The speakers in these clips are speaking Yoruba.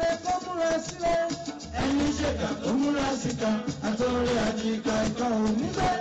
rere kó múra sílẹ̀. ẹni ṣèkà tó múra síta àtọ́rẹ́ àjìká ìkan ò níbẹ̀.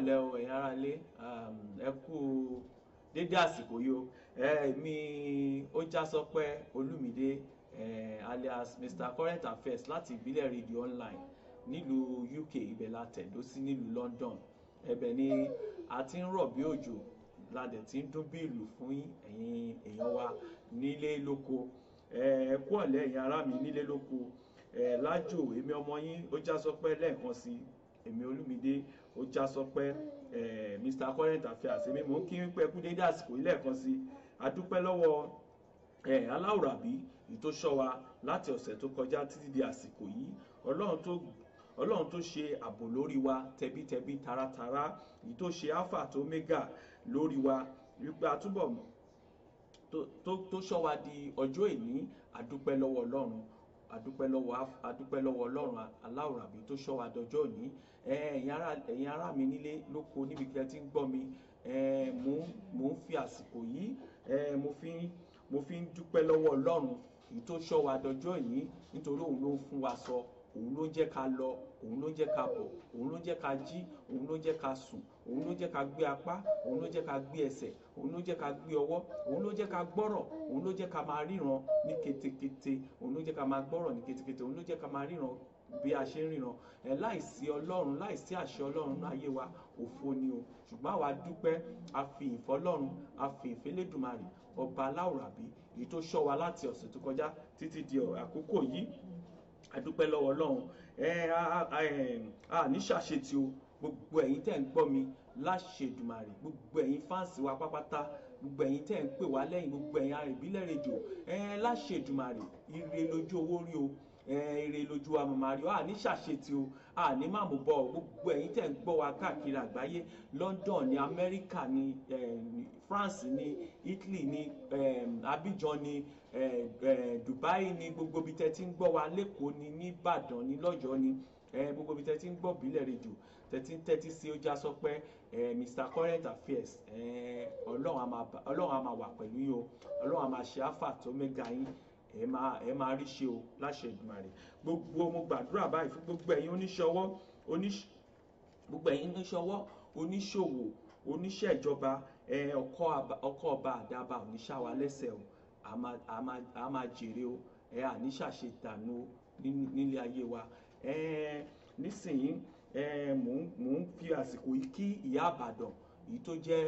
ọ̀lẹ́ o ẹ̀yin ará ilé ẹ kú dédé àsìkò yìí o èmi ó já sọpẹ́ olúmídé alias mr current affairs láti ìbílẹ̀ rédíò online nílùú uk ibẹ̀ la tẹ̀dó sí nílùú london ẹbẹ̀ ni a ti ń rọ̀ bí òjò la dẹ̀ ti ń dún bí ìlù fún ẹ̀yin èèyàn wa nílé lóko ẹ kú ọ̀lẹ́ ẹ̀yin ará mi nílé lóko ẹ̀ lájò èmi ọmọ yín ó já sọpẹ́ lẹ́ẹ̀kan sí èmi olúmídé ó já sọpẹ́ Mr Current Affairs èmi mò ń kí wípé ẹkú dédé àsìkò ilé ẹ̀kan sí adúpẹ́ lọ́wọ́ aláwòrábí ìtòṣọ́wa láti ọ̀sẹ̀ tó kọjá títí di àsìkò yìí ọlọ́run tó ọlọ́run tó ṣe ààbò lórí wa tẹbítẹbí taratara èyí tó ṣe alpha tó omega lórí wa wípé àtúbọ̀ tó ṣọ́ wa di ọjọ́ ìní àdúpẹ́ lọ́wọ́ ọlọ́run adúpẹ́ lọ́wọ́ ọlọ́run Allahu Rabbi tó ṣọ́ wa dọjọ́ òní ẹ̀yin ará mi nílé lóko níbi kí ẹ ti ń gbọ́ mi mò ń fi àsìkò yìí mo fi ń dúpẹ́ lọ́wọ́ ọlọ́run èyí tó ṣọ́ wa dọjọ́ yìí nítorí òun ló ń fún wa sọ òun ló ń jẹ́ ká lọ òun ló ń jẹ́ ká bọ̀ òun ló ń jẹ́ ká jí òun ló ń jẹ́ ká sùn òun ló jẹ́ ká gbé apá òun ló jẹ́ ká gbé ẹsẹ̀ òun ló jẹ́ ká gbé ọwọ́ òun ló jẹ́ ká gbọ́rọ̀ òun ló jẹ́ ká máa ríran ní ketekete òun ló jẹ́ ká máa gbọ́rọ̀ ní ketekete òun ló jẹ́ ká máa ríran bí a ṣe ń ríran ẹ láìsí ọlọ́run láìsí àṣẹ ọlọ́run náà ayé wa òfo ni o ṣùgbọ́n àwa dúpẹ́ a fi ìfọ́ ọlọ́run a fi ìfẹ́lẹ́dùmarè ọba aláwùrábí èyí tó ṣọ́ wa láti ọ̀sẹ̀ tó kọjá títí di àkókò yìí a dúpẹ́ lọ́wọ́ ọlọ́run ẹ a ní ṣàṣetì o gbogbo ẹ̀yin tẹ́ ń gbọ́ mi láṣẹdùmarè gbogbo ẹ̀yin fáǹsì wa pápátá gbogbo ẹ̀yin tẹ́ ń pè wá lẹ́yìn gbogbo ẹ̀yin arìbílẹ̀ rèjò ẹ̀ẹ́n láṣẹdùmarè ire lójú owó rí o ire lójú wa màmá rí o àní ṣàṣetì o àní màmú bọ o gbogbo ẹ̀yin ń gbọ́ wa káàkiri àgbáyé London ní Amẹ́ríkà ní France ní Italy ní Abidjan ní Dubai ní gbogbo ibi tẹ́ ti ń gbọ́ wa lẹ́kọ̀ọ́ ní nìbàdàn ní lọ́yọ̀ọ́ ní gbogbo ibi tẹ́ ti ń gbọ́ bílẹ̀ rèjò tẹ́ ti ń tẹ́tí sí Ọjà Sọpẹ́ Eh, Mr Current Affairs eh, ọlọ́run a máa wà pẹ̀lú yín o ọlọ́run a máa ṣe áfà tó mẹ́ga yín ẹ máa ẹ máa rí ṣe o láṣẹ Èdùmàrè gbogbo mo gbàdúrà báyìí fún gbogbo ẹ̀yin oníṣọwọ́ gbogbo ẹ̀yin oníṣọwọ́ oníṣòwò oníṣẹ́ ìjọba eh, ọkọ̀ ọba àdàbà oníṣàwà lẹ́sẹ̀ o a máa jèrè o àníṣàṣe dànù nílé ayé wa nísìnyí mò ń fi àsìkò yìí kí ìyá àbàdàn èyí tó jẹ́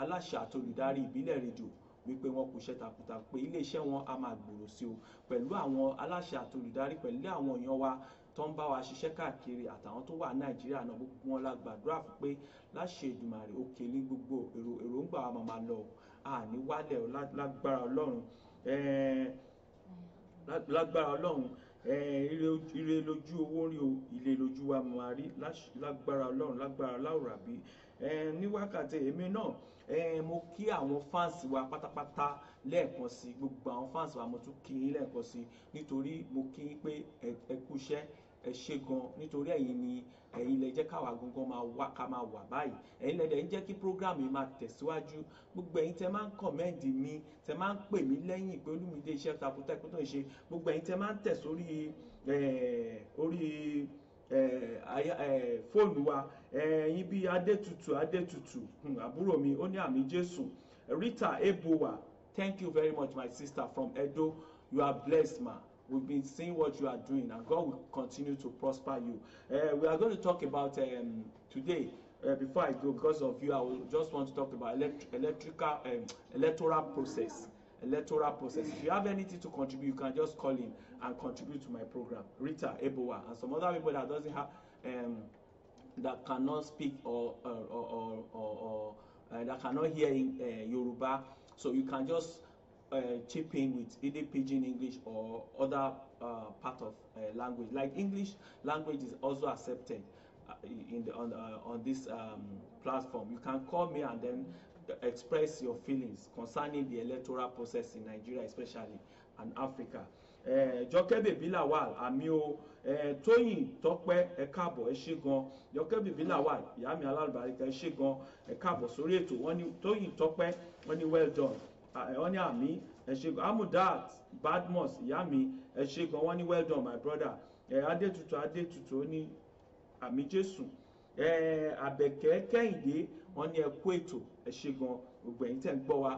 aláṣà àti olùdarí ìbílẹ̀ rédíò wípé wọn kò ṣe takuta pé iléeṣẹ́ wọn a máa gbòòrò sí o pẹ̀lú àwọn aláṣẹ àti olùdarí pẹ̀lú àwọn èèyàn wa tó ń bá wa ṣiṣẹ́ káàkiri àtàwọn tó wà nàìjíríà náà gbogbo wọn la gbàdúrà fún pé láṣẹ Èdùmàrè òkè ní gbogbo èròǹgbà wa máa lọ àní lágbára ọlọ́run lágbára ọlọ́run ire lójú owó rí o ilé lójú wa máa rí lágbára ọlọ́run lágbára láwùrábí ní wákàtí èmi náà mo kí àwọn fáǹsì wa pátápátá lẹ́ẹ̀kan sí gbogbo àwọn fáǹsì wa mo tún kí lẹ́ẹ̀kan sí nítorí mo kí pé ẹ kúṣẹ́ ẹ ṣe gan nítorí ẹ̀yin ni ẹ̀yin lẹ jẹ́ káwa gangan máa wá ká máa wà báyìí ẹ̀yin lẹ dẹ̀ ń jẹ́ kí program yìí máa tẹ̀síwájú gbogbo ẹ̀yin tẹ máa ń kọ̀mẹ́ǹdì mi tẹ máa ń pè mí lẹ́yìn pé Olúmídé iṣẹ́ takuntakun kó tó ń ṣe gbogbo ẹ̀yin tẹ máa ń tẹ̀ sórí orí fóònù wa ẹ̀yin bíi Adétutù Adétutù hmm, àbúrò mi ó ní àmì Jésù Rita Ebowa thank you very much my sister from Edo you are blessed ma. We've been seeing what you are doing, and God will continue to prosper you. Uh, we are going to talk about um, today. Uh, before I go, because of you, I will just want to talk about elect- electrical um, electoral process. Electoral process. If you have anything to contribute, you can just call in and contribute to my program. Rita Ebowa and some other people that doesn't have um, that cannot speak or or or or, or uh, that cannot hear in uh, Yoruba, so you can just uh, chip in with either pidgin english or other uh, part of uh, language like english language is also accepted uh, in the on uh, on this um, platform you can call me and then express your feelings concerning the electoral process in nigeria especially and africa uh, Jokebe bèbí lawal àmì o uh, tóyìn tọpẹ́ ẹ káàbọ̀ ẹ ṣé gan jọkẹ́ bèbí lawal ìyá mi alálùbáríkà ẹ ṣé gan ẹ káàbọ̀ sórí ètò wọn ni tóyìn tọpẹ́ wọn ni well done Ah, eh, wọ́n ní àmì ah, ẹ ṣé gan amudat badmus ìyá mi ẹ ṣé gan well done my brother ẹ eh, adétutù adétutù ó ní àmì ah, jésù ẹ eh, àbẹ̀kẹ́ kẹ́hìndé wọ́n ní ẹ kú ètò ẹ ṣé gan gbogbo ẹ̀yin tẹ́ ń gbọ́ wa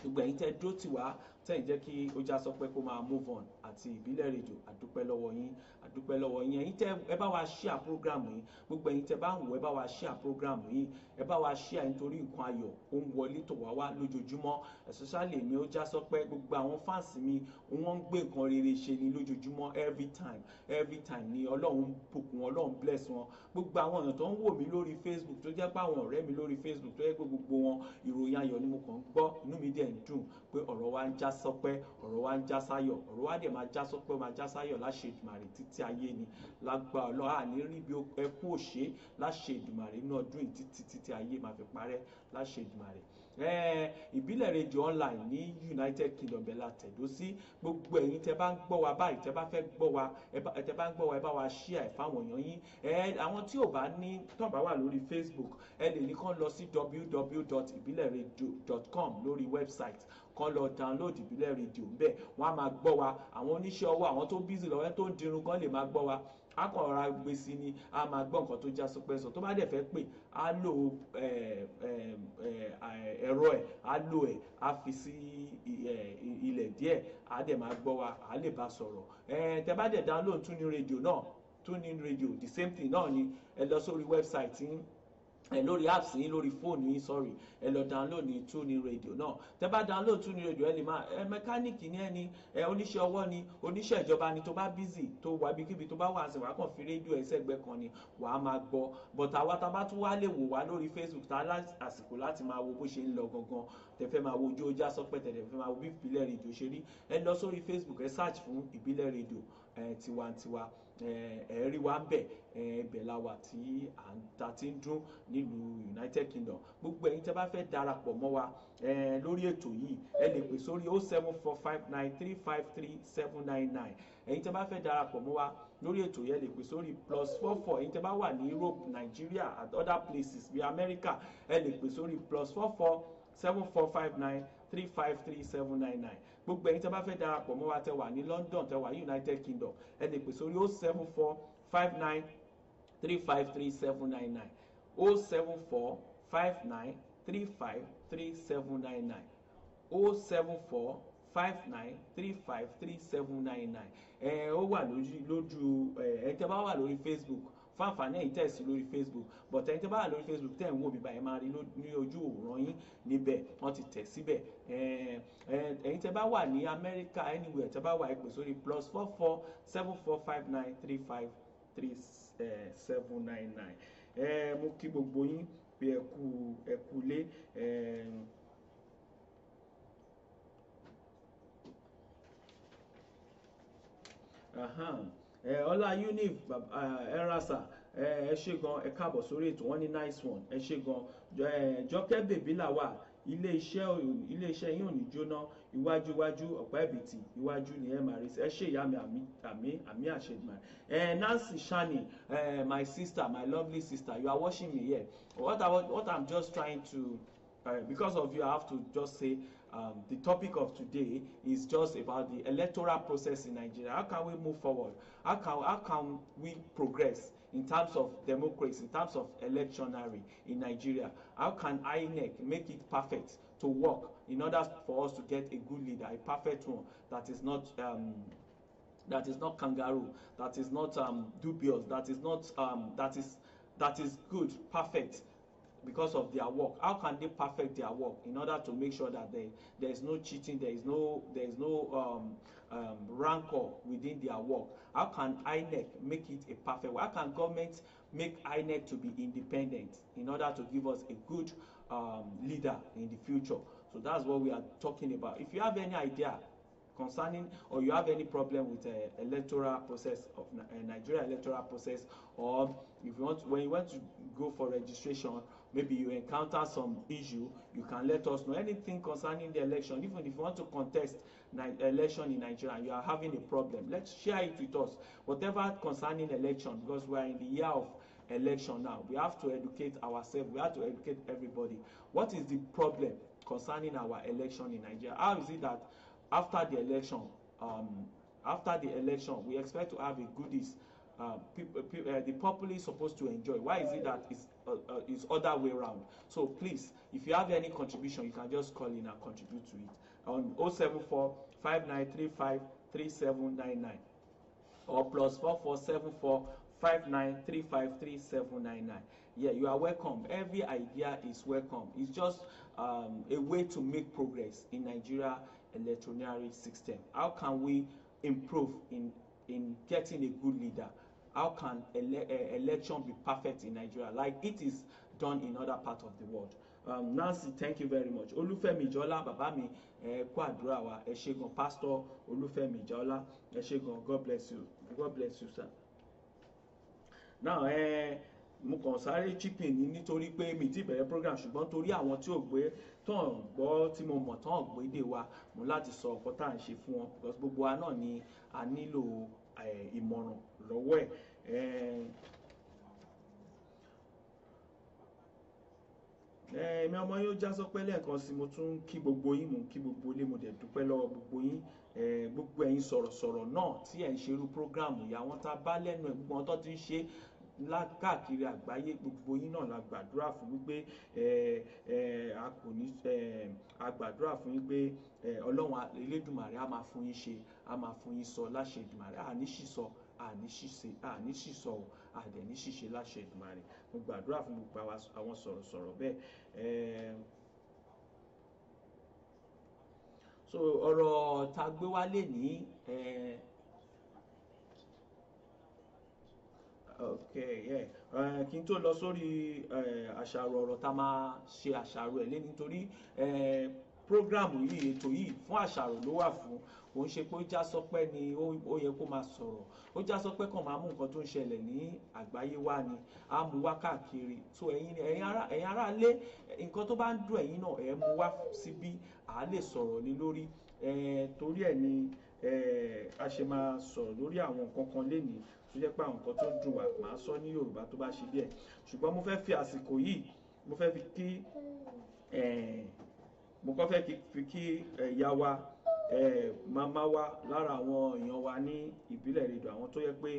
gbogbo ẹ̀yin tẹ́ dúró tì wá jẹ́ kí ó já sọ pé kó máa move on àti ìbílẹ̀ rèdíò àdúpẹ́ lọ́wọ́ yín àdúpẹ́ lọ́wọ́ yín ẹ̀yin tẹ́ ẹ bá wa share program yín gbogbo ẹ̀yin tẹ́ bá ń wò ẹ bá wa share program yín ẹ bá wa share nítorí nǹkan ayọ̀ ó ń wọlé tọ̀ wá wá lójoojúmọ́ especially mi ó já sọ pé gbogbo àwọn fans mi wọ́n ń gbé nǹkan rere ṣe ni lójoojúmọ́ every time every time ni ọlọ́run bùkún ọlọ́run bless wọn gbogbo àwọn èèyàn tó ń wò mí lórí facebook tó jẹ́ pé àwọn ọ̀rẹ́ mi lórí facebook tó yẹ pé gbogbo wọn ìròyìn ayọ̀ ni mo kàn ń gbọ́ inú mi dẹ̀ ń dùn pé ọ̀rọ̀ wa ń já sọpẹ́ ọ̀rọ̀ wa ń já sáyọ̀ ọ̀rọ̀ wa dẹ̀ máa já sọpẹ́ ó máa já sáyọ̀ láṣẹ Èdùmàrè títí ayé ni lágbà ọlọ́ àní rí ẹkú òṣè láṣẹ Èdùmàrè ní ọdún yìí títí ayé máa fi parẹ́ láṣẹ Èdùmàrè ìbílẹ̀ rédíò online ní United Kingdom bẹ̀la tẹ̀dó sí gbogbo ẹ̀yin tẹ́ bá ń gbọ́ wa báyìí tẹ́ bá fẹ́ gbọ́ wa tẹ́ bá ń gbọ́ wa ẹ bá wa ṣíà ẹ̀ fáwọn èèyàn yín àwọn tí ò bá ní tán bá wà lórí Facebook ẹ lè ní kán lọ sí www.ibileradio.com lórí website kọ́ lọ download ìbílẹ̀ rédíò ńbẹ̀ wọ́n á máa gbọ́ wa àwọn oníṣẹ́ ọwọ́ àwọn tó bízì lọ́wọ́ tó ń dirun kan lè máa gbọ́ wa a kàn ra gbé sí ni a máa gbọ́ nǹkan tó já sọpẹ́ sọ tó bá dẹ̀ fẹ́ pè á lò ẹ̀rọ ẹ̀ á lò ẹ̀ á fi sí ilẹ̀ díẹ̀ á dẹ̀ máa gbọ́ wa á lè bá sọ̀rọ̀ tẹ́ bá dẹ̀ download tún ní rédíò náà tún ní rédíò the same thing náà ni ẹ lọ sórí website yín ẹ lórí apps yín lórí fóònù yín sorry ẹ lọ download ní tuning radio náà tẹ bá download tuning radio ẹ lè máa ẹ mẹkáníìkì ní ẹni ẹ oníṣẹ́ ọwọ́ ni oníṣẹ́ ìjọba ni tó bá busy tó wà ibikíbi tó bá wà sí wà kàn fi rédíò ẹsẹ̀gbẹ́ kan ni wà á máa gbọ́ but àwa tá a bá tún wá lè wò wá lórí facebook tá a àsìkò láti máa wo bó ṣe ń lọ gangan tẹ fẹ́ máa wo ojú ojá sọpẹ́ tẹ fẹ́ máa wo bí ìbílẹ̀ rédíò ṣe rí ẹ lọ sórí facebook ẹ search fún ìbílẹ̀ rédíò tiwantiwa Eh, ẹ̀ẹ́rí wa ń eh, bẹ̀ ẹ̀ẹ́bẹ̀ la wà tí à ta ti ń dún nílùú United Kingdom gbogbo ẹ̀yin tẹ́ bá fẹ́ darapọ̀ mọ́ wa eh, lórí ètò yìí ẹ lè pè sórí o oh seven four five nine three five three seven nine nine ẹ̀yin tẹ́ bá fẹ́ darapọ̀ mọ́ wa lórí ètò yìí ẹ lè pè sórí plus four four ẹ̀yin tẹ́ bá wà ní Europe Nigeria and other places bí America ẹ lè pè sórí plus four four seven four five nine three five three seven nine nine gbogbo ẹni tẹ́ bá fẹ́ darapọ̀ mọ́ wa tẹ́ wà ní London tẹ́ wà ní United Kingdom ẹ lè pè sórí o oh seven four five nine three five three seven nine nine o oh seven four five nine three five three seven nine nine o oh seven four five nine three five three seven nine nine ẹ ó wà lójú lójú ẹ ẹ tẹ́ bá wà lórí Facebook fáǹfààní ẹ̀yin tẹ̀sí lori facebook but ẹ̀yin tẹ́ bá wà lórí facebook tẹ̀ ń wò mí báyìí máa rí ní ojú òòrùn yín níbẹ̀ wọ́n ti tẹ̀ síbẹ̀ ẹ̀yin tẹ́ bá wà ní amẹ́ríkà anywhere tẹ́ bá wà ẹ pè sórí plus four four seven four five nine three five three seven nine nine mo kí gbogbo yín pé ẹ kú Uh-huh ọlá unif erasa ẹ ṣe gan ẹ káàbọ̀ sórí ètò wọn ní nice one ẹ ṣe gan jọkẹ́ bèbí là wà ilé iṣẹ́ ilé iṣẹ́ yín ò ní jóná iwájú iwájú ọ̀pá ẹ̀bìtì iwájú ni ẹ máa rí ẹ ṣe ìyá mi àmì àmì àmì àṣẹjùmọ̀ ẹ Nancy Shani ẹ my sister my lovely sister you are watching me here what I what I'm just trying to uh, because of you I have to just say um, the topic of today is just about the electoral process in Nigeria. How can we move forward? How can, how can we progress in terms of democracy, in terms of electionary in Nigeria? How can INEC make it perfect to work in order for us to get a good leader, a perfect one that is not um, that is not kangaroo, that is not um, dubious, that is not um, that is that is good, perfect because of their work how can they perfect their work in order to make sure that they, there is no cheating there is no there is no um, um, rancor within their work how can INEC make it a perfect how can government make INEC to be independent in order to give us a good um, leader in the future so that's what we are talking about if you have any idea concerning or you have any problem with uh, electoral process of uh, Nigeria electoral process or if you want when you want to go for registration maybe you encounter some issue you can let us know anything concerning the election even if you want to contest election in nigeria you are having a problem let's share it with us whatever concerning election because we are in the year of election now we have to educate ourselves we have to educate everybody what is the problem concerning our election in nigeria how is it that after the election um, after the election we expect to have a goodies Um, uh, uh, the populace is supposed to enjoy. Why is it that it's, uh, uh, it's other way around? So please, if you have any contribution, you can just call in and contribute to it on 074 5935 or plus 4474 59353799. Yeah, you are welcome. Every idea is welcome. It's just um, a way to make progress in Nigeria electoral system. How can we improve in in getting a good leader? how can ele uh, election be perfect in Nigeria like it is done in other parts of the world um, Nancy thank you very much Olufemi Jola Babami, mi ẹ kú pastor Olufemi Jola, ẹ God bless you God bless you sir now ẹ mo kàn sáré chipping ni nítorí pé mi ti bẹ̀rẹ̀ program ṣùgbọ́n torí àwọn tí ò gbé tán gbọ́ tí mo mọ̀ tán gbé dé wa mo láti sọ ọ̀pọ̀ tá à ń ṣe fún wọn because gbogbo wa náà ni a nílò ìmọ̀ràn lọ́wọ́ ẹ̀ èmi ọmọ yóò já sọ pé lẹ́ẹ̀kan sí mo tún kí gbogbo yín mo kí gbogbo ilé mo dẹ̀ dúpẹ́ lọ́wọ́ gbogbo yín gbogbo ẹ̀yin sọ̀rọ̀sọ̀rọ̀ náà tí ẹ̀ ń ṣerú prógráàmù yà wọ́n ta bá lẹ́nu ẹ̀ gbogbo wọn tó ti ń ṣe káàkiri àgbáyé gbogbo yín náà la gbàdúrà fún wípé a kò ní a gbàdúrà fún yín ọlọ́run elédùmarè a máa fún yín ṣe a máa fún yín sọ láṣẹ Èdùmàrè àníṣìṣọ́ àní ṣìṣe àní ṣìṣọ o àdẹ̀ní mo gbàdúrà fún gbogbo àwọn sọ̀rọ̀sọ̀rọ̀ bẹ́ẹ̀ so ọ̀rọ̀ tá a gbé wálé ní ok yeah kí n tó lọ sórí àṣàrò ọ̀rọ̀ tá a máa ṣe àṣàrò ẹ̀ lé nítorí. Uh, prógrámù yìí ètò yìí fún àṣàrò ló wà fún òun ṣe pé ó já sọpẹ́ ni ó yẹ kó máa sọ̀rọ̀ ó já sọpẹ́ kàn máa mú nǹkan tó ń ṣẹlẹ̀ ní àgbáyé wá ni á mú wá káàkiri tó ẹ̀yin ẹ̀yin ará lé nǹkan tó bá ń dùn ẹ̀yin náà ẹ̀ mú wá síbí à á lè sọ̀rọ̀ lé lórí torí ẹ̀ ni a ṣe máa sọ̀rọ̀ lórí àwọn nǹkan kan lénìí tó jẹ́ pé àwọn nǹkan tó dùn wà máa sọ ní Yorùbá tó bá ṣe bí ẹ̀ ṣùgbọ́n mo fẹ́ fi àsìkò yìí mo fẹ́ fi kí mo kọ́ fẹ́ fi kí ẹ̀yà eh, wa eh, màmá wa lára àwọn èèyàn wa ní ìbílẹ̀ rẹ̀dọ̀ àwọn tó yẹ pé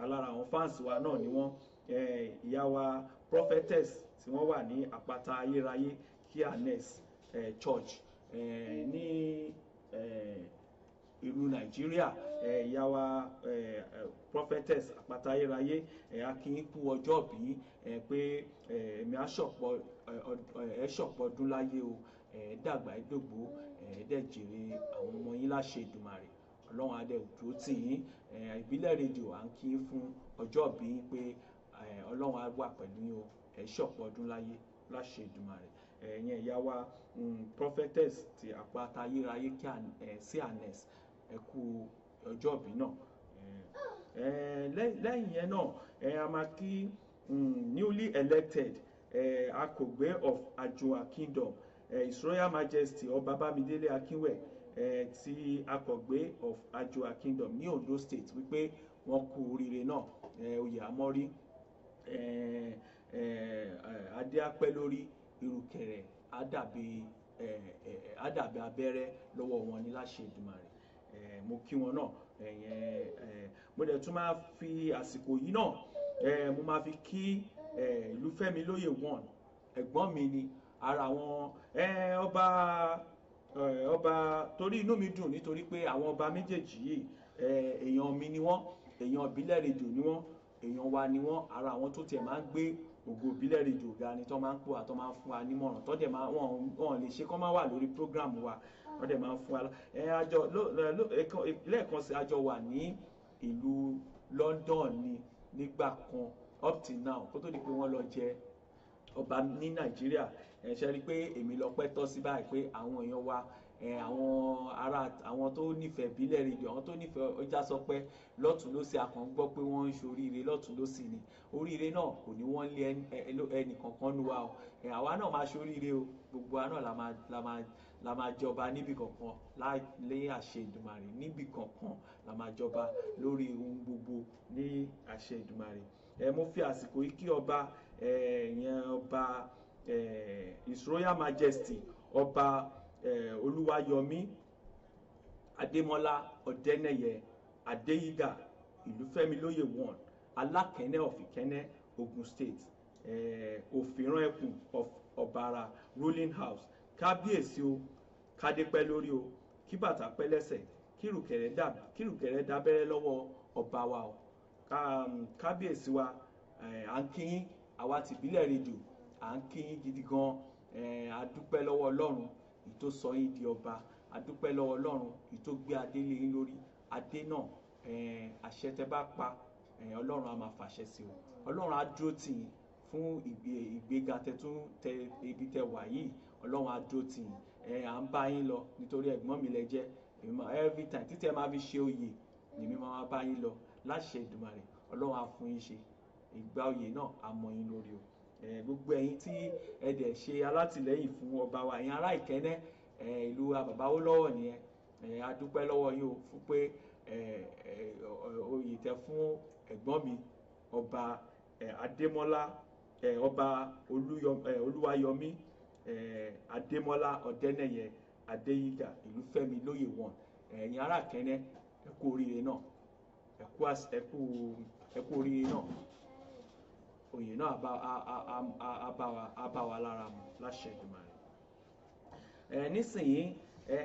alára àwọn fans wa náà ni wọ́n eh, ìyá wa prophetess tí wọ́n wà ní àpáta ayérayé kianes church ní ìlú nàìjíríà ìyá wa prophetess àpáta ayérayé akínkù ọjọ́ bí pé ẹ̀mí ẹ̀ ṣọ̀pọ̀ ọdún láyé o ẹ dàgbà ẹ dògbò ẹ àwọn ọmọ yín láṣẹ Èdùmàrè ọlọ́run adé òdúró tì yín ìbílẹ̀ rédíò à ń kí fún ọjọ́ bí yín pé ọlọ́run á wà pẹ̀lú yín o ẹ ṣọ̀pọ̀ ọdún láyé láṣẹ Èdùmàrè ẹ̀yẹn ìyá wa mm, prophetess ti àpáta ayérayé sí anes ẹ kú ọjọ́ bí náà lẹ́yìn yẹn náà a máa kí mm, newly elected akògbé of Ajoa Kingdom. Eh, his royal majesty ọba bámidélé akínwẹ̀ eh, ti akọ̀gbé of Ajua kingdom ní Ondo state wípé wọ́n kú oríire náà eh, oyè àmọ́rí adé apẹ́ lórí ìrùkẹ̀rẹ̀ àdàbí àdàbí abẹ́rẹ́ lọ́wọ́ wọn ní láṣẹ Èdùmàrè mo kí wọn náà mo dẹ̀ tún máa fi àsìkò yìí náà mo máa fi kí ìlúfẹ́mi lóyè one ẹ̀gbọ́n mi ni ara àwọn ọba ọba torí inú mi dùn nítorí pé àwọn ọba méjèèjì yìí èèyàn mi ni wọ́n èèyàn ìbílẹ̀ rèdò ni wọ́n èèyàn wa ni wọ́n ara àwọn tó tiẹ̀ máa ń gbé ògo ìbílẹ̀ rèdò ga ni tó máa ń pò àtọ́ máa ń fún wa nímọ̀ràn tó dẹ̀ máa wọ́n lè ṣe kó máa wà lórí prógráàmù wa wọ́n dẹ̀ máa ń fún wa àjọ lẹ́ẹ̀kan sí àjọ wà ní ìlú London ni nígbà kan up till now kó tó di pé wọ́n lọ jẹ ọba ní Nàìjíríà ṣe rí i pé èmi lọ́pẹ́ tọ́ sí báyìí pé àwọn èèyàn wa àwọn ará àwọn tó nífẹ̀ẹ́ bílẹ̀ rédíò àwọn tó nífẹ̀ẹ́ ọjà sọpẹ́ lọ́tún ló sì akàn gbọ́ pé wọ́n ń ṣoríire lọ́tún ló sì ni oríire náà kò ní wọ́n lé ẹnìkankan nu wa o àwa náà máa ṣoríire o gbogbo wa náà la máa jọba níbi kankan lẹ́yìn àṣẹ Èdùmàrè níbi kankan la máa jọba lórí ohun gbogbo ní àṣẹ Èdùmàrè mo fi àsìkò yìí kí ọba ìyẹn ọba eh, His Royal Majesty Ọba eh, Olúwayọ̀mí Adémọ́lá Ọdẹ́nẹ́yẹ Adéyígà Ìlúfẹ́mi Lóyè one Alákẹ́nẹ́ of Ìkẹ́nẹ́ Ogun State eh, Òfìràn Ẹkùn of Ọ̀bàrà ruling house Kábíyèsí o kádépẹ́ lórí o kí bàtà pẹ́ lẹ́sẹ̀ kírùkẹ̀rẹ̀ dábẹ́rẹ́ lọ́wọ́ ọba wa o kábíyèsí wa eh, à ń kíyín àwa tìbílẹ̀ rèdíò à ń kí yín gidi gan a dúpẹ́ lọ́wọ́ ọlọ́run èyí tó sọ yín di ọba a dúpẹ́ lọ́wọ́ ọlọ́run èyí tó gbé adé lé yín lórí adé náà àṣẹ tẹ bá pa ọlọ́run á máa fàṣẹ sí o ọlọ́run á dúró tì yín fún ìgbéga tẹtún tẹ ibi tẹ wà yìí ọlọ́run á dúró tì yín ẹ à ń bá yín lọ nítorí ẹ̀gbọ́n mi lẹ jẹ́ every time títí ẹ máa fi ṣe oyè lèmi máa bá yín lọ láṣẹ Èdùmàrè ọlọ́run á fún yín ṣe ìgbà oyè náà á mọ yín lórí o Eh, gbogbo ẹ̀yin tí ẹ dẹ̀ ṣe alátìlẹ́yìn fún ọba wa ẹ̀yin ará ìkẹ́nẹ́ ìlú àbàbáwó lọ́wọ́ nìyẹn a dúpẹ́ lọ́wọ́ yín o fún pé oyè tẹ fún ẹ̀gbọ́n mi ọba adémọ́lá ọba olúwayọmí adémọ́lá ọ̀dẹ́nẹ̀yẹ adéyíga ìlúfẹ́mi lóyè wọn ẹ̀yin ará ìkẹ́nẹ́ ẹ oríire náà ẹ oríire náà oyè náà á bá wa lára mu láṣẹ Èdùmàrè ẹ nísìnyí ẹ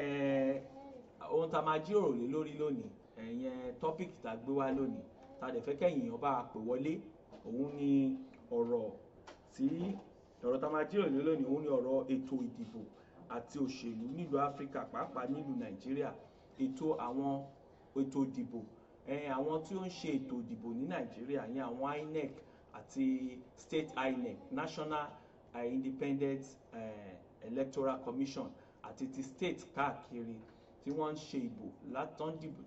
ohun tá a máa jíròrò lé lórí lónìí ẹ̀yẹn tọ́pìkì tá a gbé wá lónìí tá a dẹ̀ fẹ́ kẹ́yìn èèyàn bá a pè wọlé òun ni ọ̀rọ̀ tí ọ̀rọ̀ tá a máa jíròrò lé lónìí òun ni ọ̀rọ̀ ètò ìdìbò àti òṣèlú nílùú Áfíríkà pàápàá nílùú Nàìjíríà ètò àwọn ètò ìdìbò àwọn tí ó ń ṣe ètò ìdìbò ní Nàìjíríà ìyẹn àwọn INEC àti state inec national uh, independent uh, electoral commission àti ti state káàkiri tí wọ́n ń ṣe ìbò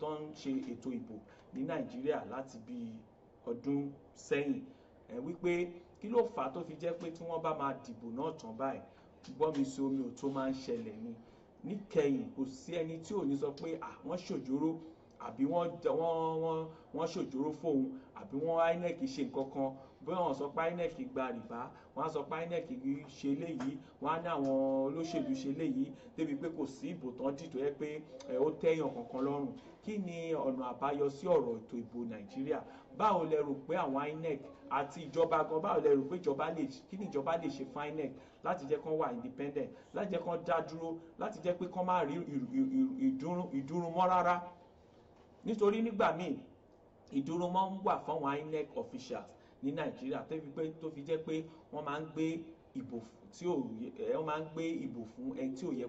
tó ń ṣe ètò ìbò ní nàìjíríà láti bí ọdún sẹ́yìn ẹ wípé kí ló fà á tó fi jẹ́ pé tí wọ́n bá máa dìbò náà tán báyìí gbọ́mi sí omi ò tó máa ń ṣẹlẹ̀ ni níkẹyìn kò sí ẹni tí ò ní sọ pé àwọn ṣòjóró àbí wọ́n wọ́n fóun àbí wọ́n inec ṣe nǹkan kan bóyá wọ́n sọ pé INEC gba rìbá wọ́n á sọ pé INEC ṣe léyìí wọ́n á ní àwọn olóṣèlú ṣe léyìí débi pé kò sí ìbò tán dì tó yẹ pé ó tẹ́yàn kankan lọ́rùn kí ni ọ̀nà àbáyọ sí ọ̀rọ̀ ètò ìbò Nàìjíríà báwo lẹ rò pé àwọn INEC àti ìjọba gan báwo lẹ rò pé ìjọba lè kí ni ìjọba lè ṣe fún INEC láti jẹ́ kán wà independent láti jẹ́ kán dá dúró láti jẹ́ pé kán má rí ìdúrún mọ́ rárá nítorí nígbà míì ìdúró ń wà fáwọn INEC officials ní nàìjíríà tó fi jẹ́ pé wọ́n máa ń gbé ìbò tí ò ẹ máa ń gbé ìbò fún ẹni tí ò yẹ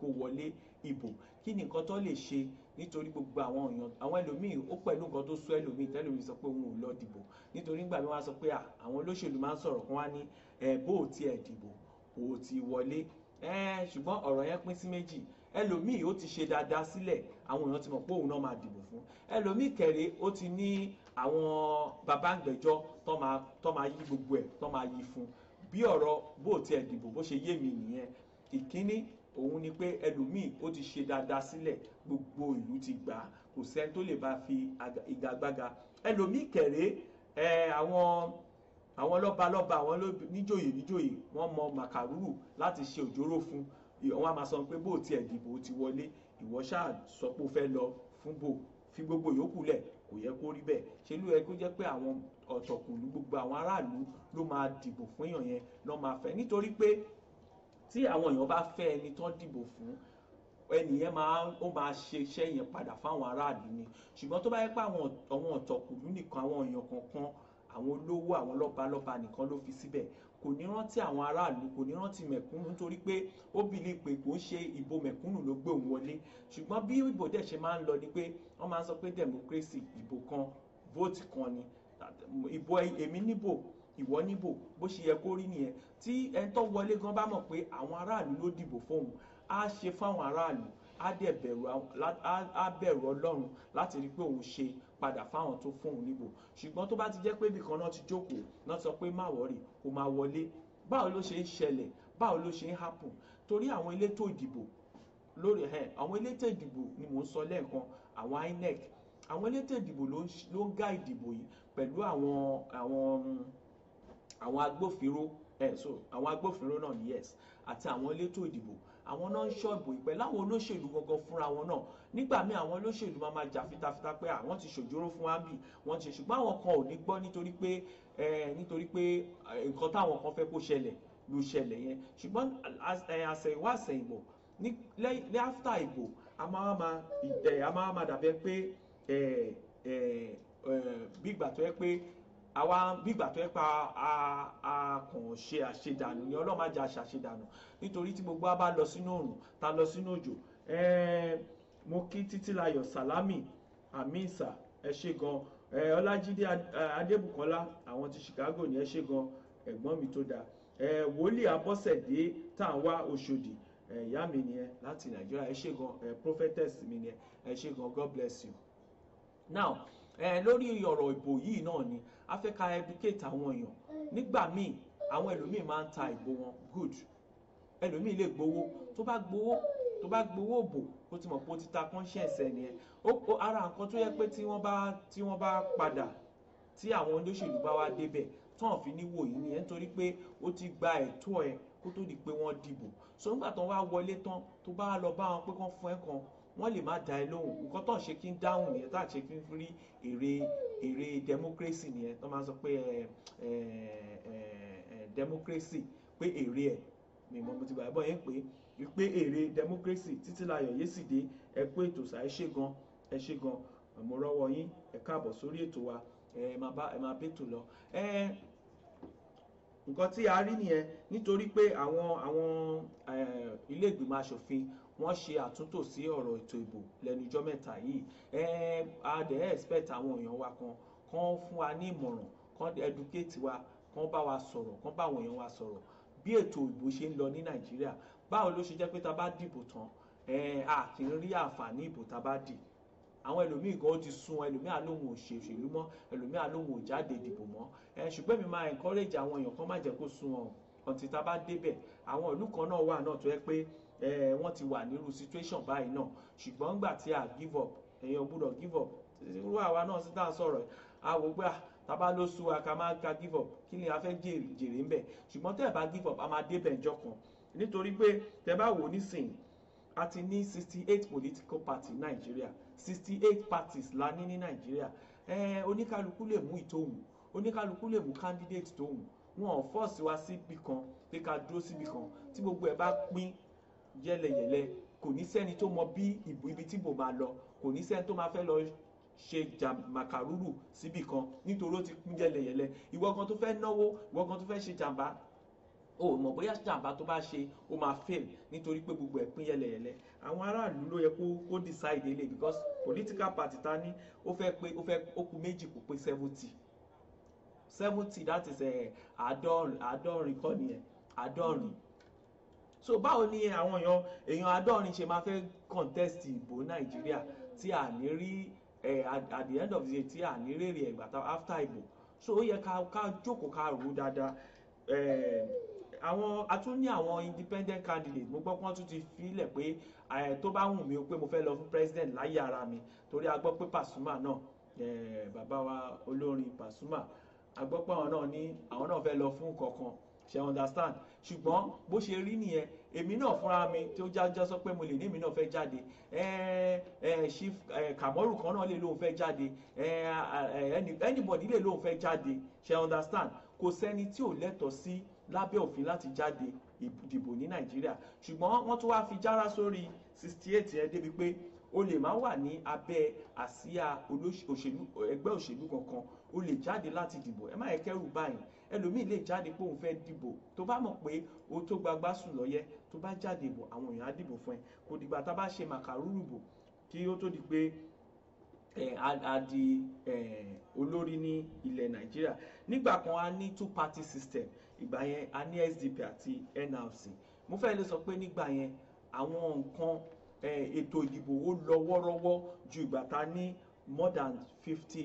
kó wọlé ìbò kí ni nǹkan tó lè ṣe nítorí gbogbo àwọn èèyàn àwọn ẹlòmíín ó pẹ̀lú nǹkan tó sọ ẹlòmíín tẹ́lòmíín sọ pé òun ò lọ dìbò nítorí nígbà mi wá sọ pé àwọn olóṣèlú máa ń sọ̀rọ̀ kan wá ní ẹ bó o tiẹ̀ dìbò kò ti wọlé ṣùgbọ́n ọ̀rọ̀ yẹn pín sí méjì ẹlòmíín ó ti ṣe dáadáa sílẹ̀ àwọn èèyàn ti mọ̀ pé òun náà máa dìbò fún ẹlòmíín kẹrẹ ó ti ní àwọn bàbá àgbẹ̀jọ́ tó máa yí gbogbo ẹ̀ tó máa yí fún bí ọ̀rọ̀ bó tiẹ̀ dìbò bó ṣe yé mi nìyẹn ìkíní òun ni pé ẹlòmíì ó ti ṣe dáadáa sílẹ̀ gbogbo ìlú ti gbà á kò sẹ́ni tó lè bá fi ìgagbága ẹlòmíì kẹ̀rẹ́ ẹ àwọn àwọn lọ́balọ́ba àwọn níjòyè níjòyè wọ́n mọ màkàrúrù láti ṣe òjòrò fún wọn a máa sọ pé bó tiẹ̀ dìbò ó ti wọlé ìwọ ṣáà sọ pé ó fẹ́ lọ fún bò fi gbogbo yòókù lẹ̀ kò yẹ kó rí bẹ́ẹ̀ ṣe ló yẹ kó jẹ́ pé àwọn ọ̀tọ̀kùlú gbogbo àwọn aráàlú ló máa dìbò fún èèyàn yẹn lọ́ máa fẹ́ nítorí pé tí àwọn èèyàn bá fẹ́ ẹni tán dìbò fún ẹnìyẹn máa ó máa ṣe iṣẹ́ yẹn padà fáwọn aráàlú ni ṣùgbọ́n tó bá yẹ pé àwọn ọ̀tọ̀kùlú nìkan àwọn èèyàn kọ̀ọ̀kan àwọn olówó àwọn lọ́balọ́ba nìkan ló fi síbẹ̀ kò ní rántí àwọn aráàlú kò ní rántí mẹ̀kúnnù nítorí pé ó bìlí pé kò ń ṣe ìbò mẹ̀kúnnù ló gbé òun wọlé ṣùgbọ́n bí ìbò dẹ̀ ṣe máa ń lọ ni pé wọ́n máa ń sọ pé democracy ìbò kan vote kan ni ìbò èmi níbò ìwọ níbò bó ṣe yẹ kó rí nìyẹn tí ẹni tó wọlé gan bá mọ̀ pé àwọn aráàlú ló dìbò fóun á ṣe fáwọn aráàlú á bẹ̀rù ọlọ́run láti rí pé òun ṣe padà fáwọn tó fóun níbò ṣùgbọ́n tó bá ti jẹ́ pé ibì kan náà ti jókòó náà sọ pé má wọ̀rì kó máa wọlé báwo ló ṣe ń ṣẹlẹ̀ báwo ló ṣe ń happen torí àwọn elétò ìdìbò lórí ẹ àwọn elétò ìdìbò ni mò ń sọ lẹ́ẹ̀kan àwọn INEC àwọn elétò ìdìbò ló ń gá ìdìbò yìí pẹ̀lú àwọn àwọn agbófinró ẹ so àwọn agbófinró náà yes àti àwọn elétò ìdìbò àwọn náà ń ṣọ́ọ̀bù ìpẹ́ láwọn olóṣèlú gangan fúnra wọn náà nígbà míì àwọn olóṣèlú máa máa jà fitafita pé àwọn ti ṣòjóró fún wa bì wọ́n ti ṣe ṣùgbọ́n àwọn kan ò ní gbọ́ nítorí pé nítorí pé nǹkan táwọn kan fẹ́ kó ṣẹlẹ̀ ló ṣẹlẹ̀ yẹn ṣùgbọ́n àṣẹ̀yìnwá àṣẹ̀yìnbọ̀ ní lẹ́yìn after ìbò a máa máa a máa máa dàbẹ́ pé bí ìgbà tó yẹ pé àwa gbígbà tó yẹ pa a kàn ṣe àṣedànù ni ọlọ́run má jẹ́ àṣàṣedànù nítorí tí gbogbo wa bá lọ sínú òrùn ta lọ sínú òjò mo kí títílayọ̀ sàlámì àmísà ẹ ṣé gan ọlájídé adébùkọ́lá àwọn ti chicago ni ẹ ṣé gan ẹ̀gbọ́n mi tó dáa wòlíì abọ́sẹ̀dé tá à ń wá òṣòdì ìyá mi nìyẹn láti nàìjíríà ẹ ṣé gan prophetess mi nìyẹn ẹ ṣé gan god bless you now lórí ọ̀rọ̀ ìbò yìí náà ni a fẹ́ ka educate àwọn èèyàn nígbà míì àwọn ẹlòmíì máa ń ta ìbò wọn good ẹlòmíì lè gbowó tó bá gbowó tó bá gbowó bò ó ti mọ̀ pé ó ti ta conscience ẹ̀ nìyẹn ara nǹkan tó yẹ pé tí wọ́n bá tí wọ́n bá padà tí àwọn olóṣèlú bá wá débẹ̀ tán fi ní wòyí nìyẹn nítorí pé ó ti gba ẹ̀tọ́ ẹ kó tó di pé wọ́n dìbò so nígbà tán wá wọlé tán tó bá lọ bá wọn pé kán fún ẹ kan wọ́n lè má dá ẹ lóhùn nǹkan tó ń ṣe kí ń dáhùn nìyẹn tá à ṣe kí ń rí èrè èrè democracy nìyẹn tó máa ń sọ pé ẹ ẹ democracy pé èrè ẹ mímọ́ mo ti gbà bọ́ yẹn pé pé èrè democracy Títílayọ̀ Yésìdé ẹ pé ètò ṣá ẹ ṣe gan ẹ ṣe gan mo rọ́wọ́ yín ẹ káàbọ̀ sórí ètò wa ẹ máa bá ẹ máa bẹ́tò lọ ẹ nǹkan tí a rí nìyẹn nítorí pé àwọn àwọn ilé ìgbìmọ̀ asòfin wọ́n ṣe àtúntò sí ọ̀rọ̀ ètò ìbò lẹ́nujọ́ mẹ́ta yìí a dẹ̀ expect àwọn èèyàn wa kan kan fún wa ní ìmọ̀ràn kan educate wa kan bá wa sọ̀rọ̀ kan bá àwọn èèyàn wa sọ̀rọ̀ bí ètò ìbò ṣe ń lọ ní nàìjíríà báwo ló ṣe jẹ́ pé ta bá dìbò tán a kì í rí àǹfààní ìbò ta bá dì àwọn ẹlòmíì gan ti sun ẹlòmíì àlóhùn òṣèlú mọ́ ẹlòmíì àlóhùn òjáde ìdìbò mọ́ ṣùgbọ́n mi máa encourage àwọn èèyàn kan má jẹ́ kó sun ọ̀hún ọ̀tí tá a bá débẹ̀ àwọn ìlú kan náà wà náà tó yẹ pé wọ́n ti wà nírú situation báyìí náà ṣùgbọ́n nígbà tí a give up èèyàn gbúdọ̀ give up irú àwa náà sí tá à ń sọ̀rọ̀ àwò gbà tábà ló sú wa ká má ka give up kí ni a fẹ́ jèrè ń bẹ̀ ṣùgbọ́n tẹ́ ẹ̀ bá give up a máa dé bẹ̀ǹjọ́ kan nítorí pé tẹ́ bá wò nísìnyí a ti ní sixty eight political party nàìjíríà sixty eight parties la ní ní nàìjíríà eh, oníkálukú lè mú ìtòhùn oníkálukú lè mú candidate tòhùn wọn ò fọ́ọ̀sì wa síbi kan pé ká dúró síbi kan tí gbogbo ẹ̀ bá pín yẹlẹyẹlẹ kò ní sẹ́ni tó mọ bí ìbò ibi tí bò máa lọ kò ní sẹ́ni tó máa fẹ́ lọ ṣe jà màkàrúrù síbì kan nítorí ó ti kún yẹlẹyẹlẹ ìwọ kan tó fẹ́ náwó ìwọ kan tó fẹ́ ṣe jàǹbá o mọ̀ bóyá jàǹbá tó bá ṣe ó máa fail nítorí pé gbogbo ẹ̀ pín yẹlẹyẹlẹ àwọn aráàlú ló yẹ kó kó decide ele because political party ta ní ó fẹ́ pé ó fẹ́ ó kù méjì kó pé seventy seventy that is eh, àádọ́rin àádọ́rin kọ́ nìyẹn àádọ́rin so báwo ni àwọn èèyàn èèyàn àádọ́rin ṣe máa fẹ́ contest ìbò nàìjíríà tí à ní rí at the end of the day tí à ní rèrè ẹ̀gbà after ìbò so ó yẹ ká jókòó ká rò ó dáadáa àwọn a tún ní àwọn independent candidate mo gbọ́ pé wọ́n tún ti filẹ̀ pé tó bá wù mí o pé mo fẹ́ lọ fún president láyé ara mi torí a gbọ́ pé Pasuma náà bàbá wa olórin Pasuma a gbọ́ pé àwọn náà ní àwọn náà fẹ́ lọ fún kankan ṣe understand ṣùgbọ́n bó ṣe rí nìyẹn èmi náà fúnra mi tó jájá sọ pé mo lè ní èmi náà fẹ́ jáde chief kàmọ́rù kan náà lè lóun fẹ́ jáde anybody lè lóun fẹ́ jáde ṣe understand kò sẹ́ni tí ò lẹ́tọ̀ọ́ sí lábẹ́ òfin láti jáde ìdìbò ní nàìjíríà ṣùgbọ́n wọ́n tún wáá fi jára sórí sixty eight yẹn débi pé o lè má wà ní abẹ́ àsíá ẹgbẹ́ òṣèlú kankan o lè jáde láti dìbò ẹ má yẹ kẹ́rù báyìí ẹlòmíì lè jáde pé òun fẹ́ dìbò tó bá mọ̀ pé o tó gbagbá sùn lọ́yẹ tó bá jáde bò àwọn èèyàn á dìbò fún ẹ kò dìgbà tá a bá ṣe màkàrúrù bò kí ó tó di pé a di olórí ní ilẹ̀ nàìjíríà nígbà kan a ní two party system ìgbà yẹn a ní SDP àti NLC mo fẹ́ lè sọ pé nígbà yẹn àwọn nǹkan ètò ìdìbò ó lọ wọ́rọ́wọ́ ju ìgbà tá ní more than fifty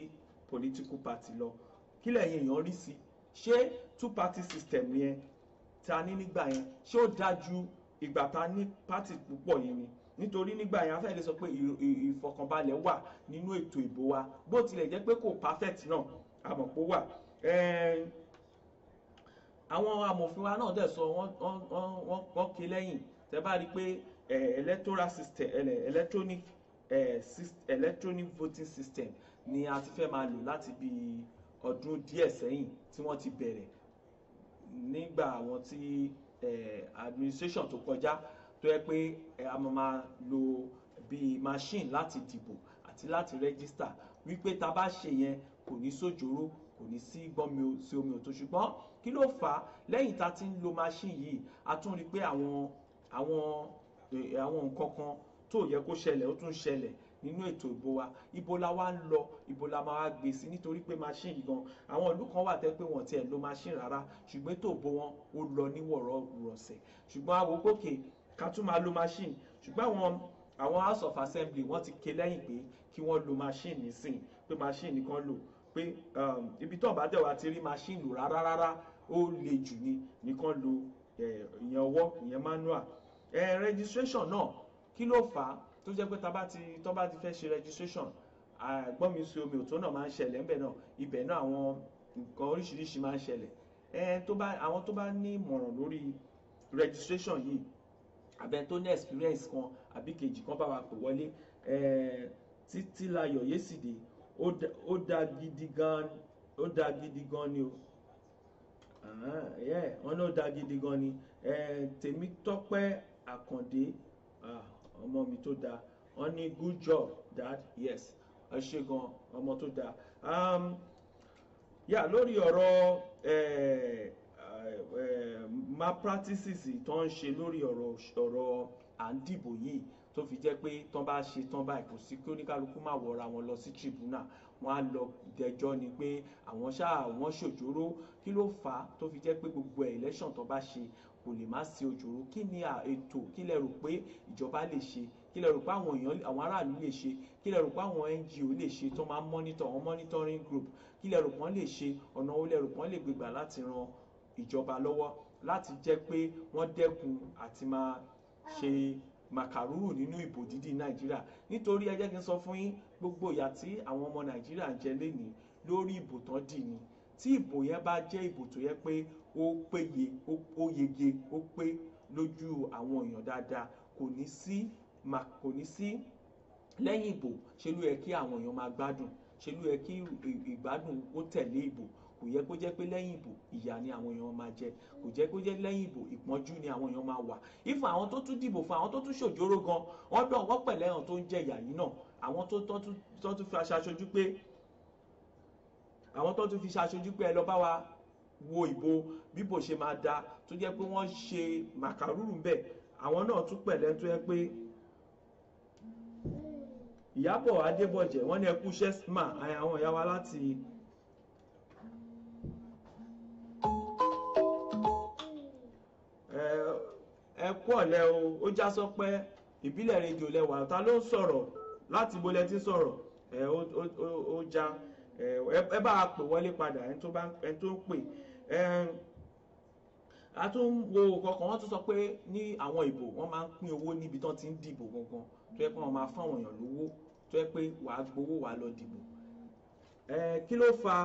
political party lọ kí lẹ́yìn èèyàn rí sí i ṣé two party system yẹn ta ní nígbà yẹn ṣé ó dájú ìgbà ta ní party púpọ̀ yẹn ni nítorí nígbà yẹn afẹ́lẹ́ sọ pé ìfọkànbalẹ̀ wà nínú ètò ìbò wa bó tilẹ̀ jẹ́ pé kò perfect náà àmọ̀pọ̀ wà àwọn amòfin wa náà dẹ̀ sọ wọ́n ké lẹ́yìn tẹ́ bá rí i pé electoral system electronic electronic voting system ni a ti fẹ́ máa lò láti bíi ọdún díẹ̀ sẹ́yìn tí wọ́n ti bẹ̀rẹ̀ nígbà àwọn tí administration tó kọjá tó yẹ pé a máa máa lo bíi machine láti dìbò àti láti register, wípé tá a bá ṣe yẹn kò ní sójóró kò ní sí gbọ́nmi sí omi òtó ṣùgbọ́n kí ló fà á lẹ́yìn tá ti ń lo machine yìí a tún rí i pé àwọn àwọn àwọn nǹkan kan tó yẹ kó ṣẹlẹ̀ ó tún ṣẹlẹ̀ nínú ètò ìbò wa ibo la wá ń lọ ibo la máa gbé sí nítorí pé machine yìí gan àwọn ìlú kan wà tẹ́ pé wọ́n tiẹ̀ lo machine rárá ṣùgbọ́n ètò ìbò wọn ó lọ ní wọ̀rọ̀ rọ̀sẹ̀ ṣùgbọ́n àwọn òkòkè ká tún máa lo machine ṣùgbọ́n àwọn àwọn house of assembly wọ́n ti ké lẹ́yìn pé kí wọ́n lo machine nísìn pé machine nìkan lò pé um, ibi tó bá dẹ̀ wá ti rí machine lò rárá rárá ó le jù ni nìkan lo eh, ìyẹn ọwọ́ ìyẹn manual eh, registration náà kí ló fà á tó jẹ́ pé tá bá ti tó bá ti fẹ́ ṣe registration àgbọ́n mi sí omi òtó náà máa ń ṣẹlẹ̀ ńbẹ̀ náà ibẹ̀ náà àwọn nǹkan oríṣiríṣi máa ń ṣẹlẹ̀ àwọn tó bá ní ìmọ̀ràn lórí registration yìí àbẹ̀ tó ní experience kan àbí kejì kan bá wa pè wọlé títí layọ̀ yésìdè ó dá gidi gan ó dá gidi gan ni o wọn náà dá gidi gan ni tèmi tọ́pẹ́ àkàndé ọmọ mi tó dáa wọ́n ní good job dad yes ẹ ṣe gan ọmọ tó dáa um, yà lórí ọ̀rọ̀ malpractices tó ń ṣe lórí ọ̀rọ̀ à ń dìbò yìí tó fi jẹ́ pé tán bá ṣe tán báyìí kò sí kí oníkálukú máa wọra wọn lọ sí tribunal wọn á lọ dẹjọ́ ni pé àwọn ṣáà wọn ṣòjóró kí ló fà á tó fi jẹ́ pé gbogbo election tán bá ṣe kò lè má sí òjòrò kí ni ètò kí lẹ rò pé ìjọba lè ṣe kí lẹ rò pé àwọn èèyàn àwọn aráàlú lè ṣe kí lẹ rò pé àwọn NGO lè ṣe tó máa ń monitor àwọn monitoring group kí lẹ rò pọ́n lè ṣe ọ̀nà wo lẹ rò pọ́n lè gbégbà láti ran ìjọba lọ́wọ́ láti jẹ́ pé wọ́n dẹ́kun àti máa ṣe màkàrúrù nínú ìbò dídì nàìjíríà nítorí ẹ jẹ́ kí n sọ fún yín gbogbo ìyà tí àwọn ọmọ nàìjíríà ń jẹ lénìí lórí ìbò tán dì ní tí ìbò yẹn bá jẹ́ ìbò tó yẹ pé ó péye ó yege ó pé lójú àwọn èèyàn dáadáa kò ní sí mà kò ní sí lẹ́yìn ìbò ṣe ló yẹ kí àwọn èèyàn máa gbádùn ṣe ló yẹ kí ìgbádùn ó tẹ̀lé ìbò kò yẹ kó jẹ́ pé lẹ́yìn ìbò ìyà ni àwọn èèyàn máa jẹ kò jẹ́ kó jẹ́ lẹ́yìn ìbò ìpọ́njú ni àwọn èèyàn máa wà if àwọn tó tún dìbò fún àwọn tó tún ṣòjóró gan wọ́n dán wọ́n pẹ̀lẹ́ àwọn tó ń jẹ ìyà yìí náà àwọn tó tún fi aṣojú pé àwọn tó tún fi aṣojú pé ẹ lọ bá wa wo ìbò bíbò ṣe máa da tó jẹ́ pé wọ́n ṣe màkàrúrù ń bẹ̀ àwọn náà tún pẹ̀lẹ́ tó yẹ pé Ìyábọ̀ Adébọ̀jẹ̀ wọ́n ní ẹkú ṣẹ́sìmà àwọn ìyá wa láti ẹkú ọ̀lẹ́ o ó já sọpẹ́ ìbílẹ̀ rédíò lẹ́wà ta ló ń sọ̀rọ̀ láti bolẹ̀ tí sọ̀rọ̀ ó já ẹ bá a pè wọlé padà ẹni tó ń pè a tún wo kọ̀ọ̀kan wọ́n tún sọ pé ní àwọn ìbò wọ́n máa ń pín owó níbi tán ti ń dìbò gangan tó yẹ pé wọ́n máa fáwọn èèyàn lówó tó yẹ pé wàá gbowó wàá lọ dìbò kí ló fa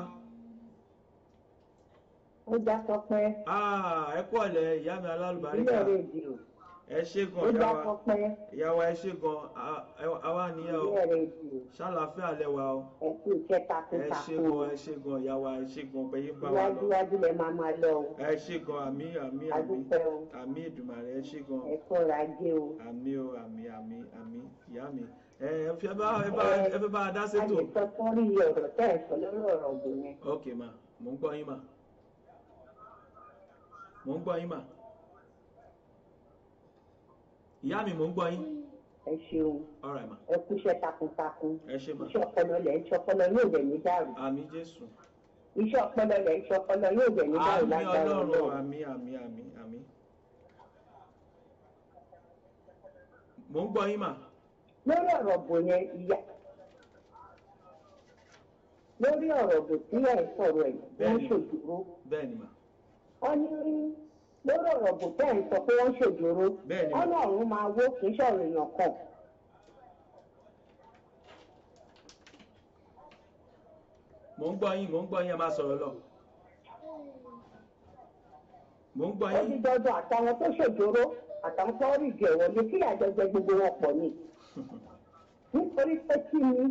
ó já tọpẹ. Ah, ẹ kú ọ̀lẹ́ ìyá mi alálùbáríkà ẹ ṣe gan ìyàwó ẹ ṣe gan àwa nìyẹn o ṣàlàfíà lẹwà o ẹ ṣe gan ẹ ṣe gan ìyàwó ẹ ṣe gan bẹyẹ bá wa lọ iwájú lẹ máa máa lọ o ẹ ṣe gan àmì àmì àmì àmì ìdùmàrè ẹ ṣe gan ẹ kọra gé o àmì o àmì àmì àmì ìyá mi ẹ fẹ bá ẹ bá ẹ fẹ bá a dá sétò. a lè sọ fún ọ̀rọ̀ tẹ́ ẹ sọ lórí ọ̀rọ̀ ògùn yẹn. ok ma mò ń gbọ́ yín ma mò ń gbọ́ yín ma ìyá mi mò ń gbọ́ yín ẹ ṣeun ẹ kúṣẹ́ takuntakun iṣẹ́ ọpọlọ lẹ ń ṣe ọpọlọ yóò dẹ ní dàrú àmín Jésù iṣẹ́ ọpọlọ lẹ ń ṣe ọpọlọ yóò dẹ ní dàrú lágbára Ọlọ́run àmín àmín àmín àmín. mò ń gbọ́ yín mà. lórí ọ̀rọ̀ bò yẹn ìyá lórí ọ̀rọ̀ bò tí ẹ̀ sọ̀rọ̀ ẹ̀ wọ́n ṣòdúró. bẹ́ẹ̀ ni mà. wọ́n ní lórí ọ̀rọ̀ ọ̀gùn tẹ́ ẹ̀ ń sọ pé wọ́n ṣòjòrò ọlọ́run máa wó kì í ṣọ̀rọ̀ èèyàn kan. mò ń gbọ́ yín mò ń gbọ́ yín ẹ máa sọ̀rọ̀ lọ. mò ń gbọ́ yín. ó di dandan àtàwọn tó ṣòjòrò àtàwọn tó rí ìgẹ̀ wọlé kí àjẹjẹ gbogbo wọn pọ̀ ni. nítorí pé kí ni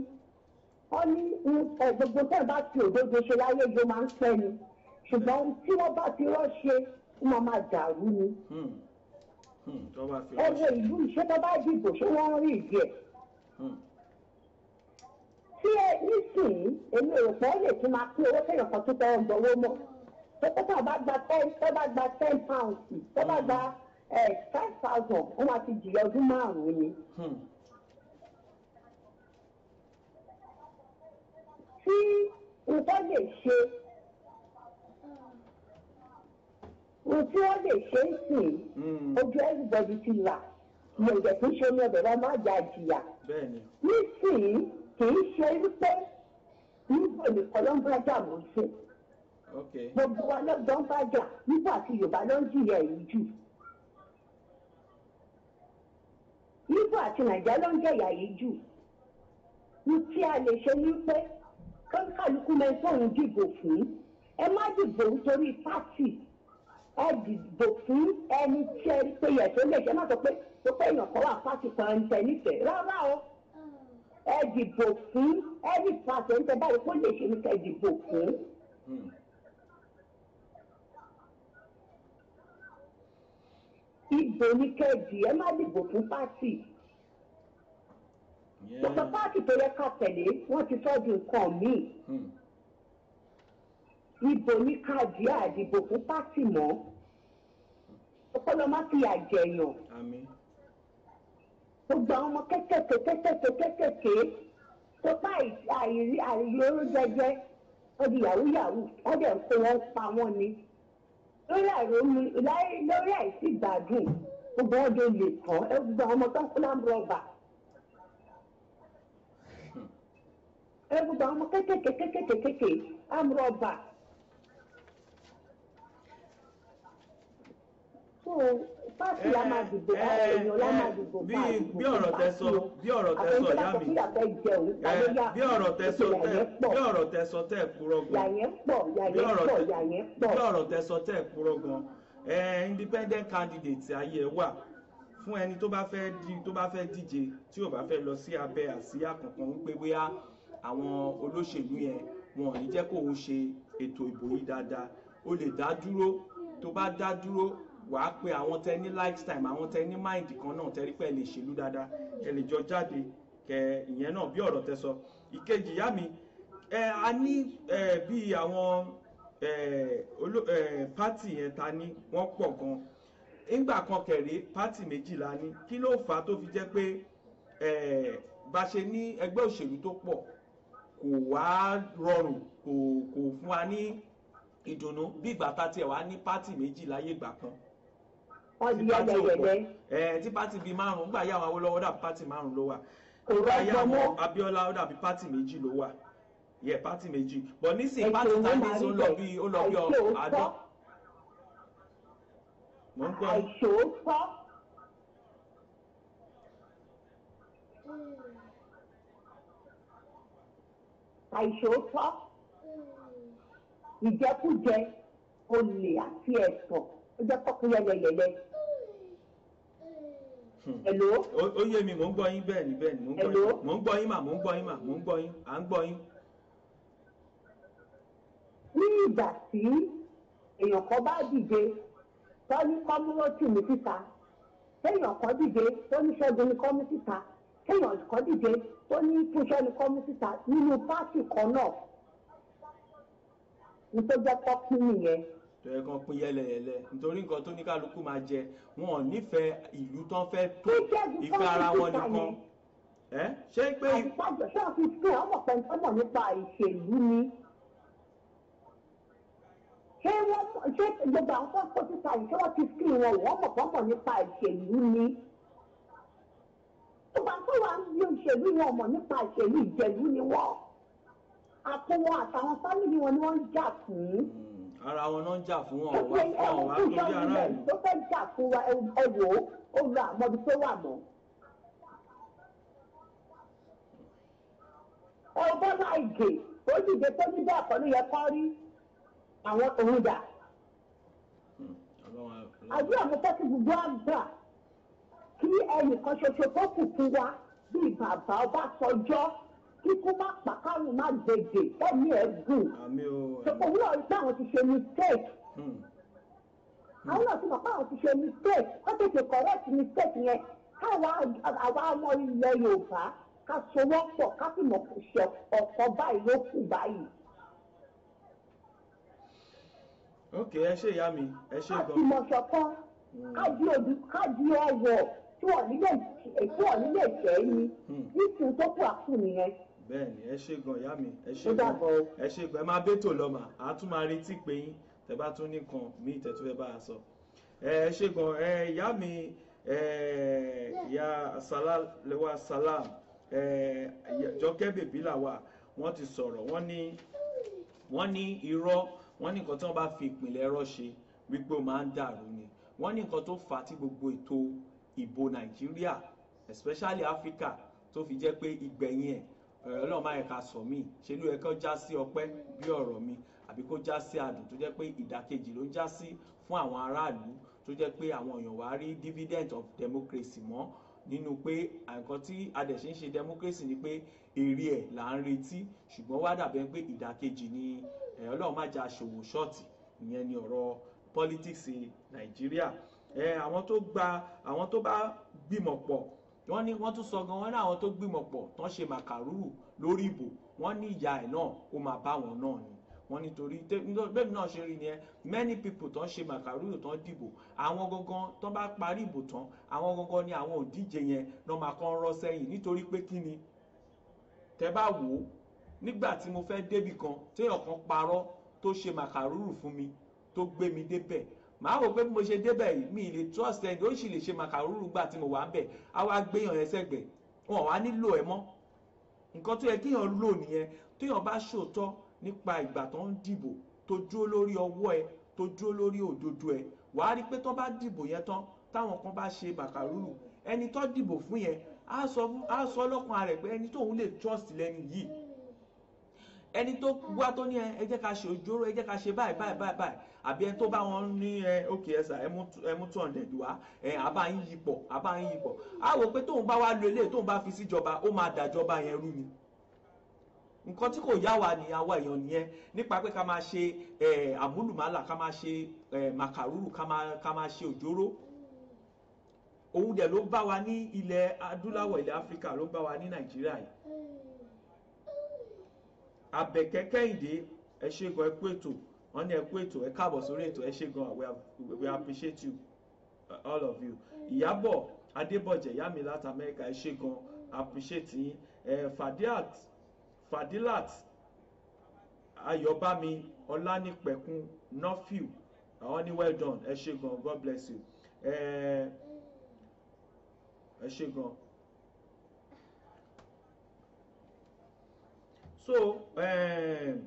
wọ́n ní gbogbo tẹ́ bá ti òdodo ṣe láyé yóò máa ń fẹ́ ni ṣùgbọ́n tí wọ́n bá ti rọ́ ṣe ó máa máa dàrú ni. Hmm. Hmm. ẹ wo ìlú ìṣọ́tọ́ bá dìbò ṣé wọ́n rí ìdí ẹ̀. Hmm. tí ẹ nísìnyí èmi ò pọ́ lè tún máa pín owó fẹ́yàn kan tó fẹ́ẹ́ gbọ́wọ́ mọ́ tó kọ́tà bá gba ten tó bá gba ten pounds tó bá gba five thousand wọ́n máa ti jìyà ọdún márùn-ún ni. tí nǹkan lè ṣe. ohun tí wọ́n lè ṣe é sìn hmm. ojú everybody ti là ní ọ̀dẹ̀ kì í ṣe ní ọ̀dẹ̀ wọn máa ya jìyà nísìnyí kì í ṣe wípé nígbà nìkan ló ń bá jà mọ́ sí gbogbo wa lọ́gbọ́n bá jà nígbà tí Yorùbá ló ń jìyà èyí jù nígbà tí Nàìjíríà ló ń jẹ̀yà èyí jù ní tí a lè ṣe ní pé kọ́ńkàlùkù mẹ́tọ́ ń dìbò fún ẹ má dìbò nítorí pátì ẹ dìbò fún ẹni tí ẹ pé yẹ tó lè jẹ má sọ pé tó pé èèyàn kan wà pàṣẹ kan ń tẹ nífẹ̀ẹ́ rárá o ẹ dìbò fún ẹni pàṣẹ ń tẹ báyìí kó lè ṣe ní kẹ dìbò fún. ìbò ní kẹ́ẹ̀dì ẹ má dìbò fún pàṣẹ gbogbo pàṣẹ tó yẹ ká tẹ̀lé wọ́n ti tọ́jú nǹkan míì ibo ní káàdì àdìbò fún pátì mọ́ ọpọlọ má fi àjẹyàn gbogbo àwọn ọmọ kékèké kékèké kékèké tó bá àìrí àìlóró jẹjẹ wọn di yahoo yahoo wọn dẹ̀ ń kó wọn pa wọn ni lórí àìrómi lórí àìsí ìgbádùn gbogbo wọn dé lè tán ẹ gbogbo àwọn ọmọ tó ń kó lámúrọ̀bà. ẹ gbogbo àwọn ọmọ kékèké kékèké kékèké lámúrọ̀bà. so pààtì la máa dìbò eh, eh, èèyàn la máa eh, dìbò pààtì bí ọ̀rọ̀ tẹ sọ bí ọ̀rọ̀ tẹ sọ yá mi bí ọ̀rọ̀ tẹ sọ tẹ bí ọ̀rọ̀ tẹ sọ tẹ kúrò gan bí ọ̀rọ̀ tẹ sọ tẹ kúrò gan independent candidate ayé ẹ wà fún ẹni tó bá fẹ́ di tó bá fẹ́ díje tí ò bá fẹ́ lọ sí abẹ́ àsíá kankan wípé bóyá àwọn olóṣèlú yẹn wọn ò ní jẹ́ kó o ṣe ètò ìbò yìí dáadáa o lè dá dúró tó bá dá dúró wàá pe àwọn tẹ ní lifetime àwọn tẹ ní mind kan náà tẹ rí pé ẹ lè ṣèlú dáadáa ẹ lè jọ jáde kẹ ìyẹn náà bí ọ̀rọ̀ tẹ sọ ìkejì ìyá mi ẹ a ní ẹ bí àwọn ẹ olú ẹ pátì yẹn ta ní wọ́n pọ̀ gan nígbà kan kẹrẹ pátì méjìlá ní kí ló fà á tó fi jẹ́ pé ẹ bá ṣe ní ẹgbẹ́ òṣèlú tó pọ̀ kò wá rọrùn kò kò fún wa ní ìdùnnú bí ìgbà tá tiẹ̀ wá ní pátì méjì láyé ìgbà kan wọ́n di yẹ́gẹ́yẹ́gẹ́. ẹ tí eh, pátì bíi márùn-ún gbà yà wọn Awólọ́wọ̀ dàbí pátì márùn-ún ló wà. kò rọ́jọ́ mọ́ Abíọ́lá ó dàbí pátì méjì ló wà yẹ pátì méjì bọ̀ nísìnyí pátì tàbí tó lọ bí ó lọ bí àádọ́. mo ń gbọ́. àìṣòótọ́. àìṣòótọ́ ìjẹkújẹ olè àti ẹ̀sọ̀ jẹ́ kọ́kú yẹ́yẹ́yẹ́yẹ́. Hello. ó yé mi mò ń gbọ́ yín bẹ́ẹ̀ ni bẹ́ẹ̀ ni mò ń gbọ́ yín mò ń gbọ́ yín mà mò ń gbọ́ yín mà mò ń gbọ́ yín à ń gbọ́ yín. ní ìgbà tí èèyàn kan bá dìde tó ní kọ́múrọ́tì mi síta téèyàn kan dìde tó ní ṣẹ́gun ní kọ́mú síta téèyàn kan dìde tó ní túnṣẹ́ ní kọ́mú síta nínú pátì kan náà ní tó jẹ́ kọ́kú nìyẹn tó yẹ kán pín yẹlẹyẹlẹ nítorí nǹkan tó ní kálukú máa jẹ wọn ò nífẹ̀ẹ́ ìlú tán fẹ́ tó ìfẹ́ ara wọn nìkan ẹ ṣé pé. àgbàgbà tó a fi fún ọmọ pẹ̀lú ọmọ nípa ìṣèlú ni ṣé wọ́n ṣé gbogbo àwọn tó ń pọ̀ síta yìí ṣé wọ́n ti fi wọn wọ́n mọ̀ pọ̀ mọ̀ nípa ìṣèlú ni ọba tó wà ní òṣèlú wọn mọ̀ nípa ìṣèlú ìjẹ̀lú ni wọ́n àpò wọn àtàwọn fámìlì wọn ni wọ́n ń jà fún un. Hmm ara wọn náà ń jà fún wọn wá wọn wá lórí ara rẹ. tó fẹ́ jà fún wa ẹ wò ó ó lọ àmọ́bi tó wà mọ́. ọba máa gè ó dìde tó ní bá àkọ́lé yẹ kọ́ rí àwọn òun dà. Hmm, àbí àwọn tẹ́sí gbogbo àgbà kí ẹnìkan ṣoṣo tó kù fún wa bíi bàbá ọba sọjọ́ kíkú má pàkánù má gbèjè ẹ̀mí ẹ̀ gùn òun náà rí báwọn ti ṣe mistake hmm. àwọn náà ti mọ̀ báwọn ti ṣe mistake wọ́n tètè correct mistake yẹn káwa ọmọ ilẹ̀ Yorùbá ká sowọ́pọ̀ ká sì mọ̀ kò ṣe ọ̀pọ̀ báyìí ló kù báyìí. ok ẹ ṣe ìyá mi ẹ ṣe gan. àti mọ̀ṣọ̀kan kájí òdu hmm. kájí ọwọ́ tí wọ́n nílé ìṣẹ́ ni hmm. nítorí tó kù àkùn nìyẹn bẹ́ẹ̀ni ẹ ṣé gan ìyá mi ẹ ṣé gan ẹ ṣé gan ẹ máa bẹ́tò lọ́mà á tún máa retí pé yín tẹ́ bá tún nìkan mí tẹ́ tún fẹ́ bá a sọ ẹ ṣé gan ẹ ìyá mi ẹ ìyá Salawa Salam ẹ Jọkẹ́ bèbí làwà wọ́n ti sọ̀rọ̀ wọ́n ní wọ́n ní irọ́ wọ́n ní nǹkan tí wọ́n bá fi ìpìlẹ̀ ẹ̀rọ ṣe wípé ó máa ń dàrú ni wọ́n ní nǹkan tó fà á tí gbogbo ètò ìbò Nàìjíríà especially Africa tó fi jẹ́ pé ìgbẹ̀yìn ẹ̀ ọlọ́run máa ẹ̀ka sọ mí ṣe ló yẹ kó já sí ọpẹ́ bí ọ̀rọ̀ mi àbí kó já sí adùn tó jẹ́ pé ìdàkejì ló ń já sí fún àwọn aráàlú tó jẹ́ pé àwọn èèyàn wá rí dividend of democracy mọ́ nínú pé nǹkan tí adẹ̀ṣe ń ṣe democracy ni pé èrè ẹ̀ là ń retí ṣùgbọ́n wá dàbẹ̀ pé ìdàkejì ni ọlọ́run má já ṣòwò ṣọ́ọ̀tì ìyẹn ni ọ̀rọ̀ politics Nàìjíríà àwọn tó gba àwọn tó bá gbìmọ̀ pọ̀ wọ́n ní wọ́n tún sọ gan wọ́n ní àwọn tó gbìmọ̀ pọ̀ tán ṣe màkàrúrù lórí ìbò wọ́n ní ìyá ẹ̀ náà ó máa bá wọn náà ni wọ́n nítorí bẹ́ẹ̀ náà ṣe rí nìyẹn many people tán ṣe màkàrúrù tán dìbò àwọn gangan tán bá parí ìbò tán àwọn gangan ni àwọn òdíje yẹn náà máa kàn rọ́ sẹ́yìn nítorí pé kí ni tẹ́ bá wò ó nígbà tí mo fẹ́ débì kan téèyàn kan parọ́ tó ṣe màkàrúrù fún mi tó gbé mi débẹ̀ màá wò pé bí mo ṣe débẹ̀ mi lè trust ẹni ó sì lè ṣe màkàrúrù gbà tí mo wà ń bẹ̀ á wá gbéyàn ẹ sẹ́gbẹ̀ wọn wá nílò ẹ mọ́ nǹkan tó yẹ kéèyàn lò nìyẹn téèyàn bá ṣòótọ́ nípa ìgbà tó ń dìbò tó dúró lórí ọwọ́ ẹ tó dúró lórí òdodo ẹ wàá rí pé tó bá dìbò yẹn tán táwọn kan bá ṣe màkàrúrù ẹni tó dìbò fún yẹn á sọ lọ́kàn rẹ̀ pé ẹni tóun lè trust lẹ́ni yìí ẹni tó wá tó ní ẹ jẹ́ ká ṣe òjòrò ẹ jẹ́ ká ṣe báyìí báyìí báyìí àbí ẹni tó bá wọn ní ẹ òkè ẹsà ẹmú two hundred wá ẹ àbá yín yípọ̀ àbá yín yípọ̀ á wò pé tóun bá wá lo eléyìí tóun bá fi síjọba ó máa dàjọba yẹn rú ni nǹkan tí kò yá wa ni àwa èèyàn nìyẹn nípa pé ká máa ṣe àmúlùmálà ká máa ṣe màkàrúrù ká máa ṣe òjóró òun dẹ̀ ló bá wa ní ilẹ̀ adúláwọ̀ ilẹ̀ áfíríkà ló bá wa ní nàìjíríà yìí abẹ̀kẹ́ kẹ́hìndé ẹ ṣe gan ẹ kú ètò wọ́n ní ẹ kú ètò ẹ káàbọ̀ sórí ètò ẹ ṣé gan we, we appreciate you uh, all of you ìyábọ̀ adébọ̀jẹ̀ ìyá mi láti amẹ́ríkà ẹ ṣé gan appreciate yín ẹ fadilat fadilat ayọ̀bámi ọlánìpẹ̀kun nọ́fìl àwọn ní well done ẹ ṣé gan god bless you ẹ ẹ ṣé gan. so um,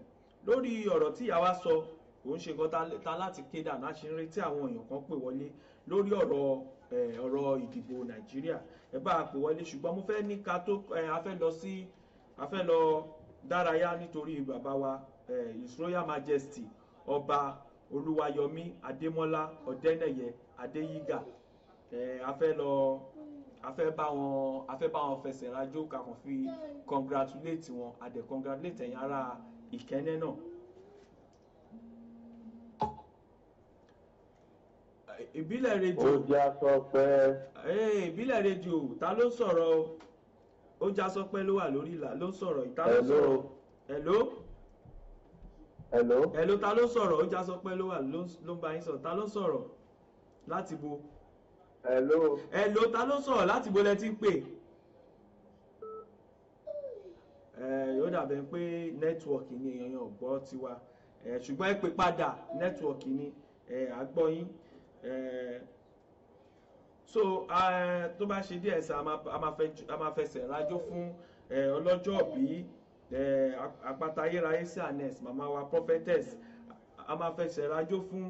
lórí ọ̀rọ̀ tí ìyá wa sọ kò ń ṣe nǹkan ta láti ké dànù a ṣe ń retí àwọn èèyàn kan pè wọlé lórí ọ̀rọ̀ ọ̀rọ̀ ìdìbò nàìjíríà ẹ bá a pè wọlé ṣùgbọ́n mo fẹ́ ní ká tó a fẹ́ lọ sí a fẹ́ lọ dárayá nítorí bàbá wa his royal majesty ọba olúwayọmí adémọ́lá ọ̀dẹ́nẹ̀yẹ adéyígà a fẹ́ lọ a fẹ́ bá wọn a fẹ́ bá wọn fẹsẹ̀ rajó ká fi congratulate wọn a congratulate ẹ̀yin ará ìkẹ́nẹ́ náà. ìbílẹ̀ rédíò. ó já sọpẹ́. Eh, ìbílẹ̀ rédíò ta ló sọ̀rọ̀ o ó já sọpẹ́ ló wà lórí ìlà ló sọ̀rọ̀ ìta ló sọ̀rọ̀ hello. hello. hello ta ló sọ̀rọ̀ ó já sọpẹ́ ló wà ló ń bá yín sọ̀rọ̀ ta ló sọ̀rọ̀ láti bo. hello. hello ta ló sọ̀rọ̀ láti bo lẹ ti ń pè. yóò eh, dàbẹ̀ pé nẹ́tíwọ̀kì ni èèyàn gbọ́ tiwa eh, ṣùgbọ́n ẹ pè padà nẹ́tíwọ̀kì ni àgbọ̀ yín. Eh, so eh, tó bá ṣe díẹ̀ sá a máa fẹsẹ̀ rájò fún eh, ọlọ́jọ́ bí àpáta ayérayé sí anes mama wa prophetess a máa fẹsẹ̀ rájò fún.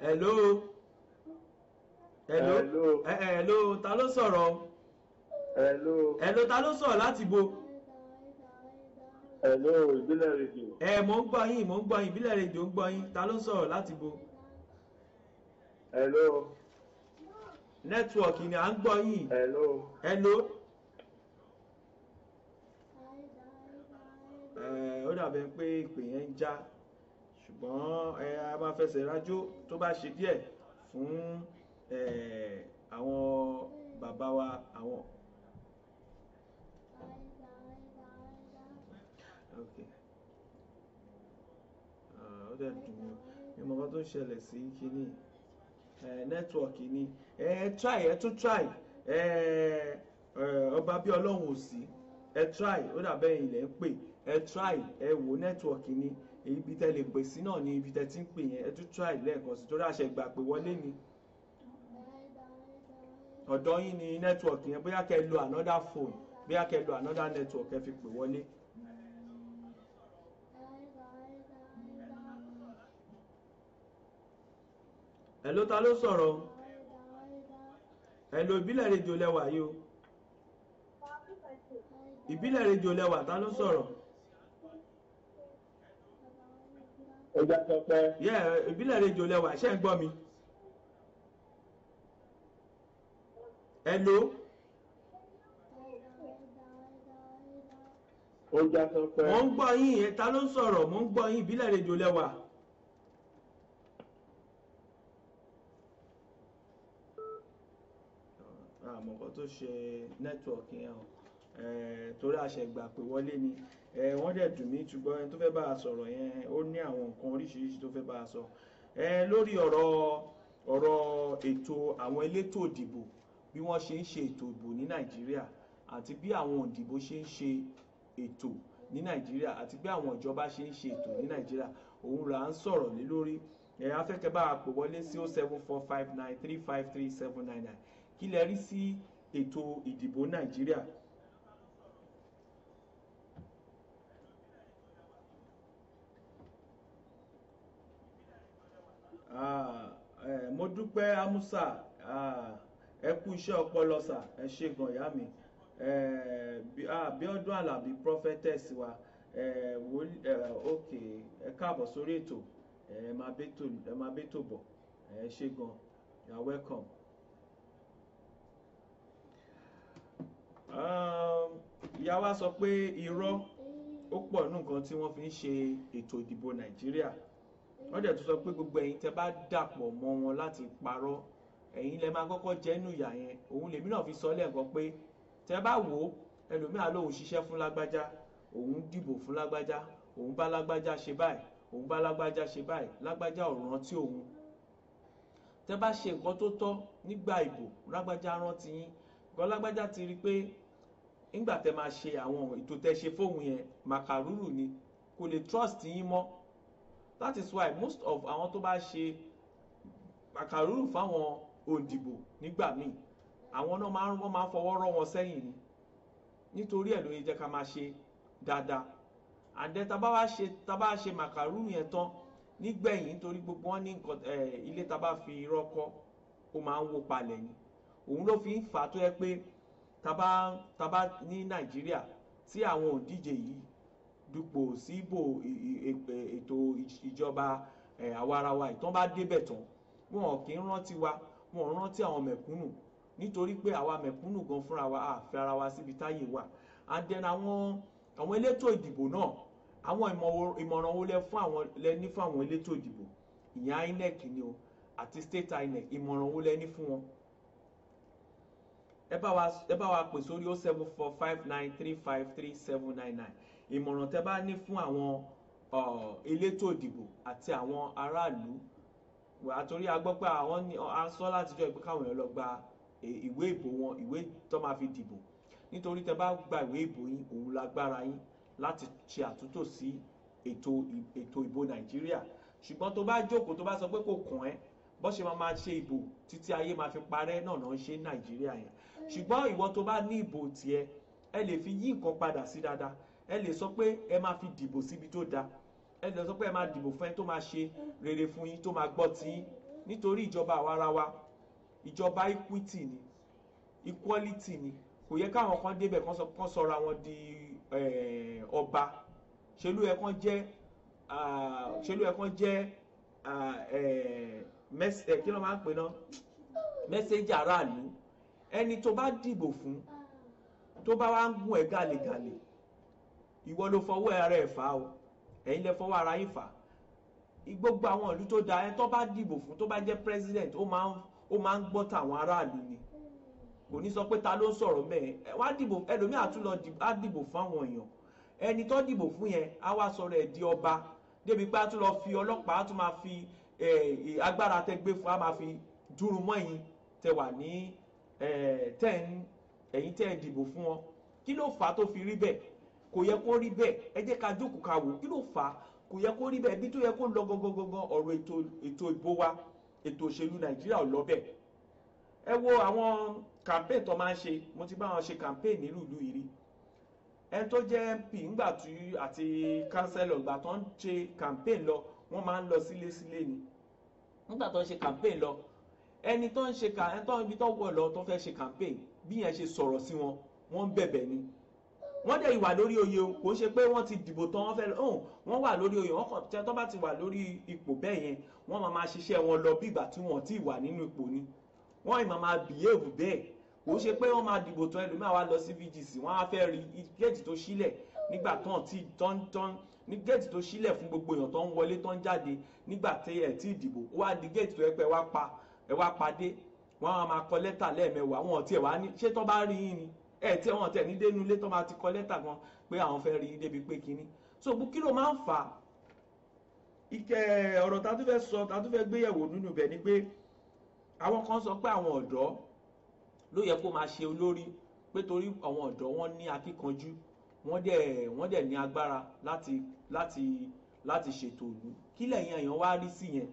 hello hello hello ta ló sọ̀rọ̀. Hello. Hello, ta ló sọ̀rọ̀ láti bo? Hello, ìbílẹ̀ rédíò. Ẹ mò ń gbọ́ yín, mò ń gbọ́ yín, ìbílẹ̀ rédíò ń gbọ́ yín, ta ló sọ̀rọ̀ láti bo? Hello. Nẹ́tíwọ̀kì ni à ń gbọ́ yín. Hello. Hello. ó dàbẹ̀ pé ìpè yẹn ń já ṣùgbọ́n ẹ a máa fẹsẹ̀ rájò tó bá ṣe díẹ̀ fún àwọn bàbá wa àwọn dẹ̀ dùn mí mi mọ̀ nǹkan tó ṣẹlẹ̀ sí kínní nẹ́tíwọ̀kì ni ẹ try ẹ tún try ọba bí ọlọ́run ò sí ẹ try ó dàbẹ́ ilẹ̀ ń pè ẹ try ẹ wò nẹ́tíwọ̀kì ni ibi tẹ lè pè sí náà ni ibi tẹ ti ń pè yẹn ẹ tún try lẹ́ẹ̀kan sí torí àṣẹ gbà pé wọlé ni ọ̀dọ̀ yín ni nẹ́tíwọ̀kì yẹn bóyá kẹ́ lo another phone bóyá kẹ́ lo another network ẹ fi pè wọlé. ẹ̀ló ta ló sọ̀rọ̀ ẹ̀ló ìbílẹ̀ rédíò lẹ́wà yìí o ìbílẹ̀ ta ló sọ̀rọ̀. ọjà pẹpẹ. yẹ ìbílẹ̀ rédíò ń mi. mo ń gbọ́ yín ta ló mo ń gbọ́ yín ìbílẹ̀ rédíò àmọ́ nǹkan tó ṣe network yẹn o torí àṣẹgbà pé wọlé ni wọ́n dẹ̀ dùn mí ṣùgbọ́n ẹni tó fẹ́ bá a sọ̀rọ̀ yẹn ó ní àwọn nǹkan oríṣiríṣi tó fẹ́ bá a sọ lórí ọ̀rọ̀ ọ̀rọ̀ ètò àwọn elétò ìdìbò bí wọ́n ṣe ń ṣe ètò ìbò ní nàìjíríà àti bí àwọn òǹdìbò ṣe ń ṣe ètò ní nàìjíríà àti bí àwọn ìjọba ṣe ń ṣe ètò ní nàìjíríà òun là ń sọ̀rọ̀ lé lórí ẹ̀ afẹ́kẹ́ bá a pè wọlé sí 07459353799 kí lẹ rí sí ètò ìdìbò nàìjíríà. Ah, eh, mo dúpẹ́ amusa ah, ẹ kú iṣẹ́ ọpọlọ sà ẹ ṣe gan ìyá mi eh, ah, Bíọ́dún Àlàbí prophetess wa eh, ok ẹ káàbọ̀ sórí ètò ẹ máa bẹ́tò bọ̀ ẹ ṣe gan you are welcome. Um, ìyá wa sọ pé irọ́ ó pọ̀ ní nǹkan tí wọ́n fi ń ṣe ètò ìdìbò nàìjíríà wọ́n dẹ̀ tún sọ pé gbogbo ẹ̀yin tẹ́ bá dàpọ̀ mọ́ wọn láti parọ́ ẹ̀yin lẹ máa kọ́kọ́ jẹ́nu ìyà yẹn òun lèmi náà fi sọ lẹ́ẹ̀kan pé tẹ́ bá wò ó ẹlòmíà lòun ṣiṣẹ́ fún lágbájá òun dìbò fún lágbájá òun bá lágbájá ṣe báyìí òun bá lágbájá ṣe báyìí lágbájá ò rántí òun tẹ́ bá ṣe nǹkan tó tọ́ nígbà ìbò lágbájá rántí yín nǹkan lágbájá ti rí pé nígbà tẹ máa ṣe àwọn ètò tẹ ṣe fóun yẹn màkàrúrù ni kò lè trust yín mọ́ that is why most of àwọn tó bá ṣe màkàrúrù fáwọn òǹdìbò nígbà míì àwọn náà máa ń wọ́n máa ń fọwọ́ rọ́ wọn sẹ́yìn ni nítorí ẹ̀ ló yẹ jẹ́ ká máa ṣe dáadáa and then tá bá wá ṣe tá bá ṣe màkàrúrù yẹn tán nígbẹ̀yìn nítorí gbogbo wọn ní nǹkan ilé tá fi irọ́ ó máa ń wó palẹ̀ ni òun ló fi ń fà á tó yẹ pé taba taba ní nàìjíríà tí àwọn òǹdíje yìí dupò síbò ètò ìjọba àwarawa ìtàn bá débẹ̀ tán wọn kì í rántí wa wọn rántí àwọn mẹ̀kúnnù nítorí pé àwa mẹ̀kúnnù gan fúnra wa àfẹ́ ara wa síbi táyé wa and then àwọn àwọn elétò ìdìbò náà àwọn ìmọ̀ràn wo lẹ fún àwọn lẹ ní fún àwọn elétò ìdìbò ìyẹn INEC ni o àti state INEC ìmọ̀ràn wo lẹ ní fún wọn ẹ bá wa wa pè sórí o oh seven four five nine three five three seven nine nine ìmọ̀ràn tẹ́ bá ní fún àwọn elétò ìdìbò àti àwọn aráàlú àtòrí a gbọ́ pé àwọn ní asọ látijọ́ ìpín káwọn èèyàn lọ gba ìwé ìbò wọn ìwé tó máa fi dìbò nítorí tẹ́ bá gba ìwé ìbò yín òun lágbára yín láti ṣe àtúntò sí ètò ètò ìbò nàìjíríà ṣùgbọ́n tó bá jókòó tó bá sọ pé kò kàn ẹ́ bó ṣe máa ṣe ìbò títí ayé máa fi parẹ́ náà náà ń nàìjíríà yẹn ṣùgbọ́n ìwọ tó bá ní ìbò tiẹ̀ ẹ lè fi yí nǹkan padà sí dáadáa ẹ lè sọ pé ẹ máa fi dìbò síbi tó dáa ẹ lè sọ pé ẹ máa dìbò fún ẹ tó máa ṣe rere fún yín tó máa gbọ́ ti yín nítorí ìjọba àwarawa ìjọba equity ni equality ni kò yẹ káwọn kan débẹ̀ kan sọra wọn di eh, ọba ṣèlú ẹ̀ kan jẹ́ ṣèlú ẹ̀ kan jẹ́ eh, eh, kí ló máa ń pè náà mẹ́sẹ́jì aráàlú ẹni tó bá dìbò fún tó bá wá ń gún ẹ gàlégàlé ìwọ ló fọwọ́ ara ẹ̀ fà o ẹ̀yin lẹ fọwọ́ ara yín fà gbogbo àwọn ìlú tó dáa ẹ tó bá dìbò fún tó bá jẹ́ president ó máa ń ó máa ń gbọ́ tàwọn aráàlú ni kò ní sọ pé ta ló ń sọ̀rọ̀ mẹ́ẹ̀ ẹ wá dìbò ẹlòmíà tún lọ á dìbò fún àwọn èèyàn ẹni tó dìbò fún yẹn á wá sọ̀rọ̀ ẹ̀ di ọba débi pé á tún lọ fi ọlọ́pàá á tún máa fi agbára tẹ gbé fún á máa fi dúró mọ́ ẹ̀yin tẹ wà ní tẹ́ẹ̀n ẹ̀yin tẹ́ẹ̀ dìbò fún wọn kí ló fà á tó fi rí bẹ́ẹ̀ kò yẹ kó rí bẹ́ẹ̀ ẹ jẹ́ ká jókòó ká wò kí ló fà á kò yẹ kó rí bẹ́ẹ̀ bí tó yẹ kó lọ gangan ọ̀rọ̀ ètò ìbò wa ètò òṣèlú nàìjíríà ò lọ bẹ́ẹ̀ ẹ wo àwọn campaign tó máa ń ṣe mo ti bá wọn ṣe campaign nílùú ìlú ẹ tó jẹ́ mp ńgbà tí àti councillor gbà tó ń ṣe campaign lọ wọ́n máa ń lọ sílé sílé ni nígbà tó ń ṣe campaign lọ ẹni tó ń ṣe kà ẹni tó ń ibi tó wọ̀ lọ tó fẹ́ ṣe campaign bí yẹn ṣe sọ̀rọ̀ sí wọn wọ́n ń bẹ̀bẹ̀ ni wọ́n dẹ̀ ìwà lórí oyè o kò ṣe pé wọ́n ti dìbò tán wọ́n fẹ́ ọ̀hún oh, wọ́n wà lórí oyè wọ́n kàn tẹ́ tó bá ti wà lórí ipò bẹ́ẹ̀ yẹn wọ́n máa máa ṣiṣẹ́ wọn lọ bí ìgbà tí wọ́n ti wà nínú ipò ni wọ́n ìmọ̀ máa bìhéèvù bẹ́ẹ̀ kò ṣe pé wọ́n máa dìbò tán ẹlòmíà wá lọ sí VGC wọ́n á fẹ́ rí géètì tó sílẹ̀ nígbà tán tí tọ́ntọ́n ní géètì tó sílẹ̀ fún gbogbo èèyàn tó ń wọlé tó ń jáde nígbà tẹ́yẹ̀ tí ìdìbò wá di géètì tó yẹ pé wá pa ẹ wá pàdé wọn á máa kọ lẹ́tà lẹ́ẹ̀mẹwàá wọn tiẹ̀ wá ní ṣé tó bá rí yín ni ẹ tí wọn tẹ̀ ní dénú ilé tó máa ti kọ lẹ́tà gan pé àwọn fẹ́ rí yín débi pé kínní so kí ló máa ń fà á ike ọ̀rọ̀ tá a tún fẹ́ sọ tá a tún fẹ́ gbéyẹ̀wò nínú ibẹ̀ ni pé àwọn kan sọ pé àwọn ọ̀dọ́ ló yẹ kó máa ṣe olórí pé torí àwọn ọ̀dọ́ wọn ní akíkanjú wọ́n dẹ̀ wọ́n dẹ̀ ní agbára láti láti láti ṣètò ìlú kí lẹ́yìn èèyàn wá rí sí yẹn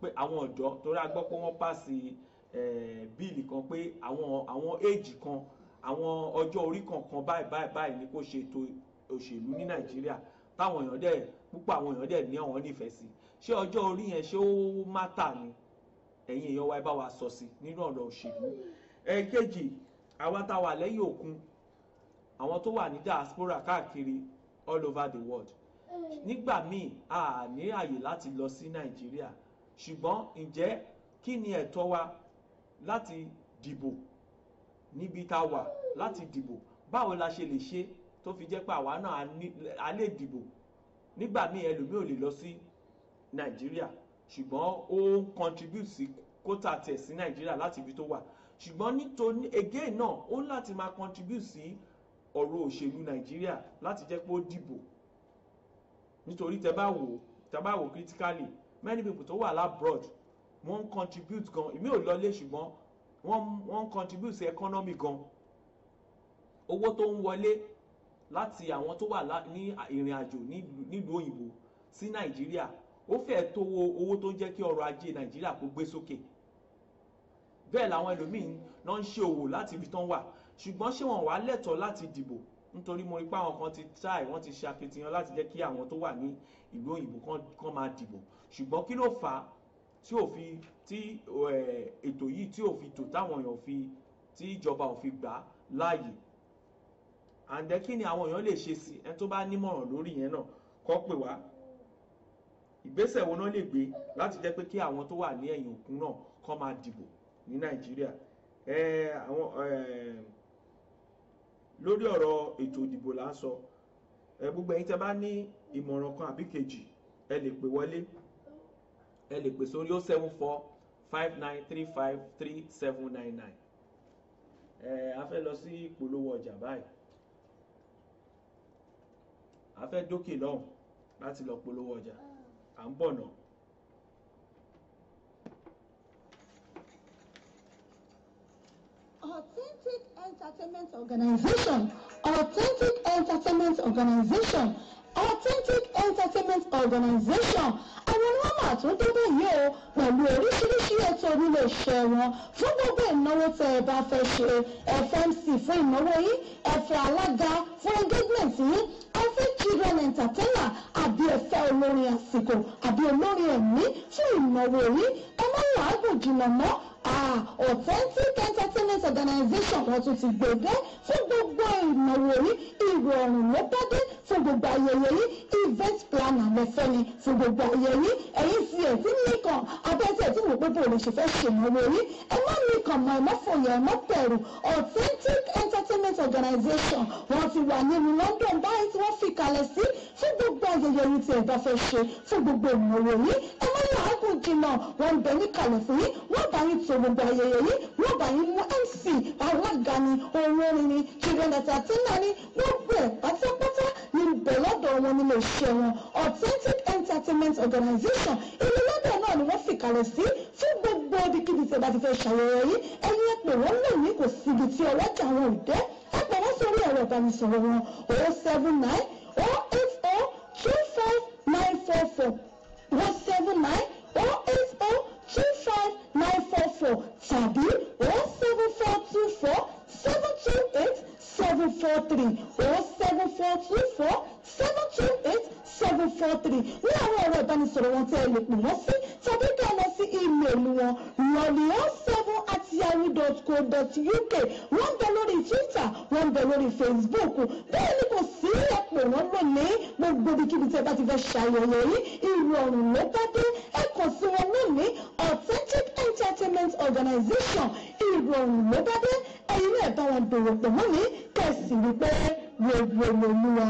pé àwọn ọ̀dọ́ torí a gbọ́ pé wọ́n pàṣẹ bíìlì kan pé àwọn àwọn éèjì kan àwọn ọjọ́ orí kankan báyìí báyìí báyìí ni kò ṣe ètò òṣèlú ní nàìjíríà táwọn èèyàn dẹ̀ púpọ̀ àwọn èèyàn dẹ̀ ní àwọn nífẹ̀ẹ́ sí ṣé ọjọ́ orí yẹn ṣé ó mátà ni ẹ̀yin èèyàn wa ẹ bá wa sọ sí nínú ọ̀rọ̀ òṣèlú ẹ̀ẹ́kejì àwa tá a wà lẹ́yìn òkun àwọn tó wà ní diaspora káàkiri all over the world nígbà míì a ní àyè láti lọ sí nàìjíríà ṣùgbọ́n ǹjẹ́ kí ni ẹ̀tọ́ wa láti dìbò níbi tá a wà láti dìbò báwo la ṣe lè ṣe tó fi jẹ́ pé àwa náà a lè dìbò nígbà míì ẹlòmíì ò lè lọ sí nàìjíríà ṣùgbọ́n ó ń contribute sí kóta tẹ̀ sí nàìjíríà láti ibi tó wà ṣùgbọ́n nítorí again náà ó ń láti máa contribute sí ọ̀rọ̀ òṣèlú nàìjíríà láti jẹ́ pé ó dìbò nítorí tẹ bá wò tẹ bá wò critically many people tó wà labroad wọ́n ń contribute gan èmi ò lọlé ṣùgbọ́n wọ́n ń contribute sí economy gan owó tó ń wọlé láti àwọn tó wà ní ìrìn àjò nílùú òyìnbó sí nàìjíríà ó fẹ́ẹ̀ tó owó tó ń jẹ́ kí ọrọ̀ ajé nàìjíríà kó gbé sókè bẹ́ẹ̀ làwọn ẹlòmíín náà ń ṣe òwò láti ibi tán wà ṣùgbọ́n ṣé wọn wà lẹ́tọ̀ọ́ láti dìbò nítorí mo rí pé àwọn kan ti try wọ́n ti ṣàfihàn láti jẹ́ kí àwọn tó wà ní ìlú òyìnbó kan máa dìbò ṣùgbọ́n kí ló fà á tí ò fi tí ètò yìí tí ò fi tò táwọn èèyàn fi tí ìjọba ò fi gbà láàyè àǹdẹ́ kí ni àwọn èèyàn lè ṣe sí ẹni tó bá nímọ̀ràn lórí yẹn náà kọ́ pè wá ìgbésẹ̀ wo náà lè gbé láti jẹ́ pé kí àwọn tó wà ní ẹ̀yìn òkun náà kọ́ máa dìbò ní Nàìjíríà lórí ọ̀rọ̀ ètò ìdìbò là ń sọ gbogbo ẹ̀yin tẹ́ bá ní ìmọ̀ràn kan àbí kejì ẹ lè pè wọlé ẹ lè pè sórí ó oh seven four five nine three five three seven nine nine ẹ a fẹ́ lọ sí ìpolówó ọjà báyìí a fẹ́ dókè lọ́hùn láti lọ polówó ọjà à ń bọ̀ náà. Authentic Entertainment Organization Authentic Entertainment Organization Authentic Entertainment Organization mà tó dé o pẹ̀lú oríṣiríṣi ètò nílé iṣẹ́ wọn fún gbogbo ìnáwó tẹ ẹ bá fẹ́ ṣe ẹ fún ìnáwó yìí ẹ alága fún engagement yìí ẹ children entertainer àbí ẹ fẹ́ olórin àsìkò àbí olórin ẹ̀mí fún ìnáwó yìí ẹ má làágùn jìnnà mọ́ authentic entertainment organization wọ́n tún ti gbèdé fún gbogbo ìnáwó yìí ìrọ̀rùn ló bá dé fún gbogbo ayẹyẹ yìí event planner lẹ́fẹ́ ni fún gbogbo ayẹyẹ yìí ẹ̀yin ti ẹ̀ tí nìkan abẹ́tẹ̀ tí mo pé bò lè ṣe fẹ́ ṣènáwó yìí ẹ má nìkan mọ ẹ má fòyà ẹ má bẹ̀rù authentic entertainment organization wọ́n ti wà nínú London báyìí tí wọ́n fi kalẹ̀ sí fún gbogbo ayẹyẹ yìí tí ẹ bá fẹ́ ṣe fún gbogbo ìnáwó yìí ẹ má yàgò jìnnà wọ́n ń bẹ níkàlẹ̀ fún yín wọ́n bá yín tó gbogbo gbayeyeye rọbàní mc alágàní ohun orin ni children entertainer ni gbogbo ẹ̀ pátápátá ní bẹ̀ lọ́dọ̀ wọn nílé iṣẹ́ wọn authentic entertainment organization ilé lọ́dọ̀ náà ni wọ́n fìkàlẹ̀ sí fún gbogbo ibikíbi tí ẹ bá ti fẹ́ ṣàyẹ̀wò yìí ẹni ẹ pè wọ́n lè ní kò síbi tí ọlọ́jà wọn ò dé ẹ pè wọ́n sórí ẹ̀rọ ìbánisọ̀rọ̀ wọn 079 080 dot uk wọ́n ń bẹ lórí twitter wọ́n ń bẹ lórí facebook bẹ́ẹ̀ ni kò sí ẹ̀pọ̀ náà lónìí gbogbo ibikíbi tí ẹ bá ti fẹ́ ṣàyẹ̀yẹ̀ yìí ìrọ̀rùn ló bá dé ẹ kàn sí wọn lónìí authentic entertainment organization ìrọ̀rùn ló bá dé ẹ̀yin náà bá wọn dòwò pọ̀ mọ́ mi kẹ̀sì wípé rẹ̀ rẹ̀ lòlúwa.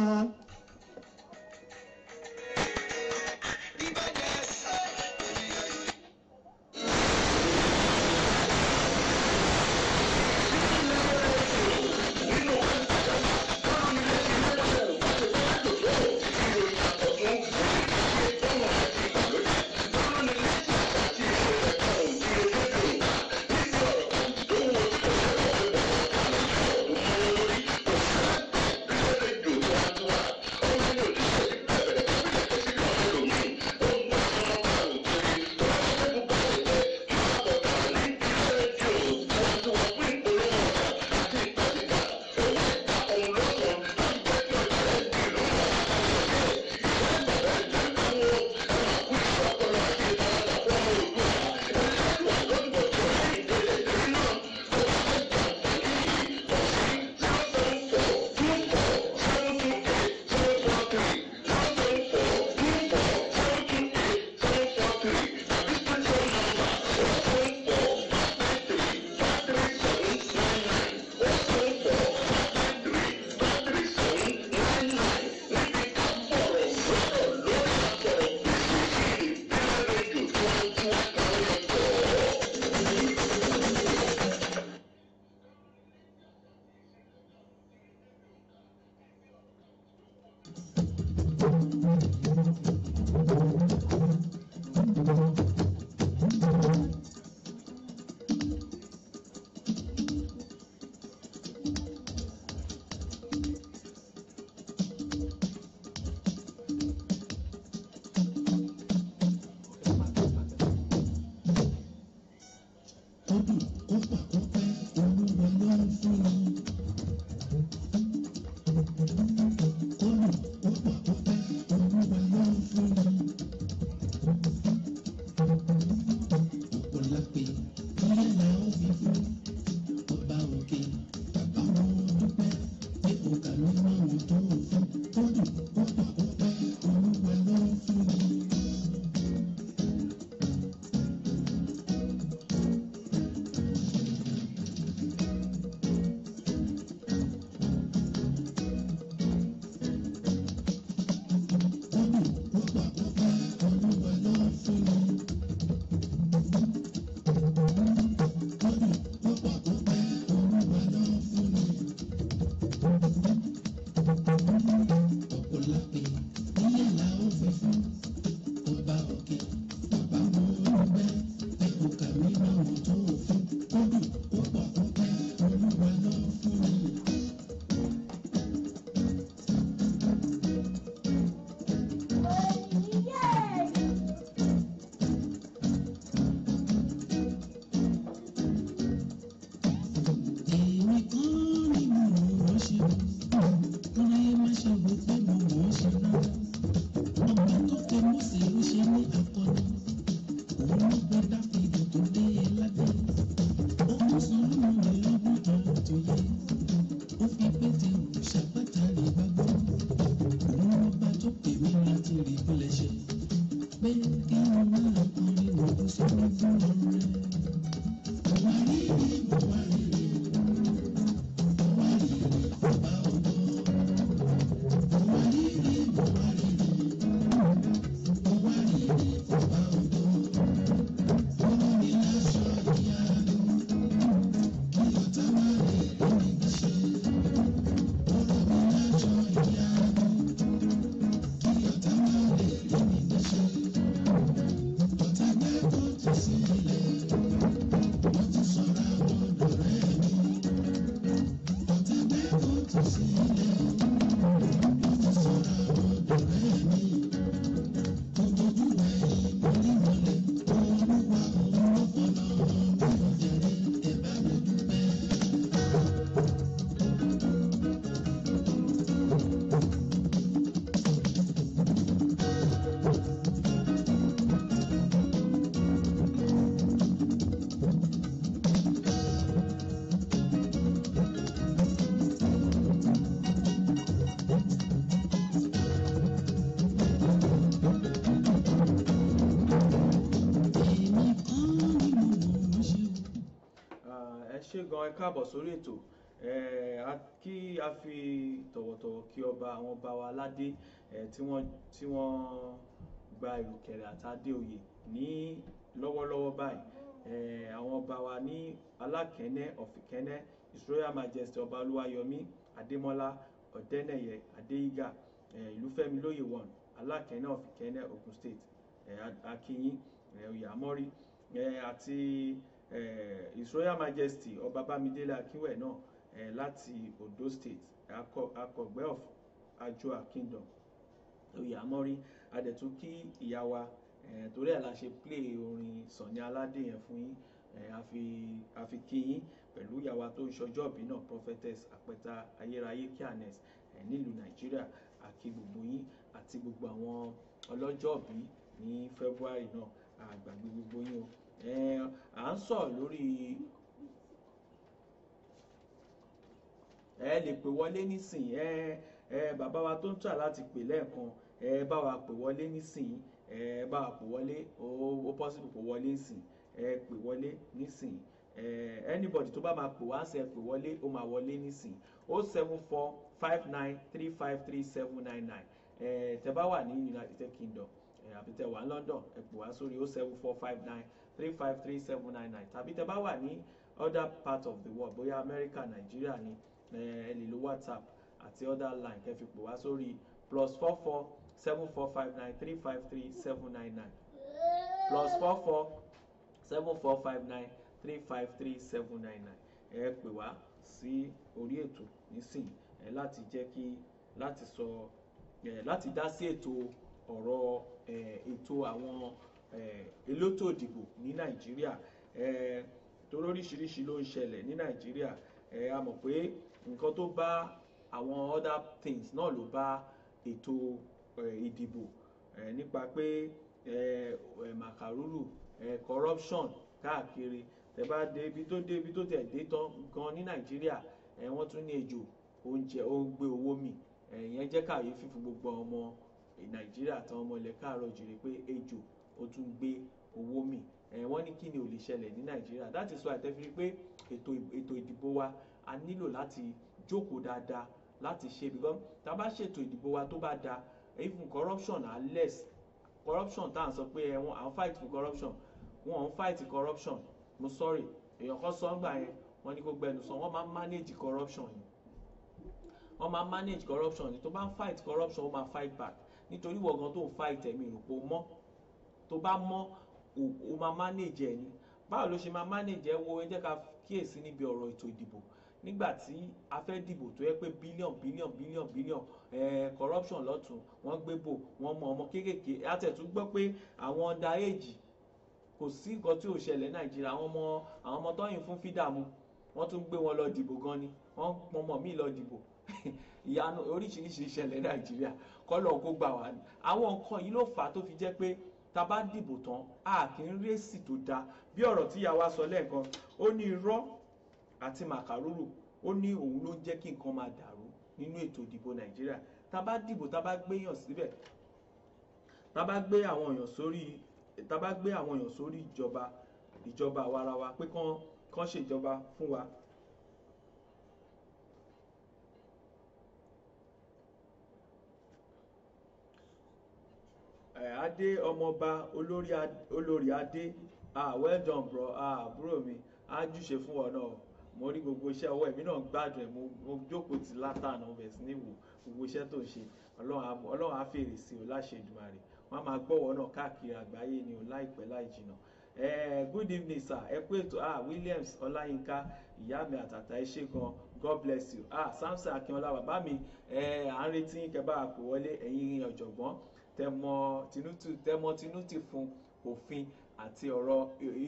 ẹ káàbọ̀ sórí ètò kí a fi tọ̀wọ̀tọ̀wọ̀ kí ọba àwọn ọba wa aládé tí wọ́n tí wọ́n gba ìrùkẹ̀rẹ̀ àtàdé oyè ní lọ́wọ́lọ́wọ́ báyìí àwọn ọba wa ní alákẹ́nẹ́ ọ̀fìnkẹ́nẹ́ His Majesty ọba olúwayọ̀mí adémọ́lá ọ̀dẹ́nẹ̀yẹ adéyígà ìlúfẹ́mi lóyè wọn alákẹ́nẹ́ ọ̀fìnkẹ́nẹ́ Ògùn State akínyìn oyè amọ́rí àti. Eh, His Royal Majesty ọba Bámidélé Akínwẹ̀ náà eh, láti Odo State akọ̀gbẹ́ of Ajua Kingdom oyè Àmọ́rí adẹ̀tún kí ìyá wa eh, torí ẹ̀ la ṣe play orin Sànni Aládé yẹn fún yín àfi kí yín pẹ̀lú ìyá tó ń ṣọjọ́ọ̀bí náà prophetess àpẹta ayérayé kíanes nílùú Nàìjíríà àkí gbogbo yín àti gbogbo àwọn ọlọ́jọ́ọ̀bí ní February náà àgbàgbé gbogbo yín o à ń sọ̀rọ̀ lórí ẹ lè pè wọlé nísìnyí ẹ ẹ bàbá wa tó ń tà láti pè lẹ́ẹ̀kan ẹ bá wa pè wọlé nísìnyí ẹ bá wa pè wọlé ó possible pè wọlé nísìnyí ẹ pè wọlé nísìnyí ẹ anybody tó bá máa pè wá ṣe pè wọlé ó máa wọlé nísìnyí ó seven four five nine three five three seven nine nine ẹ tẹ́ bá wà ní United Kingdom àbí tẹ́ wà ní London ẹ pè wá sórí ó oh seven four five nine three five three seven nine nine tàbí tẹ́ bá wà ní other part of the world bóyá America Nigeria ni ẹ lè lo WhatsApp àti other line kẹ́ fi pè wá sórí plus four four seven four five nine three five three seven nine nine plus four four seven four five nine three five three seven nine nine ẹ pè wá sí orí ètò nísìnyí ẹ láti jẹ́ kí láti sọ ẹ láti dá sí ètò ọ̀rọ̀ ètò àwọn Eh, elétò ìdìbò ní nàìjíríà eh, torí oríṣiríṣi ló ń ṣẹlẹ̀ ní nàìjíríà eh, a mọ̀ pé nǹkan tó bá àwọn other things náà ló bá ètò ìdìbò nípa pé màkàrúrù corruption káàkiri tẹ bá dé ibi tó dé ibi tó tẹ̀ dé tán gan ní nàìjíríà wọ́n tún ní ejò oúnjẹ ó ń gbé owó mì ìyẹn jẹ́ kàyéfì fún gbogbo ọmọ nàìjíríà àtàwọn ọmọ ilẹ̀ káàárọ̀ jìrì pé ejò ó tún gbé owó mì wọ́n ní kí ni ò lè ṣẹlẹ̀ ní nàìjíríà that is why tẹ́fí rí pé ètò ìdìbò wa a nílò láti jókòó dáadáa láti ṣe because tá a bá ṣètò ìdìbò wa tó bá da even corruption are less corruption tá à ń sọ pé ẹ wọn à ń fight for corruption wọn à ń fight corruption mo sorry èèyàn kan sọ ńgbà yẹn wọn ní kó gbẹnu sọ wọn máa ń manage corruption yìí wọn máa ń manage corruption yìí tó bá ń fight corruption wọn máa fight back nítorí wọ̀gán tó ń fight ẹ̀mí ìrùpọ̀ mọ́ tó bá mọ́ o máa manage ẹ̀ ni báwo ló ṣe máa manage ẹ̀ wo ẹ jẹ́ ká kíyèsí níbi ọ̀rọ̀ ètò ìdìbò nígbà tí a fẹ́ dìbò tó yẹ pé bílíọ̀n bílíọ̀n bílíọ̀n bílíọ̀n ẹ̀ẹ́ corruption lọ́tún wọ́n gbé bò wọ́n mọ ọmọ kéékèèké àtẹ̀tún gbọ́ pé àwọn underage kò sí nǹkan tí ò ṣẹlẹ̀ nàìjíríà àwọn ọmọ àwọn ọmọ tọ́yìn fún fídàmù wọ́n tún gbé wọn lọ dìbò gan ni wọ́n pọn ọmọ míì lọ dìbò ìyanu oríṣiríṣi ìṣẹ̀lẹ̀ nàìjíríà kọ́lọ̀ kó gbà wá àwọn nǹkan yìí ló fà á tó fi jẹ́ pé tá a bá dìbò tán a kì í rí èsì tó dáa bí ọ̀rọ̀ tí ìyá wa sọ lẹ́ẹ̀kan ó ní irọ́ àti màkàrúrù ó ní òun ló ń jẹ́ kí nǹkan máa dàrú nínú ètò ìdìbò nàìjíríà tá a bá dìbò tá a bá síbẹ̀ tá gbé àwọn èèyàn sórí tá gbé àwọn èèyàn sórí ìjọba ìjọba àwarawa pé kán kán ṣèjọba fún wa adé ọmọọba olórí adé ah well done bro ah bro mi ájúṣe fún ọ náà mo rí gbogbo iṣẹ́ ọwọ́ ẹ̀mí náà gbádùn ẹ̀ mo jókòó ti látànà ọbẹ̀ sí níwò gbogbo iṣẹ́ tó ń ṣe ọlọ́run á fèrè sí o láṣẹ Èdùmàrè wọ́n á máa gbọ́wọ́ náà káàkiri àgbáyé ni o láìpẹ́ láì jìnà Eh, good evening sir ẹ kú ètò ah Williams Ọláyínká ìyá mi àtàtà ẹ gan God bless you ah Samson Akínọlá bàbá mi ẹ à ń retí kẹ́ bá àpò wọlé ẹ̀yin ọ̀jọ̀gbọ́n tẹmọtinú ti fún òfin àti ọ̀rọ̀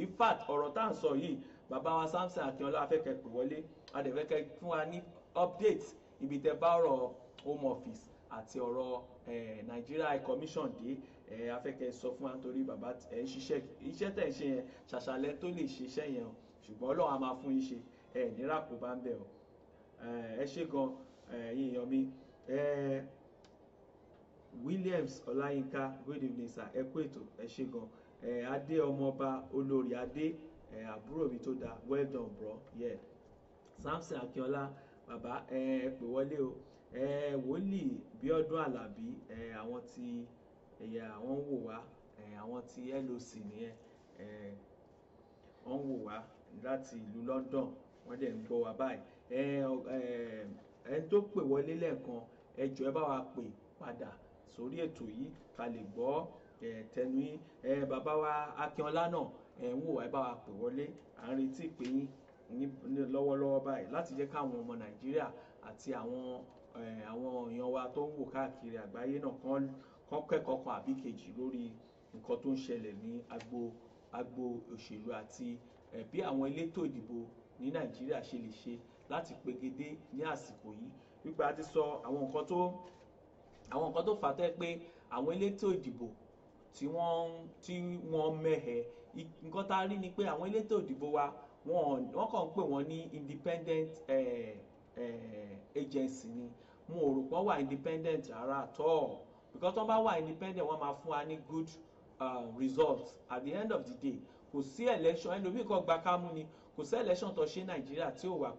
in fact ọ̀rọ̀ tá à ń sọ yìí bàbá wa Samson Akínọlá afẹ́kẹ́ pè wọlé adẹ̀fẹ́kẹ́ fún wa ní update ibi tẹ bá ọ̀rọ̀ home office àti ọ̀rọ̀ Nigeria High Commission dé afẹ́kẹ́ sọ fún wa nítorí bàbá ẹ̀ ń ṣiṣẹ́ iṣẹ́ tẹ̀ ń ṣe yẹn ṣàṣàlẹ̀ tó lè ṣiṣẹ́ yẹn o ṣùgbọ́n Ọlọ́run a máa fún yín ṣe ẹ̀ nírà kó bá ń bẹ̀ o ẹ ṣé gan ẹ̀yin èèyàn mi williams ọláyínká good evening sir ẹ kú ètò ẹ ṣe gan ẹ adé ọmọọba olórí adé ẹ àbúrò mi tó dáa well done bro yeah samson akínọlá bàbá ẹ pè wọlé o ẹ wòlíì bíọ́dún alábí ẹ àwọn tí ẹyà àwọn ń wò wá ẹ àwọn tí loc nìyẹn ẹ wọn ń wò wá láti ìlú london wọ́n dẹ̀ ń gbọ́ wa báyìí ẹ ẹ ẹni tó pè wọlé lẹ́ẹ̀kan ẹ jọ̀ọ́ ẹ bá wa pè padà sórí ètò yìí ká lè gbọ́ tẹnu yín bàbá wa Akínọlá náà ẹ̀ ń wò wá ẹ bá wa pè wọlé à ń retí ìpè yín lọ́wọ́lọ́wọ́ báyìí láti jẹ́ káwọn ọmọ Nàìjíríà àti àwọn àwọn èèyàn wa tó ń wò káàkiri àgbáyé náà kán kẹ́kọ̀ọ́ kan àbí kejì lórí nǹkan tó ń ṣẹlẹ̀ ní agbo agbo òṣèlú àti bí àwọn elétò ìdìbò ní Nàìjíríà ṣe lè ṣe láti pegedé ní àsìkò yìí wípé ti sọ àwọn nǹkan tó àwọn nǹkan tó fà á tẹ́ pé àwọn elétò ìdìbò tí wọ́n tí wọ́n mẹ́hẹ̀ nǹkan tá a rí ni pé àwọn elétò ìdìbò wa wọ́n wọ́n kàn ń pè wọ́n ní independent eh, eh, agency ni mo rò pé wà independent rárá at all because wọ́n bá wà independent wọ́n máa fún wa ní good uh, results at the end of the day kò sí election ẹlòmíì kan gba kámú ni kò sí election tó ṣe nàìjíríà tí ò wà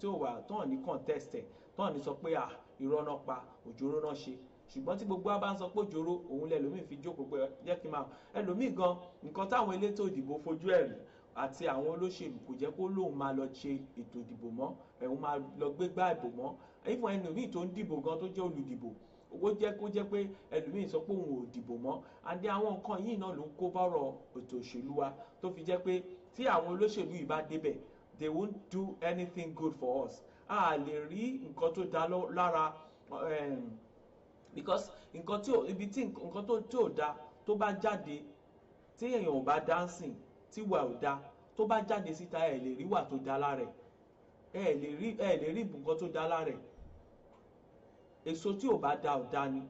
tí ò wà tán ní contest ẹ tán ní sọ pé ah irọ́ pa òjòrò náà ṣe ṣùgbọ́n tí gbogbo wa bá ń sọ pé òjòrò òun lẹ́lòmíì fi jókòó pé jẹ́ kí n máa ẹlòmíì gan nǹkan táwọn elétò ìdìbò fojú ẹ̀ rí àti àwọn olóṣèlú kò jẹ́ kó lóun máa lọ ṣe ètò ìdìbò mọ́ ẹ̀hún máa lọ gbé gbá ìbò mọ́ ìfọ̀n ẹlòmíì tó ń dìbò gan tó jẹ́ olùdìbò owó jẹ́ kó jẹ́ pé ẹlòmíì sọ pé òun ò dìbò mọ́ àdé àwọn nǹkan yìí náà ló ń kó bọ́rọ̀ ètò òṣèlú wa tó fi jẹ́ pé tí àwọn olóṣèlú yìí bá débẹ̀ they won't do anything good for us a lè rí nǹkan tó dá lára eh, because nǹkan tí ò ibi tí nǹkan tó tí ò da tó bá jáde tí èèyàn ò bá dancing tí wà ò da tó bá jáde síta ẹ lè rí wà tó da lára ẹ ẹ lè rí ẹ lè rí ìbùkún tó da lára ẹ èso tí ò bá da ò da ni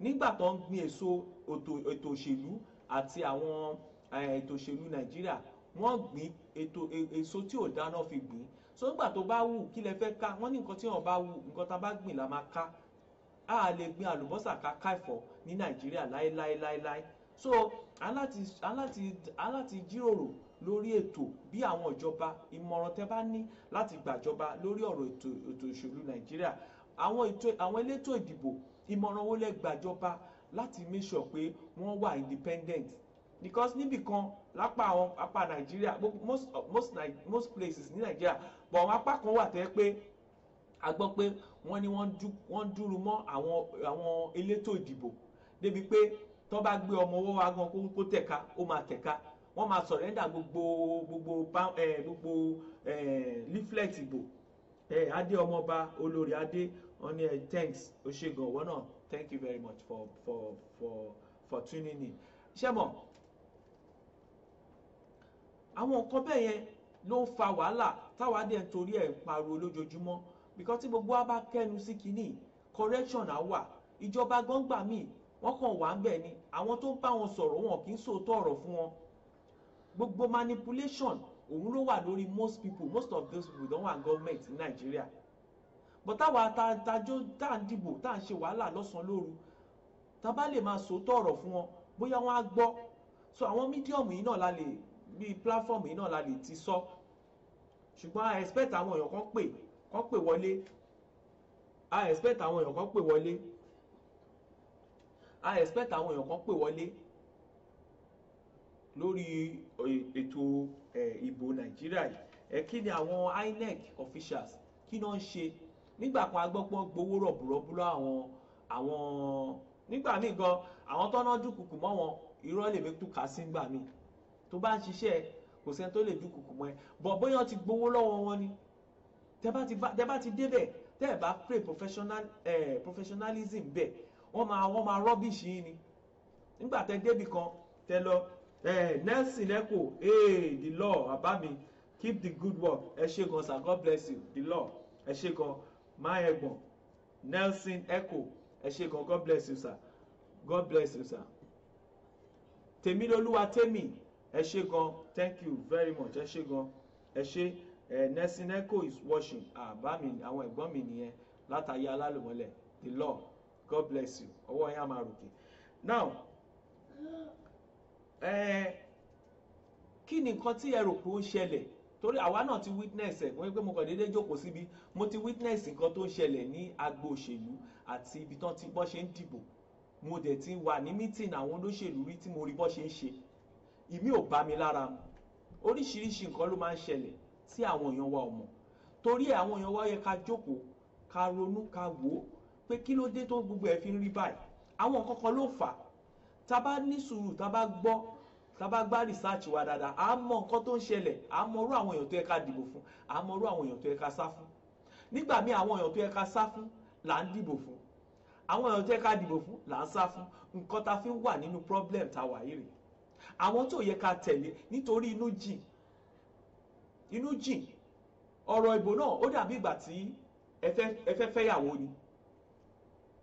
nígbà tó ń gbin èso ètò òṣèlú àti àwọn ètò òṣèlú nàìjíríà wọ́n gbin ètò e, èso tí ò dáná fi gbìn so nígbà tó bá wù kí lẹ fẹ́ ká wọ́n ní nǹkan tí wọ́n bá wù nǹkan tá a bá gbìn la máa ká a lè gbin àlùbọ́sà kàkà ẹ̀fọ́ ní nàìjíríà láéláéláéláé so aláti aláti aláti jíròrò lórí ètò bí àwọn ìjọba ìmọ̀ràn tẹ́ bá ní láti gbàjọba lórí ọ̀rọ̀ ètò ètò ìṣèlú nàìjíríà àwọn ètò àwọn elétò ìdìbò ìmọ̀ràn wo lẹ láti make sure pé wọ́n wà independent because níbì kan lápá àwọn apá nàìjíríà most most most places ní nàìjíríà but àwọn apá kan wà tẹ́ pé a gbọ́ pé wọ́n ní wọ́n dúró mọ́ àwọn àwọn elétò ìdìbò débi pé tó bá gbé ọmọ ọwọ́ wa gan kó tẹ̀ka ó máa tẹ̀ka wọ́n máa sọ̀rẹ́ndà gbogbo gbogbo gbogbo leaflet ìbò adé ọmọọba olórí adé wọ́n ní thanks oṣegan ọwọ́ náà thank you very much for for for for tuning in ṣé mọ̀ àwọn nǹkan bẹ́ẹ̀ yẹn ló ń fa wàhálà táwa dẹ̀ ń torí ẹ̀ ń pariwo lójoojúmọ́ because tí gbogbo wa bá kẹnu sí kínní correction á wà ìjọba gbọ́ngbà míì wọ́n kàn wá ń bẹ̀ ni àwọn tó ń bá wọn sọ̀rọ̀ wọn kì í sòótọ́ ọ̀rọ̀ fún wọn gbogbo manipulation òun ló wà lórí most people most of those people don wà government in Nigeria but táwa tajó tá à ń dìbò tá à ń ṣe wàhálà lọ́sàn-án lóru tá bá lè máa sòótọ́ ọ̀rọ̀ fún wọn bóyá wọn á gbọ́ so àwọn mídíọ̀mù yìí náà la lè bíi platform yìí náà la lè ti sọ ṣùgbọ́n i expect àwọn èèyàn kan pè kọ́ pè wọlé a expect àwọn èèyàn kan pè wọlé a expect àwọn èèyàn kan pè wọlé lórí eh, ètò eh, ìbò nàìjíríà yìí ẹ eh, kí ni àwọn INEC officials kí náà ń ṣe nígbà kan agbọ́pọ̀ gbowó rọ̀bùrọ̀bù àwọn àwọn nígbà míì gan àwọn tọ́nà dúkùkù mọ́ wọn irọ́ lè mi tú ká sí nígbà míì tó bá ń ṣiṣẹ́ kò sẹ́ni tó lè dúkùkù mọ́ ẹ bọ̀ bóyá ti gbowó lọ́wọ́ wọn ni tẹ́ bá ti débẹ̀ tẹ́ bá pray professional eh, professionalism bẹ̀ wọ́n máa wọ́n máa rubbish yín ni nígbà tẹ́ débì kan tẹ́ lọ eh, Nelson Echo hey, eh, the law bàbá mi keep the good work ẹ ṣé gan sir God bless you the law ẹ ṣé gan máa ẹ̀gbọ́n Nelson Echo ẹ ṣé gan God bless you sir God bless you sir Tèmilolúwa Tèmi ẹ ṣé gan thank you very much ẹ ṣé gan ẹ ṣé ẹ eh, nẹsinẹko is washing àbá ah, mi àwọn ẹ̀gbọ́n mi nìyẹn látàyè alálùmọ́lẹ̀ the law god bless you ọwọ́ yẹn á máa ròkè now eh, kí ni nǹkan tí ẹ rò pé ó ń ṣẹlẹ̀ torí àwa náà ti witness ẹ̀ wọ́n pé mo kàn déédéé jókòó síbi mo ti witness nǹkan tó ń ṣẹlẹ̀ ní agbo òṣèlú àti ibi tán ti bọ́ ṣe ń dìbò mo dẹ̀ ti wà ní meeting àwọn olóṣèlú rí tí mo rí bọ́ ṣe ń ṣe ìmí ò bá mi lára oríṣiríṣi nǹkan ló máa ń ṣẹlẹ̀ tí àwọn èèyàn wa ò mọ̀ torí àwọn èèyàn wa yẹ ká jókòó ká ronú ká wò ó pé kí ló dé tó gbogbo ẹ̀ fi ń rí báyìí àwọn nǹkan kan ló fà á tá a bá ní sùúrù tá a bá gbọ́ tá a bá gbá research wa dáadáa à á mọ nǹkan tó ń ṣẹlẹ̀ à á mọ àwọn èèyàn tó yẹ ká dìbò fún à á mọ àwọn èèyàn tó yẹ ká sá fún nígbà míì àwọn èèyàn tó yẹ ká sá fún là ń dìbò fún àwọn èèyàn tó yẹ ká dìbò fún là ń sá fún nǹkan tá fi ń wà nínú problem tá a wà yìí rèé àwọn tó yẹ ká tẹ̀lé nítorí inú jìn inú jìn ọ̀rọ̀ ìbò náà ó dàbí ìgbà tí ẹ fẹ́ fẹ́yàwó ni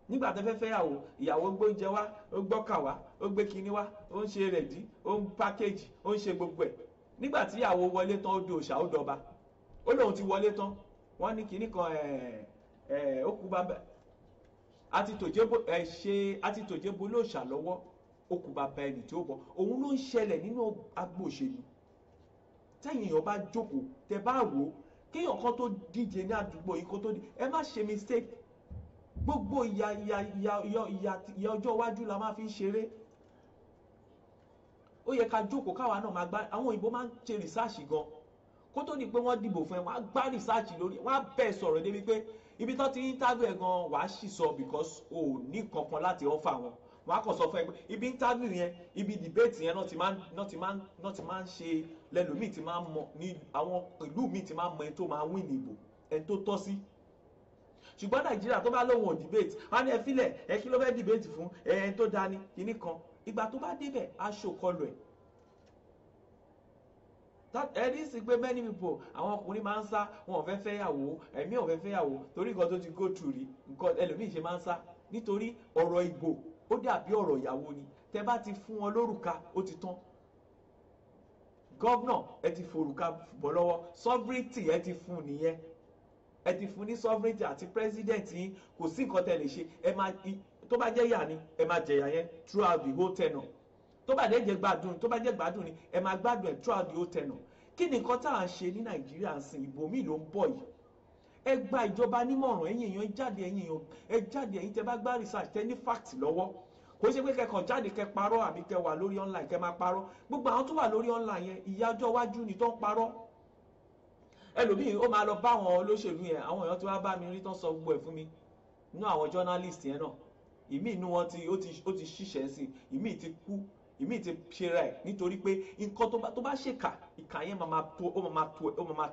nígbà tó fẹ́ fẹ́yàwó ìyàwó gbóúnjẹ wá ó gbọ́kà wá ó gbé kinní wá ó ń ṣe rẹ̀dí ó ń pákéjì ó ń ṣe gbogbo ẹ̀ nígbà tí ìyàwó wọlé tán ó di òòṣà ó dọba ó lóun ti wọlé tán wọ́n ní kinní kan ó kú bàbá àti tòjébo lóòṣà lọ́wọ́ ó kú bàbá ẹni tí ó ló ń ṣẹlẹ̀ tẹ́yìn èèyàn bá jókòó tẹ́ bá wò ó kéèyàn kan tó díje ní àdúgbò yìí kó tó ẹ má ṣe mistake gbogbo ìyà ìyà ìyà ìyà ìyà ọjọ́ iwájú la máa fi ń ṣeré ó yẹ ká jókòó káwa náà máa gbá àwọn òyìnbó máa ń ṣe research gan kó tó di pé wọ́n dìbò fún ẹ wọ́n á gbá research lórí wọ́n á bẹ̀ sọ̀rọ̀ débi pé ibi tó ti ń tágbẹ̀ gan wàá sì sọ because o ní kankan láti ọ́fà wọn wàá kàn sọ fún ẹ pé ibi interview yẹn ibi debate yẹn náà ti máa náà ti máa náà ti máa ń ṣe lẹ́lòmíì ti máa ń mọ ní àwọn ìlú míì ti máa ń mọ ẹni tó máa win ìbò ẹni tó tọ́ sí ṣùgbọ́n nàìjíríà tó bá lóun ò debate wọn ní ẹ filẹ̀ ẹ kí ló fẹ́ debate fún ẹni tó dání kínní kan ìgbà tó bá débẹ̀ aṣọ kọlù ẹ̀ ẹni sì pé many people àwọn ọkùnrin máa ń sá wọn ò fẹ́ fẹ́yàwó ẹ̀mí ò fẹ́ fẹ́yàwó torí nǹkan tó ti go through rí nǹkan ẹlòmíì ṣe máa ń sá nítorí ọ̀rọ̀ ìgbò ó dàbí ọ̀rọ̀ ìyàwó ni tẹ́ bá ti fún wọn lórùka ó ti tán gọ́vnà ẹ ti forùka bọ̀ lọ́wọ́ sovereignty ẹ ti fún nìyẹn ẹ ti fún ní sovereignty àti president yín kò sí nǹkan tẹ́ lè ṣe ẹ máa tó bá jẹ́ yà ni ẹ máa jẹ̀yà yẹn throughout the whole tenure tó bá dẹ̀ jẹ́ gbádùn tó bá jẹ́ gbádùn ni ẹ máa gbádùn ẹ̀ throughout the whole tenure kí ni nǹkan tá à ń ṣe ní nàìjíríà sìn ìbòmí ló ń bọ̀ yìí ẹ gba ìjọba nímọ̀ràn ẹ̀yin èèyàn jáde ẹ̀yin èèyàn ẹ jáde ẹ̀yin tẹ́ bá gbá research tẹ́ ní fact lọ́wọ́ kò ṣe pé kẹkàn jáde kẹ parọ́ àbí kẹ wà lórí online kẹ máa parọ́ gbogbo àwọn tó wà lórí online yẹn ìyà ọjọ́ iwájú ni tó ń parọ́ ẹlòmíì ó máa lọ bá àwọn olóṣèlú yẹn àwọn èèyàn tó wá bá mi rí tán sọ gbogbo ẹ̀ fún mi inú àwọn journalist yẹn náà ìmí inú wọn ti ó ti ṣiṣẹ́ sí ìmí ti kú ìmí ti ṣe ra ẹ̀ nítorí pé nǹkan tó bá ṣèkà ìkà yẹn ó máa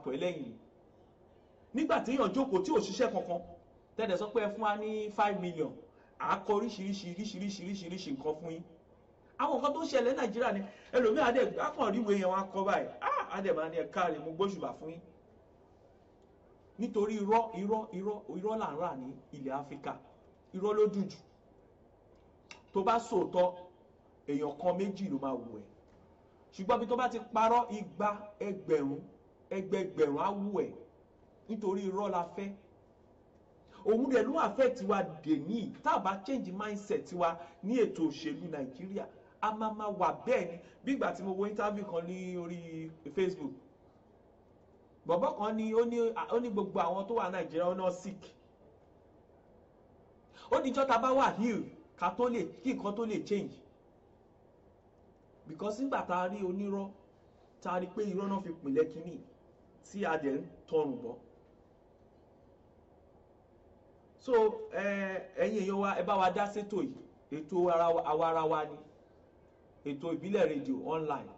tó ẹ lẹ́yìn nígbà tí èèyàn jókòó tí ò ṣiṣẹ́ kankan tẹ́lẹ̀ sọ pé ẹ fún wa ní five million àákọ oríṣiríṣi oríṣiríṣi oríṣiríṣi nǹkan fún yín àwọn nǹkan tó ń ṣẹlẹ̀ nàìjíríà ni ẹlòmíì adé akọ̀ríwé yẹn wọn akọ báyìí ah adé máa ní ẹ káàlẹ̀ mo gbóṣùbà fún yín nítorí irọ́ irọ́ irọ́ irọ́ là ń rà ní ilẹ̀ áfíríkà irọ́ ló dùn jù tó bá sòótọ́ èèyàn kan méjì ló máa wù ẹ́ ṣùgbọ́n bí tó bá ti parọ́ igba ẹgbẹ̀rún ẹgbẹgbẹ̀rún á wù ẹ́ nítorí irọ́ la fẹ́ òun rẹ̀ ló affect wa dèní tá a bá change mindset wa ní ètò òṣèlú nàìjíríà a máa ma wà bẹ́ẹ̀ ni bí ìgbà tí mo wo interview kan ní orí facebook bọ̀bọ̀ kan ni ó ní gbogbo àwọn tó wà nàìjíríà ó náà sick ó níjọ́ ta bá wà heal ká tó lè kí nǹkan tó lè change because nígbà tá a rí onírọ́ tá a rí pé irọ́ náà fi pìlẹ̀ kínní tí a dẹ̀ ń tọrùn bọ́ so ẹ̀yin èèyàn wa ẹ bá wa dá sétò yìí ètò àwa ara wa ni ètò ìbílẹ̀ rédíò online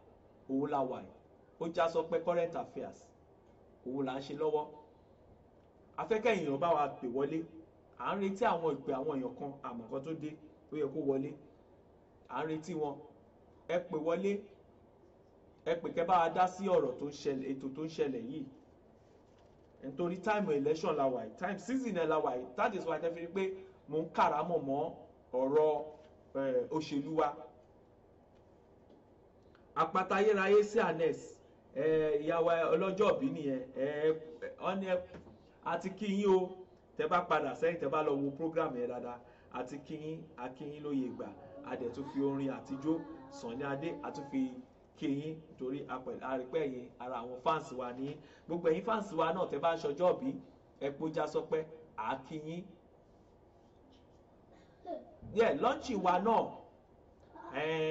òun la wà yìí ó já sọ pé current affairs òun là ń ṣe lọ́wọ́ afẹ́kẹ́ èèyàn bá wa pè wọlé à ń retí àwọn ìpè àwọn èèyàn kan àmọ̀kan tó dé tó yẹ kó wọlé à ń retí wọn ẹ pè wọlé ẹ pè kẹ́ bá wa dá sí ọ̀rọ̀ tó ń ṣẹlẹ̀ ètò tó ń ṣẹlẹ̀ yìí nítorí time election la wà yìí time season la wà yìí that is why ẹ fi rí pé mò ń kàràmọ̀ mọ́ ọ̀rọ̀ òṣèlú wa àpáta ayérayé sí anes ìyàwó ọlọ́jọ́ òbí nìyẹn ọ́nì àti kíyìn o tẹ bá padà sẹ́yìn tẹ bá lọ wo program yẹn dáadáa àti kíyìn akíyìn lóye ìgbà adẹ̀ fi orin àtijọ́ Sunny àtúnfi kí yín torí àrípẹ́ yín ara àwọn fáǹsì wa ní gbogbo ẹ̀yin fáǹsì wa náà tẹ́ bá ṣọjọ́ bí ẹ kójá sọpẹ́ àákí yín yẹ lọ́ọ̀chì wa náà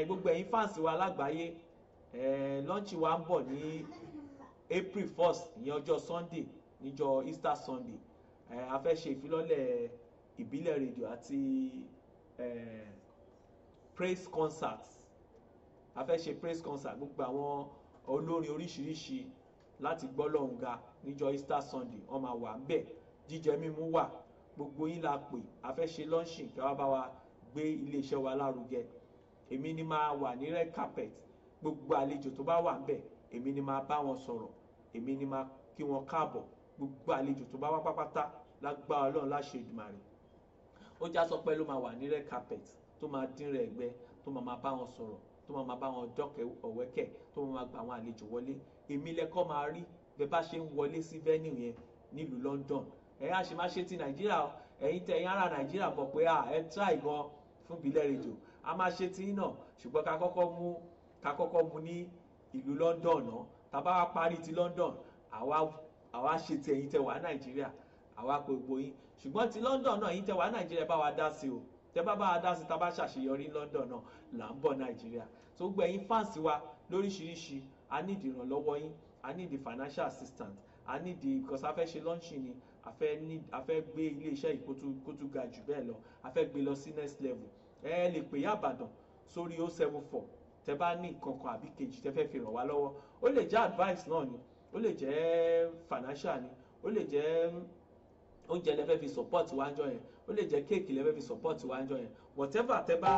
gbogbo ẹ̀yin fáǹsì wa lágbàáyé lọ́ọ̀chì wa ń bọ̀ ní April first st ìyẹn ọjọ́ Sunday níjọ́ Easter Sunday a fẹ́ ṣe ìfilọ́lẹ̀ ìbílẹ̀ rédíò àti praise concerts a fẹ́ ṣe praise concert gbogbo àwọn olórin oríṣiríṣi láti gbọ́ lọ́hùn ga níjọ Easter Sunday wọ́n máa wà ń bẹ̀ jíjẹ mímu wà gbogbo yín la pè a fẹ́ ṣe lọ́ńṣìn kí wọ́n bá wa gbé iléeṣẹ́ wa lárugẹ èmi ni máa wà ní red carpet gbogbo àlejò tó bá wà ń bẹ̀ èmi ni máa bá wọn sọ̀rọ̀ èmi ni máa kí wọn káàbọ̀ gbogbo àlejò tó bá wá pápátá lágbá ọlọ́run láṣẹ Èdùmàrè ó já sọ pé ló máa wà ní red carpet tó máa dín rẹ̀ ẹ̀gbẹ́ tó máa máa bá wọn sọ̀rọ̀ tó máa bá wọn dọ́kẹ́ ọ̀wẹ́kẹ̀ tó máa gba àwọn àlejò wọlé èmi lẹ́kọ́ máa rí bẹ́ẹ̀ bá ṣe ń wọlé sí venue yẹn nílùú London ẹ̀yin àṣemáṣe ti Nàìjíríà ẹ̀yin tẹ̀yin ara Nàìjíríà mọ̀ pé à ẹ try gan fún ìbílẹ̀ rèjò a máa ṣe tí náà ṣùgbọ́n ká kọ́kọ́ mú ká kọ́kọ́ mú ní ìlú London náà tá wa wá parí ti London àwa àwa ṣe ti ẹ̀yin tẹ̀ wá Nàìjíríà àwa kò gbogbo yín ṣùgbọ́n ti London náà ẹ̀yin tẹ̀ wá Nàìjíríà bá wa dá sí o tẹ bá bá a dá sí tá ṣàṣeyọrí London náà là ń bọ̀ Nàìjíríà so gbogbo ẹ̀yin fans wa lóríṣiríṣi I need ìrànlọ́wọ́ yín I need financial assistance I need because a fẹ́ ṣe launching ni a need a fẹ́ gbé iléeṣẹ́ yìí kó tún ga jù bẹ́ẹ̀ lọ a fẹ́ gbé lọ sí next level ẹ lè pè yá àbàdàn sórí 074 tẹ bá ní nǹkan kan àbí kejì tẹ fẹ́ fi ràn wá lọ́wọ́ ó lè jẹ́ advice náà ni ó lè jẹ́ financial ni ó lè jẹ́ oúnjẹ lẹ fẹ́ fi support wájọ yẹn ó lè jẹ́ kéèkì lẹ fi support wájọ yẹn whatever tẹ bá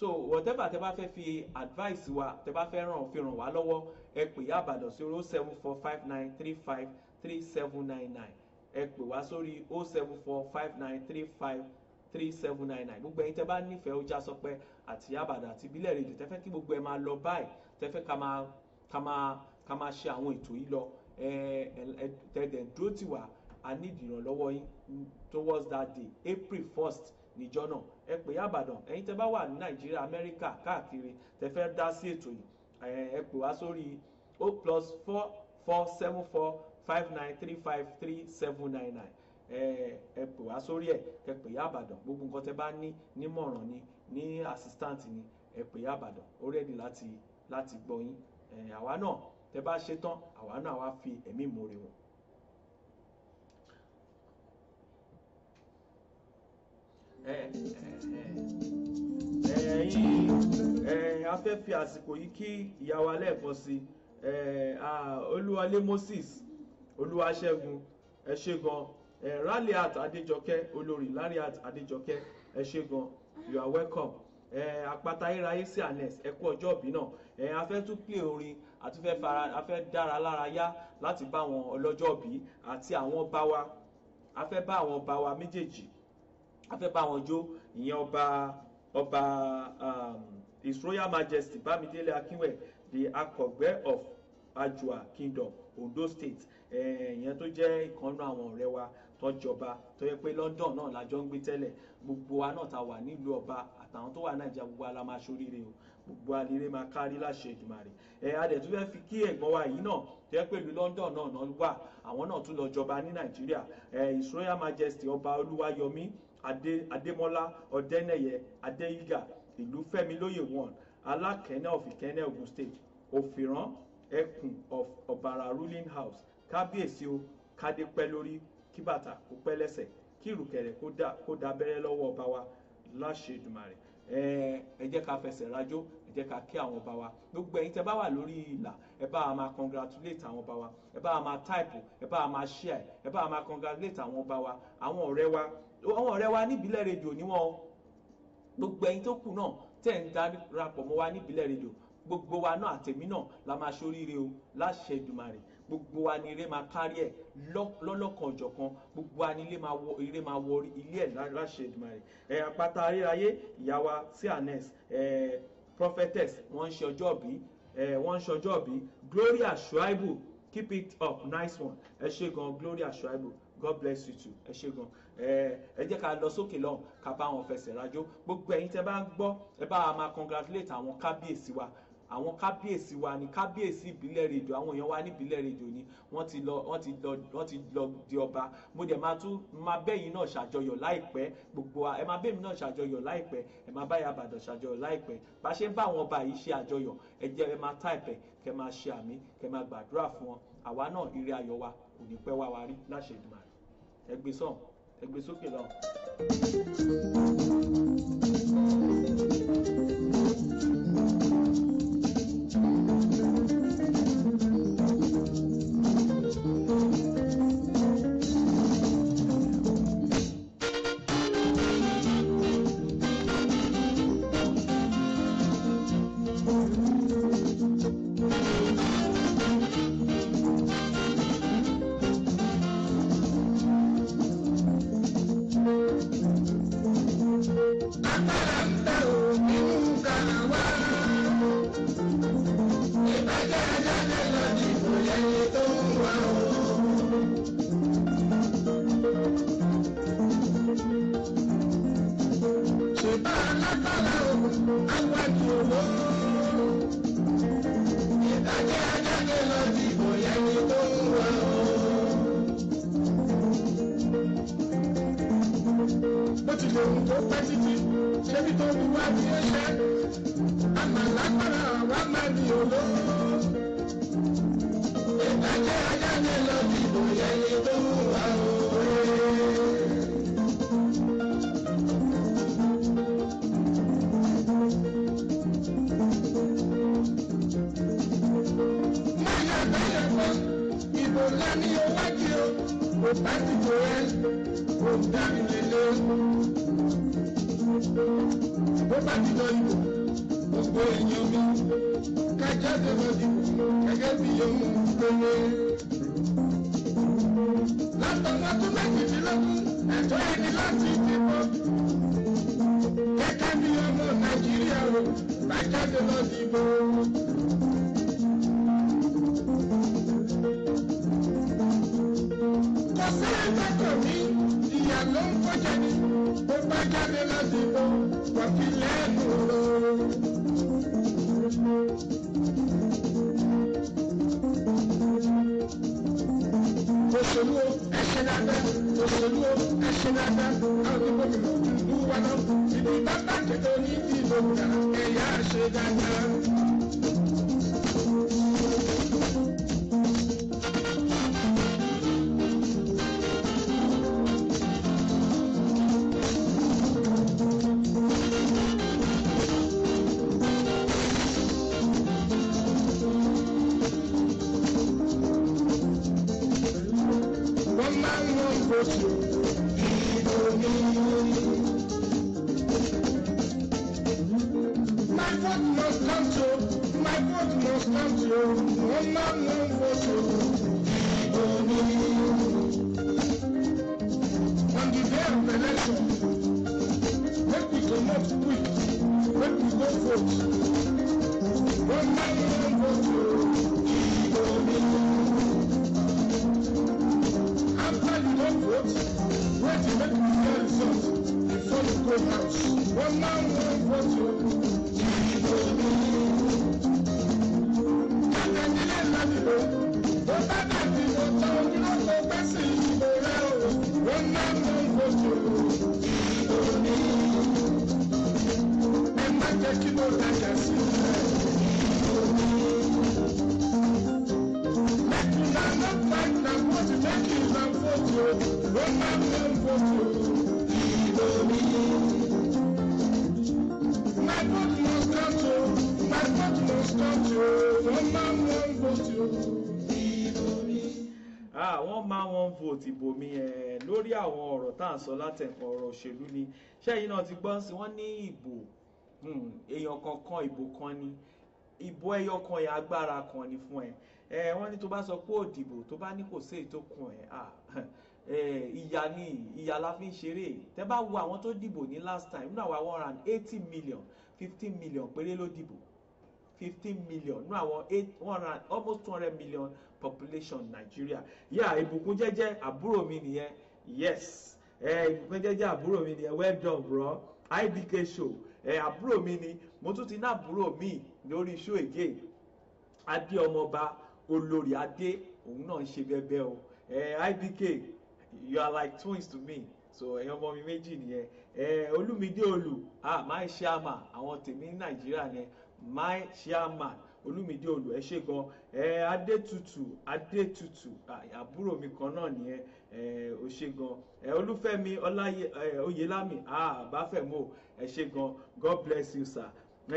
so whatever tẹ́ bá fẹ́ fi advice wa tẹ́ bá fẹ́ ràn fi ràn wá lọ́wọ́ ẹ pè Ìyá Ìbàdàn sí zero oh seven four five nine three five three seven nine nine ẹ pè wá sórí zero oh seven four five nine three five three seven nine nine gbogbo ẹ̀yin tẹ́ bá nífẹ̀ẹ́ ó já sọpẹ́ àti Ìyá Ìbàdàn àti ìbílẹ̀ rèdè tẹ́ fẹ́ kí gbogbo ẹ̀ máa lọ báyìí tẹ́ fẹ́ ká máa ká máa ká máa ṣe àwọn ètò yìí lọ ẹ ẹ tẹ́ dẹ̀ dúró tì wá i need ìrànlọ́wọ́ yín towards that day april first níjọ́ náà ẹ pè àbàdàn ẹ̀yin tẹ́ bá wà ní nàìjíríà amẹ́ríkà káàkiri tẹ́ fẹ́ dá sí ètò yìí ẹ pè wá sórí o plus four four seven four five nine three five three seven nine nine ẹ ẹ pè wá sórí ẹ kẹ́ pè yá àbàdàn gbogbo nǹkan tẹ́ bá ní nímọ̀ràn ni ní assistant ni ẹ pè yá àbàdàn ó rẹ́ẹ̀dì láti láti gbọ́ yín àwa náà tẹ́ bá ṣe tán àwa náà wá fi ẹ̀mí ìmoore wọn ẹ̀yin afẹ́fẹ́ àsìkò yìí kí ìyàwó alẹ́ẹ̀kan sí olúwalé Moses olúwaṣẹ́gun ẹ ṣé gan raliat adéjọkẹ́ olórí raliat adéjọkẹ́ ẹ ṣé gan you are welcome àpáta ayérayé sí anes ẹkú ọjọ́ òbí náà a fẹ́ tún play orin àti fẹ́ fara a fẹ́ dára lára yá láti bá àwọn ọlọ́jọ́ òbí àti àwọn ọba wa a fẹ́ bá àwọn ọba méjèèjì afẹ́ bá wọn jó ìyẹn ọba ọba um, his royal majesty bámidélé akínwẹ̀ the akọ̀gbé of ajua kingdom ondo state ìyẹn tó jẹ́ ìkànnú àwọn ọ̀rẹ́ wa tọ́jọba tó yẹ pé london náà la jọ ń gbé tẹ́lẹ̀ gbogbo wa náà ta wà nílùú ọba àtàwọn tó wà nàìjíríà gbogbo wa la máa ṣoríire o gbogbo alire máa kárí láṣẹ Èdùmàrè ẹ adẹ̀ tó fẹ́ fi kí ẹ̀gbọ́n wa yìí náà tó yẹ pé ìlú london náà náà wà àwọn náà tún lọ jọba ní nàìjíríà ẹ his royal majesty ọba olúwayọmí adé adémọ́lá ọ̀dẹ́nẹ̀yẹ adéyígà ìlúfẹ́mi lóyè one alákẹ́nẹ́ of ìkẹ́nẹ́ ogun state òfìràn ẹkùn of ọ̀bàrà ruling house kábíyèsí o kádé pẹ́ lórí kí bàtà kó pẹ́ lẹ́sẹ̀ kí ìrùkẹ̀rẹ̀ kó da abẹ́rẹ́ lọ́wọ́ ọba wa láṣẹ Èdùmàrè ẹ jẹ́ ká fẹsẹ̀ rájó ẹ jẹ́ ká kí àwọn ọba wa gbogbo ẹ̀yin tẹ́ bá wà lórí ìlà ẹ bá a máa congratulate àwọn ọba wa ẹ bá a máa type ẹ bá a máa share ẹ bá a máa congratulate àwọn ọba wa àwọn ọ̀rẹ́ wa àwọn ọ̀rẹ́ wa níbílẹ̀ rédíò ni wọ́n gbogbo ẹ̀yin tó kù náà tẹ̀ ń darapọ̀ mọ́ wa níbílẹ̀ rédíò gbogbo wa náà àtẹ̀mí náà la máa ṣoríire o láṣẹ Èdùmàrè gbogbo wa ni ire máa kárí ẹ̀ lọ́lọ́kan ọ̀jọ̀kan gbogbo wa ni ire máa wọ ilé ẹ̀ láṣẹ Èdùmàrè ẹ̀ àpáta aríráyé ìyá wa sianes ẹ̀ prophetess wọ́n ń ṣe ọjọ́ bí wọ́n ń ṣe ọjọ́ bí Gloria Shuaibu keep it up nice one ẹ ṣe gan Gloria Shuaibu god bless you too ẹ ṣé gan ẹ jẹ́ ká lọ sókè lọ́hùn ká bá wọn fẹsẹ̀ rájó gbogbo ẹ̀yin tẹ́ bá ń gbọ́ ẹ bá wa máa congratulate àwọn kábíyèsí wa àwọn kábíyèsí wa ni kábíyèsí ìbílẹ̀ rèdò àwọn èèyàn wa ní ìbílẹ̀ rèdò ni wọ́n ti lọ wọ́n ti lọ wọ́n ti lọ di ọba mo dẹ̀ máa tún máa bẹ́yìn náà ṣàjọyọ̀ láìpẹ́ gbogbo ẹ máa bẹ́yìn náà ṣàjọyọ̀ láìpẹ́ ẹ máa báyà àbàdàn ṣàjọyọ̀ láìpẹ́ bá ṣe ń bá àwọn ọba yìí ṣe àjọyọ̀ ẹ jẹ́ ẹ máa táìpẹ́ kẹ́ máa ṣe àmì kẹ́ máa gbàdúrà fún wọn ẹ gbé sọ̀hún ẹ gbé sókè lọ́hùn. láti jòwé òǹdánilélé bó bá ti lọ ibò gbogbo èèyàn mi kájáde lọ dìbò gẹ́gẹ́ bí ohun péré. látọ̀gbọ́n tún méjìdínlógún ẹ̀tọ́ ẹni láti dìbò gẹ́gẹ́ bí ọmọ nàìjíríà o bá jáde lọ dìbò. òṣèlú ẹ̀ṣẹ̀dàdà òṣèlú ẹ̀ṣẹ̀dàdà àwọn gómìnà ìlú wa náà ìdìbò bá bàjẹ́ tó ní ìlú à ń sọ látẹ̀kọ̀ ọ̀rọ̀ òṣèlú ni ṣẹ́yìn náà ti gbọ́ sí wọ́n ní ìbò hmm, èèyàn kankan ìbò kan ni ìbò ẹyọ kan yẹn agbára kan ni fún ẹ ẹ wọ́n ní tó bá sọ pé òdìbò tó bá ní kò sí èyí tó kàn ẹ ìyá ni ìyá la fi ń ṣeré tẹ́ bá wo àwọn tó dìbò ní last time nínú àwọn one hundred eighty million fifteen million péré ló dìbò fifteen million nínú àwọn eight one hundred almost two hundred million population Nigeria yà ìbùkún jẹ́jẹ́ àbúrò mi nìyẹn yes méjèèjì àbúrò mi ni ẹ well done bro IDK show ẹ àbúrò mi ni mo tún ti ní àbúrò mi lórí show again adé ọmọba olórí adé òun náà ń ṣe bẹ́ẹ̀bẹ́ o IDK you are like twins to me so ẹ̀yin ọmọ mi méjì nìyẹn olúmídé olù ah my chairman àwọn tèmi ní nàìjíríà ni my chairman olúmídé olù ẹ ṣé gan adétutù adétutù ah, àbúrò mi kan náà nìyẹn ó ṣe gan olúfẹ́mi oyèlámì àbáfẹ́mọ ẹ ṣe gan god bless you sir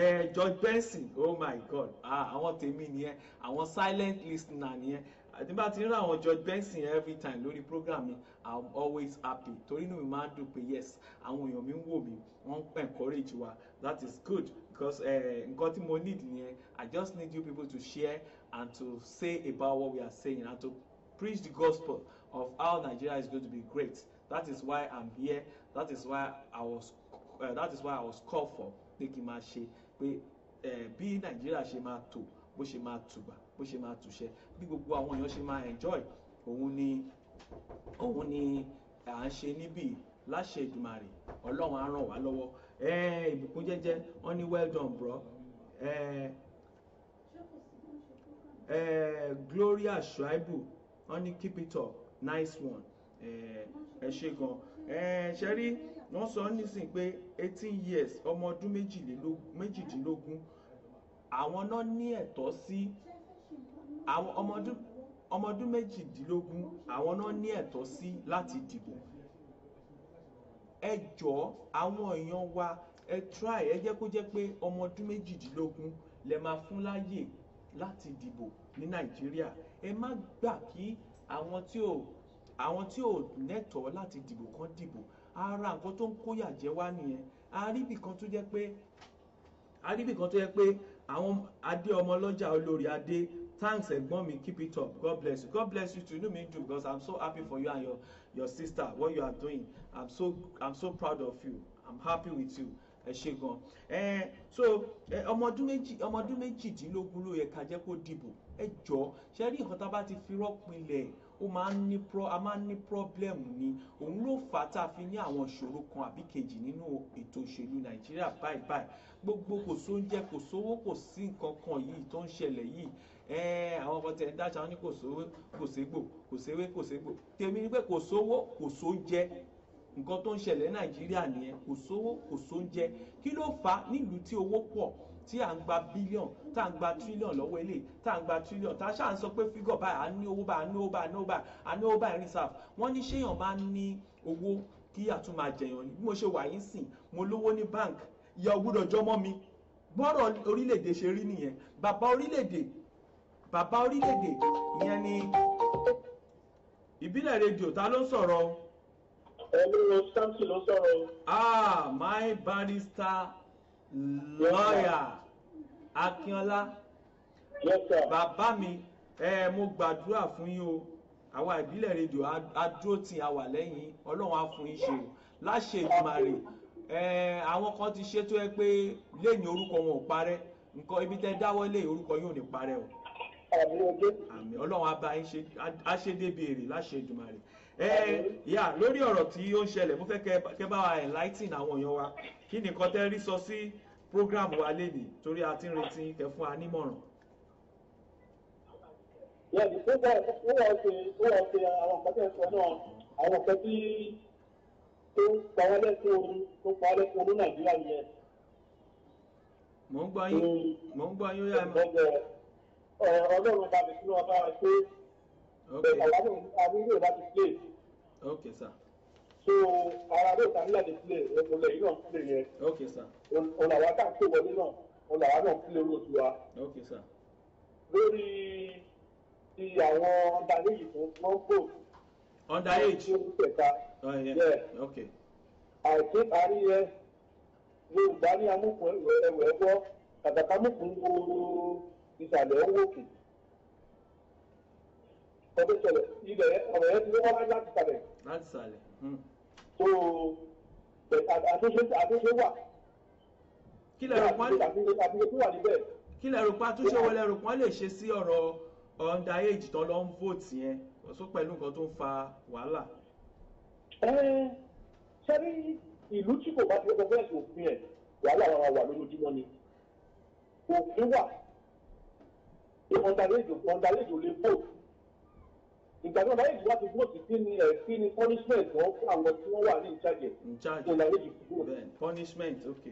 eh, George Benson oh my god ah àwọn tèmi nìyẹn àwọn silent listener nìyẹn nígbà tí n ra àwọn George Benson every time lórí program mi i'm always happy torí inú mi máa ń dùn pé yes àwọn èèyàn mi ń wò mí wọ́n ń encourage wa that is good because nǹkan tí mo need nìyẹn i just need you people to share and to say about what we are saying and to preach the gospel of how Nigeria is going to be great. That is why I'm here. That is why I was uh, that is why I was called for pé kí n máa ṣe pé eh, bí Nàìjíríà ṣe máa tò bó ṣe máa tùbà bó ṣe máa tùṣẹ bí gbogbo àwọn èèyàn ṣe máa enjoy òun ni òun ni à ń ṣe níbí láṣẹ Èdùmàrè Ọlọ́run á ràn wá lọ́wọ́ ìbùkún jẹ́jẹ́ wọ́n ní well done bro eh, eh, Gloria wọ́n keep it up nice one ẹ ṣe gan ṣe rí wọ́n sọ nísìnyí pé eighteen years ọmọ ọdún méjìdínlógún àwọn náà ní ẹ̀tọ́ sí àwọn ọmọ ọdún méjìdínlógún àwọn náà ní ẹ̀tọ́ sí láti dìbò ẹ jọ̀ọ́ àwọn èèyàn wa ẹ try ẹ jẹ́ kó jẹ́ pé ọmọ ọdún méjìdínlógún lè máa fún láyè láti dìbò ní nàìjíríà ẹ má gbà kí àwọn tí ò àwọn tí ò lẹ́tọ̀ọ́ láti dìbò kan dìbò ara nǹkan tó ń kóyà jẹ wá nìyẹn aríbì kan tó jẹ́ pé aríbì kan tó jẹ́ pé àwọn adé ọmọ ọlọ́jà olórí adé thanks ẹ̀gbọ́n mi keep it up god bless you god bless you too inú mi dùn because i'm so happy for you and your your sister what you are doing i'm so i'm so proud of you i'm happy with you ẹ ṣe gan ẹ so ọmọ ọdún méjì ọmọ ọdún méjìdínlógún ló yẹ ká jẹ́ kó dìbò ẹ jọ ṣe rí nǹkan tá a bá ti fi rọ́pinlẹ̀ ó máa ń ní pro a máa ń ní problem ni òun ló fà á tá a fi ní àwọn ìṣòro kan àbí kejì nínú ètò òṣèlú nàìjíríà báyìí báyìí gbogbo kò sóúnjẹ kò sówó kò sí nǹkan kan yìí tó ń ṣẹlẹ̀ yìí ẹ àwọn ọkọ tẹ̀ ń dáṣà wọn ní kò sówó kò ségbò kò séwé kò ségbò tèmi ni pé kò sówó kò sóúnjẹ nǹkan tó ń ṣẹlẹ̀ nàìjíríà nìyẹn kò sówó kò sóúnjẹ kí ló fà á nílùú tí owó pọ̀ tí à ń gba bílíọ̀n tá à ń gba tírílíọ̀n lọ́wọ́ ilé tá à ń gba tírílíọ̀n tá a ṣáà ń sọ pé fígọ̀ báyìí a ní owó báyìí a ní owó báyìí a ní owó báyìí a ní owó báyìí reserve wọ́n ní ṣéyàn máa ń ní owó kí àtún máa jẹyàn ni bí mo ṣe wà yín sìn mo lówó ní bank ìyá ògbúdọ̀ jọmọ́ mi bọ́rọ̀ orílẹ̀-èdè ṣe rí nìyẹn bàbá orílẹ̀-èdè bàbá orílẹ̀-èdè ìyẹn ni ìbílẹ̀ rédíò ta ló ń sọ̀rọ̀. ẹ̀rọ samson ló sọ̀rọ̀. ah my barrister lọ́ọ̀yà akínọlá bàbá mi ẹ mo gbàdúrà fún yín o àwa ìbílẹ̀ rédíò adúró tí a wà lẹ́yìn ọlọ́run á fún yín ṣe o láṣẹ ìdùmarè ẹ àwọn kan ti ṣe tó yẹ pé lẹ́yìn orúkọ wọn ò parẹ́ nǹkan ibi tẹ́ dáwọ́ lé orúkọ yóò ní parẹ́ o àmì ọlọ́run á ṣe débi èrè láṣẹ ìdùmarè yà lórí ọ̀rọ̀ tí ó ń ṣẹlẹ̀ mo fẹ́ kẹ́ bá àwọn èèyàn wa kí nìkan tẹ́ rí sọ sí program wa lénìí torí a ti ń retí kẹ́ fún anímọ̀ràn. yẹ́nì tó bá ṣe ṣe àwọn sọ náà àwọn tí tó tó nàìjíríà ń gbọ́ yín bẹ́ẹ̀ kàlájọ àbí yóò bá ti play. ok sir. so ara ló ta nílẹ̀ ní play olè yìí náà play yẹn. ok sir. ọ̀làwà tá à ń pè wọlé náà ọ̀làwà náà play olóòtú wa. ok sir. lórí ti àwọn underage tó wọ́n kò. underage. Oh, yeah. yeah. ok. àìsí parí yẹn yorùbá ní amúkùn ẹwẹ ẹwẹ ẹwọ kàkàkà amúkùn ooo ìsàlẹ̀ ọwọ́ òkè ọdún ṣẹlẹ̀ ilẹ̀ ọ̀rọ̀ yẹn ti lé wọ́n láti sàlẹ̀. láti hmm. sàlẹ̀. so àtúnṣe àtúnṣe wà. kí lẹ rò pọ́n àtúnṣe tó wà níbẹ̀. kí lẹ rò pọ́n àtúnṣe wọlé rò pọ́n lè ṣe sí ọ̀rọ̀ underage tán lọ ń vote yẹn ọ̀sọ́ pẹ̀lú nǹkan tó ń fa wàhálà. ẹ ṣe rí ìlú tí kò bá ti ọkọ̀ fẹ́ẹ̀ sòfin ẹ̀ wàhálà wa wà lójoojúmọ́ ni òfin wà ọ̀ndàlejò ọ̀ndàlejò lè vote ìgbàgbọ́ báyìí ìjọba ti gbòòsì kí ni ẹ kí ni punishment wọn fún àwọn tí wọ́n wà ní ìjáde. ìjáde bẹ́ẹ̀ punishment ok.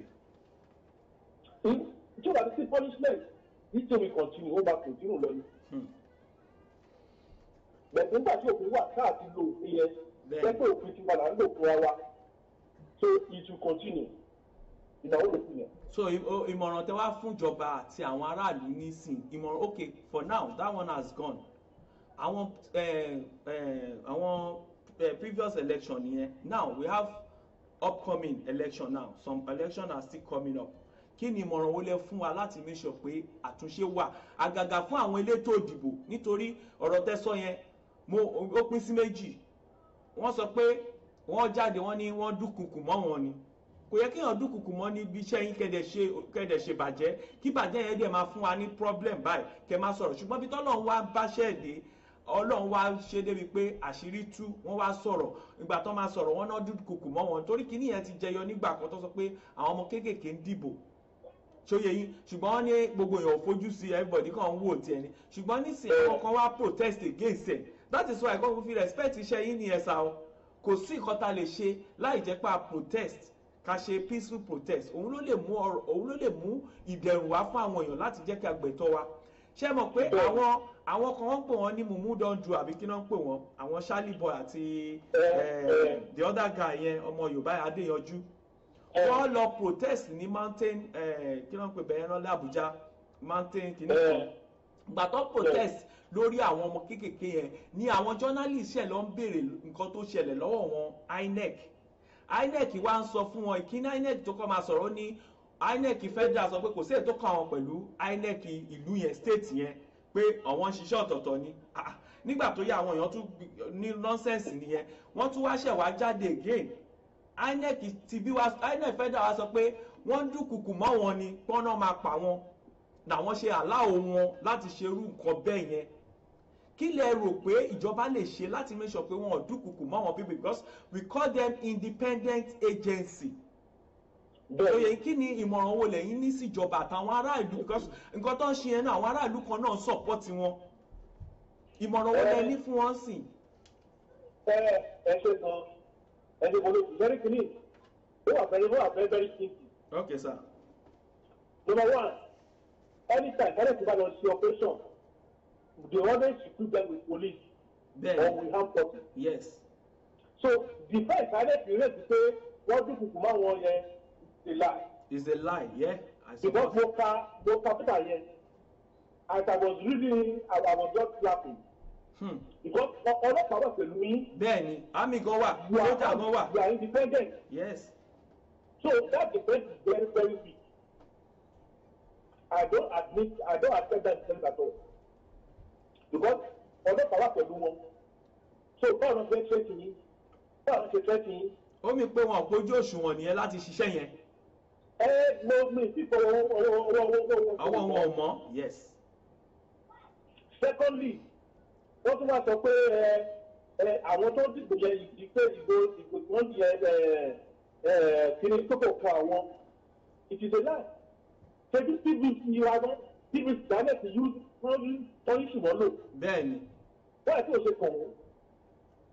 ìjọba hmm? ti sí punishment nítorí continue ó máa continue lọ ni. Hmm. bẹ̀sẹ̀ nígbà tí òfin wà káà ti lo òfin yẹn pẹ́pẹ́ òfin ti wà là ń lò fún wa so it will continue ìnáwó lòfin yẹn. so ìmọ̀ràn tẹ wá fún ìjọba àti àwọn aráàlú nísìn ìmọ̀ràn ok for now that one has gone àwọn eh, eh, àwọn eh, previous election nìyẹn now we have upcoming election now some election are still coming up kí ni ìmọ̀ràn wo fún wa láti make sure pé àtúnṣe wà àgàgà fún àwọn elétò ìdìbò nítorí ọ̀rọ̀ tẹ́sọ yẹn mo ó pín sí méjì wọ́n sọ pé wọ́n jáde wọ́n ní wọ́n dúnkùkù mọ́ wọn ni kò yẹ kéèyàn dúnkùkù mọ́ níbi iṣẹ́ yín kẹ́dẹ̀ ṣe kẹ́dẹ̀ ṣe bàjẹ́ kí bàjẹ́ yẹn dẹ̀ máa fún wa ní problem báyìí kẹ́ máa sọ̀rọ̀ ṣùgbọ́n bí tọ́lọ̀ ń báṣẹ́ dé ọlọ́run wá ṣe débi pé àṣírí tú wọ́n wá sọ̀rọ̀ ìgbà tó máa sọ̀rọ̀ wọ́n náà dúkùkù mọ́ wọn torí kíní yẹn ti jẹyọ nígbà kan tó sọ pé àwọn ọmọ kéékèèké ń dìbò ṣóye yín ṣùgbọ́n wọ́n ní gbogbo èèyàn fojú sí everybody kan ń wò tiẹ̀ ni ṣùgbọ́n nísìnyí àwọn kan wá protest against ẹ̀ that is why kọ́kọ́ fi respect iṣẹ́ yín ní ẹ̀sà o kò sí nǹkan tá a lè ṣe láì jẹ́ pé protest ká ṣe peaceful protest òun ló lè mú ọ̀rọ̀ òun ló lè mú ìdẹ̀rùn wá fún àwọn èèyàn láti jẹ́ kí a gbẹ̀tọ́ wa ṣé mọ̀ pé àwọn àwọn kan wọ́n pè wọ́n ní mumu don ju àbí kí náà pè wọ́n àwọn Charlie boy àti eh, the other guy yẹn ọmọ Yorùbá Adéyanjú wọ́n lọ protest ní mountain eh, kí náà ń pè bẹ́ẹ̀ náà làbújá mountain kìíní gbà tó protest lórí àwọn ọmọ kéékèèké yẹn ni àwọn journalist ṣẹ̀ lọ ń béèrè nǹkan tó ṣẹlẹ̀ lọ́wọ́ wọn INEC INEC wá ń sọ fún wọn ìkíni INEC tó kọ́ máa sọ̀rọ̀ ní INEC federal sọ pé kò sí ètò kan àwọn pẹ̀lú INEC ìlú yẹn state yẹn pé àwọn ń ṣiṣẹ́ ọ̀tọ̀ọ̀tọ̀ ni ah, nígbà tó yá àwọn èèyàn tún ní nọ́nsẹ̀nsì nìyẹn wọ́n tún wá ṣẹ̀ wá jáde again INEC ti bí wa INEC fẹ́ dà wá sọ pé wọ́n ń dúnkùkù mọ́ wọn ni pọ́nà máa pa wọn làwọn ṣe àláwọ̀ wọn láti ṣerú nǹkan bẹ́ẹ̀ yẹn kí lẹ rò pé ìjọba lè ṣe láti make sure pé wọn ò dúnkùkù mọ́ wọn bí because we call them independent agency òye kí ni ìmọ̀ràn wo lẹ́yìn ní síjọba àtàwọn aráàlú nǹkan tó ń ṣe yẹn náà àwọn aráàlú kan náà sọ̀pọ́tì wọn ìmọ̀ràn wo lẹ́yìn fún wọn sì. ẹ ẹ ṣe kan ẹ ṣe kan ló ti very clean ó wà very ó wà very very simple. ok sir. number one anytime ẹni tí bá lọ sí operation they always recruit them with police Bẹ́ẹ̀. or with armed forces. yes. so the first time i dey raise be say wọ́n dúnkùkù máa wọn yẹn a lie. It's a lie, yeah. I because Boka, Boka Peter, yes. As I was reading, as I was just laughing. Hmm. Because ọlọ́pàá wà pẹ̀lú yín. Bẹ́ẹ̀ni, àmì gan wà, lójà gan wà. You are independent. Yes. So that depends very very weak. I don't admit, I don't accept that defense at all. Because ọlọ́pàá wà pẹ̀lú wọn. So báwo ló fẹ́ tẹ́tì yín? Báwo ló ṣe tẹ́tì yín? Ó mi pé wọn ò pójú òṣùwọ̀n nìyẹn láti ṣiṣẹ́ yẹn ẹ gbómi ìdìbò owó. àwọn oh, ọmọ oh. yes. secondly wọ́n tún wá sọ pé eh, eh, àwọn tó dìbò yẹ ìgbé ìgbò ìgbò tí wọ́n yẹ eh, kiri kókò kan àwọn ìdìbò náà ṣẹ́jú tvc wa náà tvc dáná ti yú wọ́n rí tọ́yìn ṣùgbọ́n lò. bẹ́ẹ̀ni. wọ́n àti òṣèkọ̀ wọn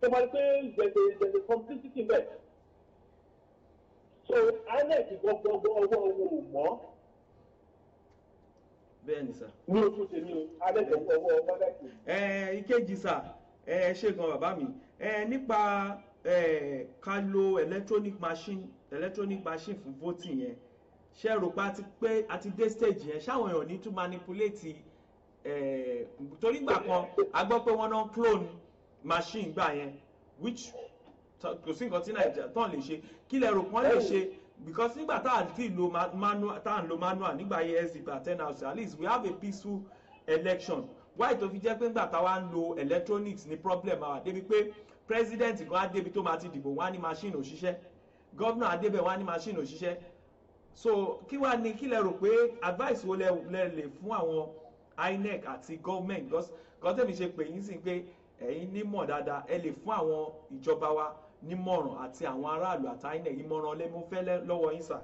tó máa ń pé ìgbẹ̀dẹ̀ ìgbẹ̀dẹ̀ complicity bẹ́ẹ̀ so INEC gbọgbọgbọ ọwọ́ wọn ò mọ́. bẹ́ẹ̀ni sà. ní oṣù tèmi o INEC gbọgbọ ọwọ́ INEC. ẹ ìkejì sà ẹ ṣe gan bàbá mi ẹ nípa ẹ ká lo electronic machine electronic machine fún voting yẹn ṣe rò pé àti pé àti dé stage yẹn ṣáwọn èèyàn ní tún manipulate torí gbà kan a gbọ́ pé wọ́n náà clone machine gbà yẹn which kò sí nǹkan tí nàìjíríà tán lè ṣe kí lẹ rò pọ́n lè ṣe because nígbà tá à ti lo manual tá à ń lo manual nígbà EFCP gba ten house at least we have a peaceful election why tó fi jẹ́ pé nígbà táwa ń lo electronics ni problem àwa débi pé president kan á débi tó máa ti dìbò wọ́n á ní machine òṣìṣẹ́ governor á débẹ̀ wọ́n á ní machine òṣìṣẹ́ so kí wàá ní kí lẹ rò pé advice wo lẹ lè fún àwọn INEC àti government because gọ́tẹ́mi ṣe pè yín sí pé ẹ̀yin nímọ̀ dáadáa ẹ lè fún àwọn ìjọba wa nímọ̀ràn àti àwọn aráàlú àtàyìnà ìmọ̀ràn lé mo fẹ́ lọ́wọ́ yín sà.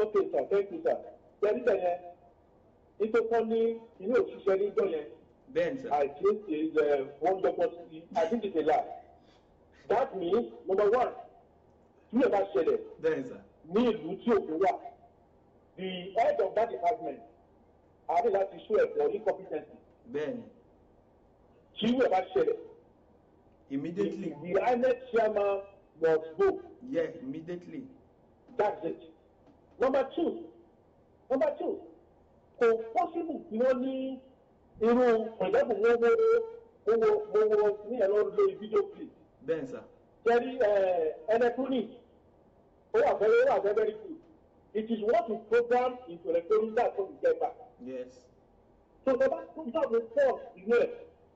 ok sir thank you sir jẹ́rí bẹ̀yẹn nítorí wọ́n ní ilé òṣìṣẹ́ níjọ yẹn bẹ́ẹ̀ni sir i think it is uh, one doctor i think it is a lie that means number one tí yóò bá ṣẹlẹ̀ bẹ́ẹ̀ni sir ní ìlú tí òfin wà the head of that department àti láti show ẹ̀fọ́ ní competency bẹ́ẹ̀ni tí yóò bá ṣẹlẹ̀ Immediately. The, the INEC chairman was booked. Yeah, immediately. That's it. Number two. Number two. Kò possible kí wọ́n ní irú pẹ̀lẹ́bù wo wo wo wo wo ní ẹ̀rọ lórí fídíò clip. Bẹ́ẹ̀ sà. Kẹ́rí electronic eh, ó wà fẹ́rẹ́ ó wà fẹ́rẹ́ rí kù. It is what is program into electronic that's what the get Yes. So the bá tó bá tó force ìwé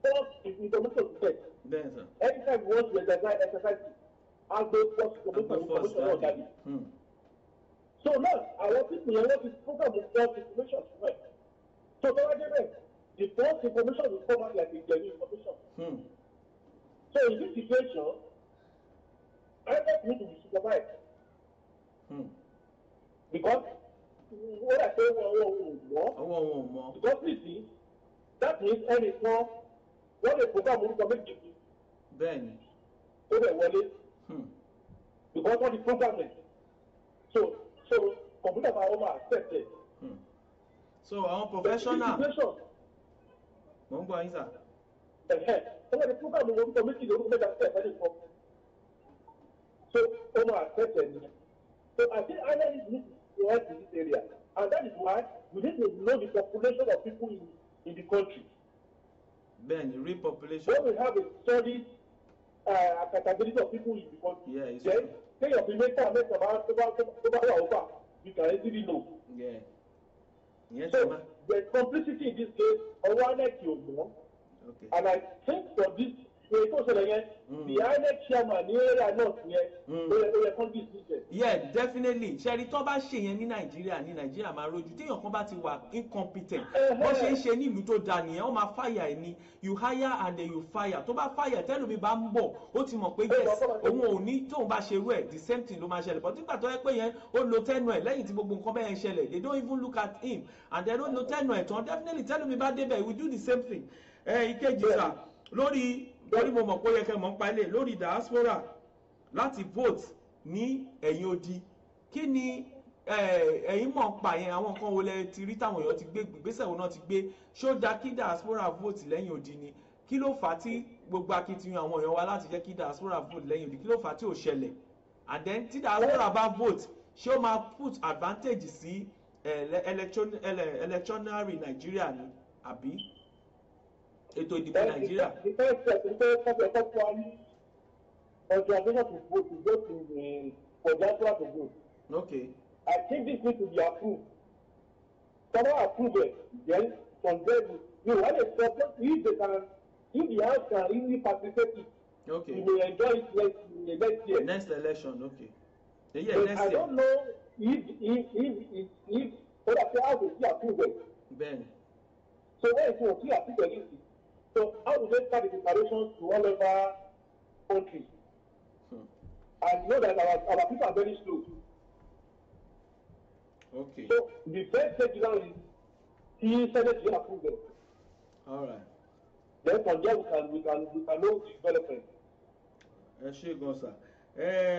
force ìfúnjọmọ́tò to get. bẹ́ẹ̀ every time we want to exercise exercise and go force commission to work abi. so now àwọn people our wọ́n ti program with false information right? so tó wá the false information will come out like a genuine information. Hmm. so in this situation INEC need to be supervised. Hmm. because what I say, wọ́n wọ́n mọ̀. wọ́n wọ́n because you see that means ẹnì kan wọ́n a program orúkọ you. bẹ́ẹ̀ni. ó bẹ̀ wọlé hmm. because wọ́n ti program ẹ̀ so so computer máa wọ́n máa accept hmm. so àwọn professional mo ń gbọ́ yín sà. ẹ̀hẹ́ ọmọ ti program wo orúkọ méjì lórúkọ méjì àti ẹ̀fọ́ ní ìfọ́ so ó máa accept ni so I think ireland is need to help in this area and that is why we need to know the population of people in, in the country. bẹ́ẹ̀ni repopulation. when we have a study uh, accountability of people in the country. Yeah, it's then say your paymaker make about tó bá tó over you can easily know. Yeah. Yes, so ma. the complicity in this case ọwọ́ anẹ́kì ò mọ́. Okay. And I think for this èyí tó ṣẹlẹ̀ yẹn hmm. the inec chairman ní area north yẹn hmm. ó yẹ ó yẹ kán yeah definitely ṣẹ́ni tó bá ṣe yẹn ní nàìjíríà ní nàìjíríà máa rojú téèyàn kan bá ti wà incompetent wọ́n ṣe ń ṣe ní ìlú tó da nìyẹn wọ́n máa fàyà ẹ̀ ni you hire and then you fire tó bá fàyà tẹ́lómi bá ń bọ̀ ó ti mọ̀ pé yes òun ò ní tóun bá ṣe rú ẹ̀ the same thing ló máa ṣẹlẹ̀ but nígbà tó yẹ pé yẹn ó lo tẹ́nu ẹ̀ lẹ́yìn tí gbogbo nǹkan bẹ́ẹ̀ ṣẹlẹ̀ they don't even look at him and they don't lo tẹ́nu ẹ̀ tán definitely tẹ́lómi bá débẹ̀ we do the same thing. ẹ ìkejì sà lórí lórí mo mọ̀ pé ó yẹ kẹ́ mọ̀ ń palẹ̀ lórí diaspora láti vote ní ẹ̀yìn odi kí ni ẹ̀yin mọ̀ ń pa yẹn àwọn nǹkan wo lẹ ti rí táwọn èèyàn ti gbé ìgbésẹ̀ wo náà ti gbé ṣó dáa kí diaspora vote lẹ́yìn odi ni kí ló fà á tí gbogbo akitiyan àwọn èèyàn wa láti jẹ́ kí diaspora vote lẹ́yìn odi kí ló fà á tí ò ṣẹlẹ̀ and then tí diaspora bá vote ṣé ó máa put advantage sí electionary Nigeria ni àbí ètò ìdìbò nàìjíríà. ọjọ́ àdéhùn to vote to go to for diaspora to vote. okay. I think this need to be approved. Someone approve it, then from there you want to stop it if they can if the house can really participate it. okay. you will enjoy it next next year. next election okay. the year next I year. I don't know if if if if if other people how to see approve it. bẹ́ẹ̀ni. so when you see approve it. So how do they start the preparations to all over country? Hmm. I know that our, our people are very slow. Okay. So the best thing to do is see Senate will approve them. All right. Then from there we can we can we can know development. Ẹ ṣe gan sa.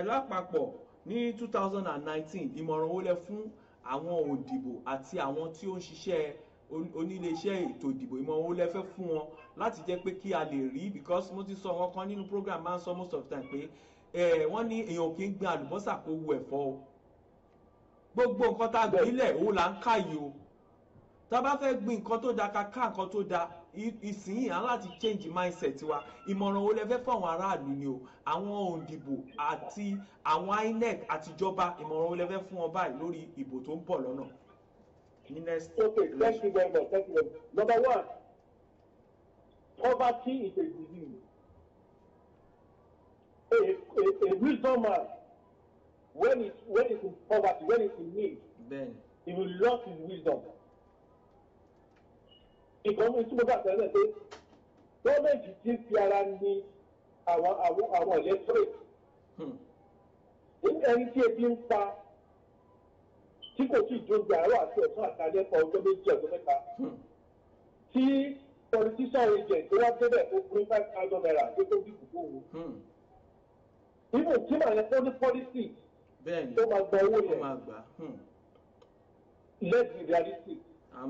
Lápapọ̀ ní two thousand and nineteen ìmọ̀ràn wo lẹ fún àwọn òdìbò àti àwọn tí ó ń ṣiṣẹ́ oníléeṣẹ́ ètò ìdìbò ìmọ̀ràn wo lẹ fẹ́ fún wọn láti jẹ́ pé kí a lè rí because mo ti sọ wọn kan nínú program máa ń sọ most of the time pé wọ́n ní èèyàn kì í gbin àlùbọ́sà kó wu ẹ̀fọ́ o gbogbo nǹkan tá a gbìn nílẹ̀ òun là ń ká yìí o tá a bá fẹ́ gbin nǹkan tó da ká ká nǹkan tó da ìsìn à láti change mindset wa ìmọ̀ràn wo lẹ fẹ́ fún àwọn aráàlú ni o àwọn òǹdìbò àti àwọn INEC àtijọba ìmọ̀ràn wo lẹ fẹ́ fún wọn báyìí lórí ìbò tó ń bọ̀ lọ́nà. ok thank you very much thank you very much number one Poverty is a disease. A, a, a wisdom man, when he's, when he's in poverty, when he's in need, Then. he will lose his wisdom. Ìkànnì tí mo bá tẹ̀lé pé gọ́ọ̀mẹ̀ntì ti fi our ní àwọn àwọn àwọn electorate. Hmm. Ẹni tí ebi ń pa tí kò tí ì jókòó àárọ̀ àti ọ̀tún àtàlẹ́ kan ọjọ́ méjì ọjọ́ mẹ́ta. Hmm. Tí politician agent tó wá débẹ̀ tó fún five thousand naira tó tó dìbò fún òun. ibo tí màá yẹ kó ní policy tó máa gba owó yẹn let's be realistic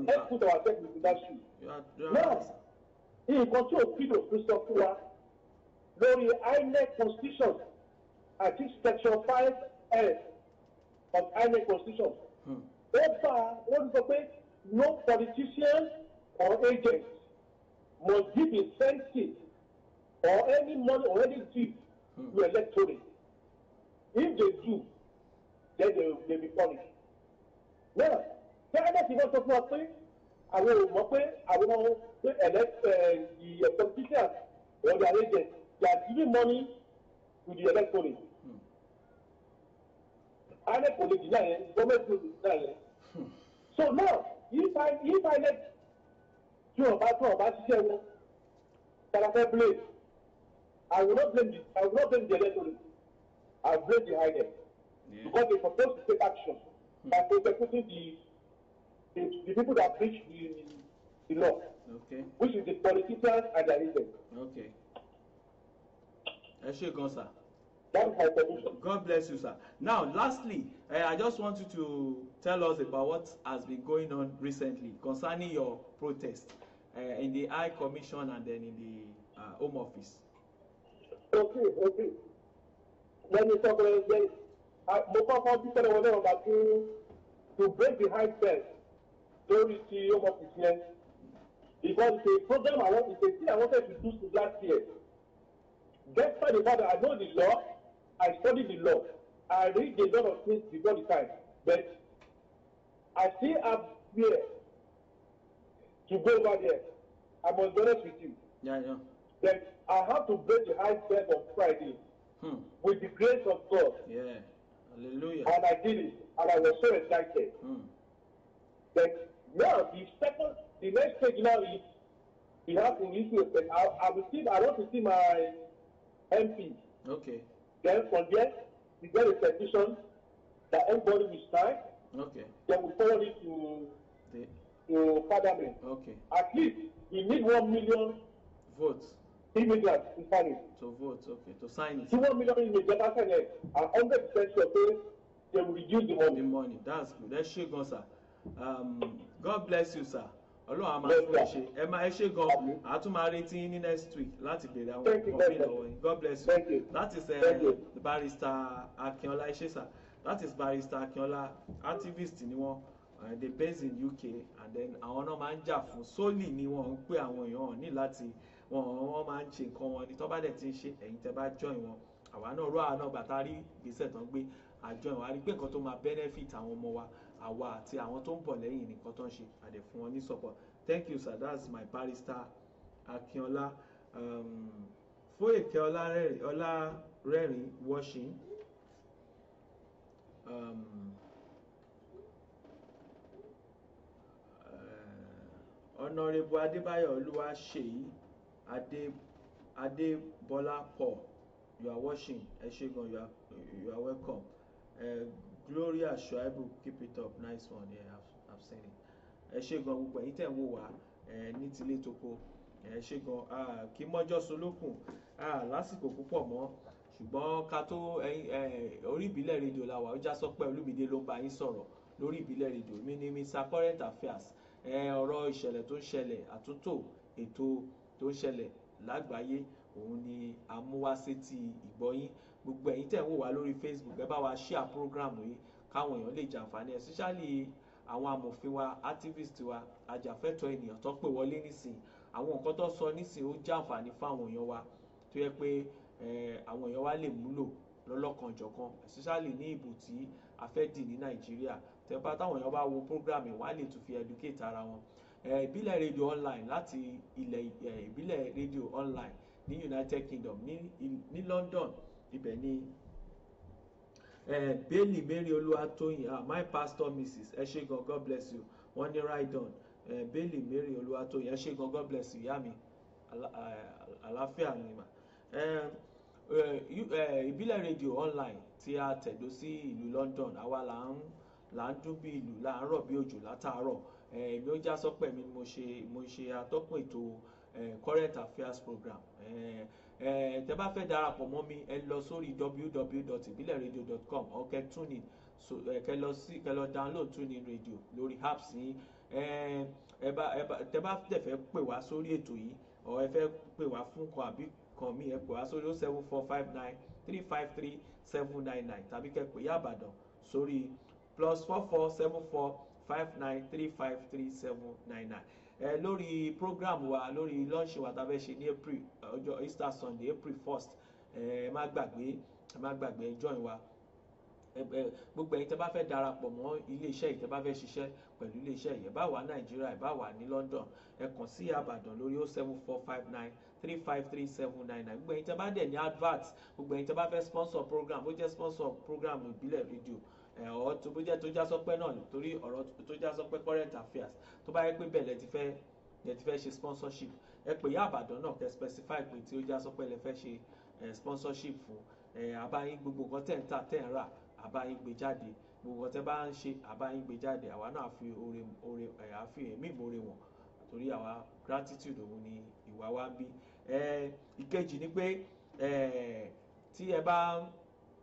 let's put ourselves in that shoe. now nǹkan tí òfin òfin sọ fún wa lórí INEC constitution àti section five s of INEC constitution hmm. ó bá wọn sọ pé no politician or agent must give incentive or any money already give hmm. to electorate. If they do, then they will be punished. Now, Ghana ti wọ́n sọ fún wa pé àwọn ò mọ̀ pé àwọn pé ẹ̀lẹ́ eh, eh, politicians or their agents they are giving money to the electorate. Anẹ kò lè deny yẹn, government kò lè deny yẹn. So now, if I if I let tí ọba tí ọba ṣiṣẹ́ wọn tàlàfẹ́ blame I will not blame the I will not blame the electorate I will blame the hidden because they suppose to take action hmm. by prosecuting the the, the people that breach the the law okay. which is the politicians and their agents. Okay. ẹ ṣe gan sa. God bless you, sir. Now, lastly, uh, I just want you to tell us about what has been going on recently concerning your protest uh, in the High Commission and then in the uh, Home Office. Okay, okay. When you talk about this. Mo kọ́kọ́ dúpẹ́ lọ́wọ́ lẹ́wọ̀n bá tí to break the high fence lórí ti Home Office yẹn because the program I want is a thing I wanted to do since last year. Despite the fact that I know the law I studied the law. I read a lot of things before the time, but I still have fear to go over there. I must be honest with you. Yeah, yeah. That I have to break the high step on Friday hmm. with the grace of God. Yeah. Hallelujah. And I did it, and I was so excited. Hmm. That now the second, the next stage now is we have to issue. But I, I will still, I want to see my MP. Okay. Then from there, we get a petition that everybody will sign. Okay. Then we forward it to the to parliament. Okay. At least we need one million votes. immigrants in Paris. To vote, okay, to sign it. Two million immigrants are signed and hundred percent of pé they will reduce the money. The money, that's good. Ẹ ṣé sir. Um, God bless you sir ọlọ́run máa tún ṣe ẹ máa ṣe gan a tún máa retí ní next week láti béèrè àwọn nǹkan bí lọ́wọ́ yín god bless you láti ṣe eh, barrister akínọlá iṣẹ́sà that is akínọlá activist ni wọ́n uh, based in uk and then àwọn náà máa ń jà fún sólì ni wọ́n ń pè àwọn èèyàn ní láti wọ́n wọ́n máa ń ṣe nǹkan wọn ní tọ́ba dẹ̀ ń ṣe ẹ̀yin tẹ́ bá join wọn àwa náà rú àwa náà gbàtà rí ìgbésẹ̀ tán gbé àjọ ìwà rí pé nǹkan tó máa benefit àwọn ọmọ wa àwa àti àwọn tó ń bọ̀ lẹ́yìn nìkan tó ń ṣe àdè fún wọn ní support thank you sir that's my barrister akínọlá um, fóyèké ọlárẹ́rìn washing um, uh, eh, honourable adébáyọ̀ olúwaṣèyí adé adébọlá paul you are watching ẹ ṣé gan you are welcome. Uh, Gloria Shuaibu keep it up nice one yeah I've, I've seen it ẹ ṣé gan gbogbo ẹ̀yin tẹ́ ń wò wá ní tilé toko ẹ ṣé gan kí mọ́jọ́ solókùn lásìkò púpọ̀ mọ́ ṣùgbọ́n ká tó orí ìbílẹ̀ rédíò la wà ó já sọpẹ́ Olúmídé ló ń bá yín sọ̀rọ̀ lórí ìbílẹ̀ rédíò mi ni Mr Current Affairs ọ̀rọ̀ ìṣẹ̀lẹ̀ tó ń ṣẹlẹ̀ àtúntò ètò tó ń ṣẹlẹ̀ lágbàáyé òun ni amúwásétí ìgbọ́yín gbogbo ẹ̀yin tẹ̀ wò wá lórí facebook ẹ bá wa share program yìí káwọn èèyàn lè jàǹfààní especially àwọn amòfin wa activist wa ajàfẹ́tọ̀ ènìyàn tó pè wọlé nísìn àwọn nǹkan tó sọ nísìn ó jàǹfààní fáwọn èèyàn wa tó yẹ pé àwọn èèyàn wa lè múlò lọ́lọ́kanjọ̀kan especially ní ìbò tí a fẹ́ dì ní nàìjíríà tẹ́pá táwọn èèyàn bá wo program yìí á lè tún fi educate ara wọn ìbílẹ̀ rédíò online láti ilẹ̀ ìbílẹ̀ rédíò online ní united kingdom ní london ibẹ̀ ni bailey mary olúwatóyìn ah, my pastor mrs ẹ god bless you wọ́n ní ride on bailey mary olúwatóyìn ẹ god bless you ìyá mi àlàáfíà ni mà ìbílẹ̀ rédíò online tí a tẹ̀dó sí ìlú london àwa là ń là ń dún bí ìlú láàárọ̀ bí òjò látàárọ̀ èmi ó já sọ́pẹ̀ mi mo ṣe mo ṣe atọ́kùn ètò current affairs program Eh, tẹ́ bá fẹ́ darapọ̀ mọ́ mi ẹ lọ sórí www.ibileradio.com or kẹ́ tune in so eh, kẹ́ lọ sí kẹ́ lọ download tune in radio lórí apps yín eh, ẹ bá ẹ bá tẹ́ bá tẹ́ fẹ́ pè wá sórí ètò yìí or ẹ fẹ́ pè wá fún kan àbí kan mi ẹ pè wá sórí 07459 353 799 tàbí kẹ́ pè yá àbàdàn sórí plus 4474 59 353 lórí program wa lórí lunch wa tá a ṣe ní april ọjọ́ easter sunday april first ẹ má gbàgbé ẹ má gbàgbé join wa gbogbo ẹ̀yin tẹ́ bá fẹ́ darapọ̀ mọ́ iléeṣẹ́ yìí tẹ́ bá fẹ́ ṣiṣẹ́ pẹ̀lú iléeṣẹ́ yìí ẹ bá wà nàìjíríà ẹ bá wà ní london ẹ kàn sí àbàdàn lórí o seven four five nine three five three seven nine nine gbogbo ẹ̀yin tẹ́ bá dẹ̀ ní advert gbogbo ẹ̀yin tẹ́ bá fẹ́ sponsor program ó jẹ́ sponsor program ìbílẹ̀ rédíò ọ̀rọ̀ tó bó jẹ́ tó já sọpẹ́ náà torí ọ̀rọ̀ tó já sọpẹ́ current affairs tó bá yẹ pé bẹ́ẹ̀ lẹ ti fẹ́ lẹ ti fẹ́ ṣe sponsorship ẹ pè yá àbàdàn náà kẹ́ specify pé tí ó já sọpẹ́ lẹ fẹ́ ṣe sponsorship fún àbáyín gbogbo nǹkan tẹ̀ ń tà tẹ̀ ń rà àbáyín gbé jáde gbogbo tẹ́ bá ń ṣe àbáyín gbé jáde àwa náà fi oore oore ẹ̀ àfi ẹ̀mí ìmoore wọn torí àwa gratitude òun ni ìwà wa ń bí ìkejì ni pé tí ẹ bá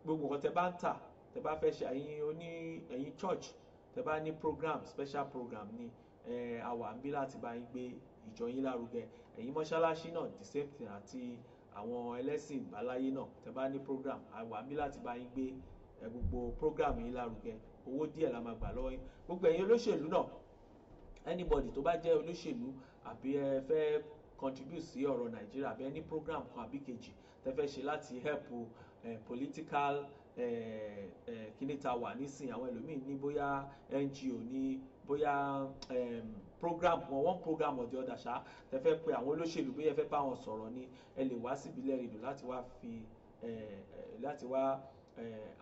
gbogbo nǹkan tẹ́ bá ń tà tẹ́ bá fẹ́ ṣe ẹ̀yin oní ẹ̀yin church tẹ́ bá ní program special program ni àwa ń bí láti bá yín gbé ìjọ yín lárugẹ ẹ̀yin mọ́ṣáláṣí náà the same thing àti àwọn ẹlẹ́sìn ìbáláyé náà tẹ́ bá ní program àwa ń bí láti bá yín gbé gbogbo program yín lárugẹ owó díẹ̀ la máa gbà lọ́wọ́ yín gbogbo ẹ̀yin olóṣèlú náà anybody tó bá jẹ́ olóṣèlú àbí ẹ fẹ́ contribute sí ọ̀rọ̀ nàìjíríà àbí any program kan àbí kejì tẹ́ fẹ́ ṣe láti help uh, political Eh, eh, kíní ta wà nísìnyí àwọn ẹlòmíín ní bóyá NGO ní bóyá program wọn one program or the other ṣá tẹ fẹ́ pe àwọn olóṣèlú bóyá ẹ fẹ́ bá wọn sọ̀rọ̀ ni ẹ lè wá síbi lẹ́rìndò láti wá fi eh, láti wá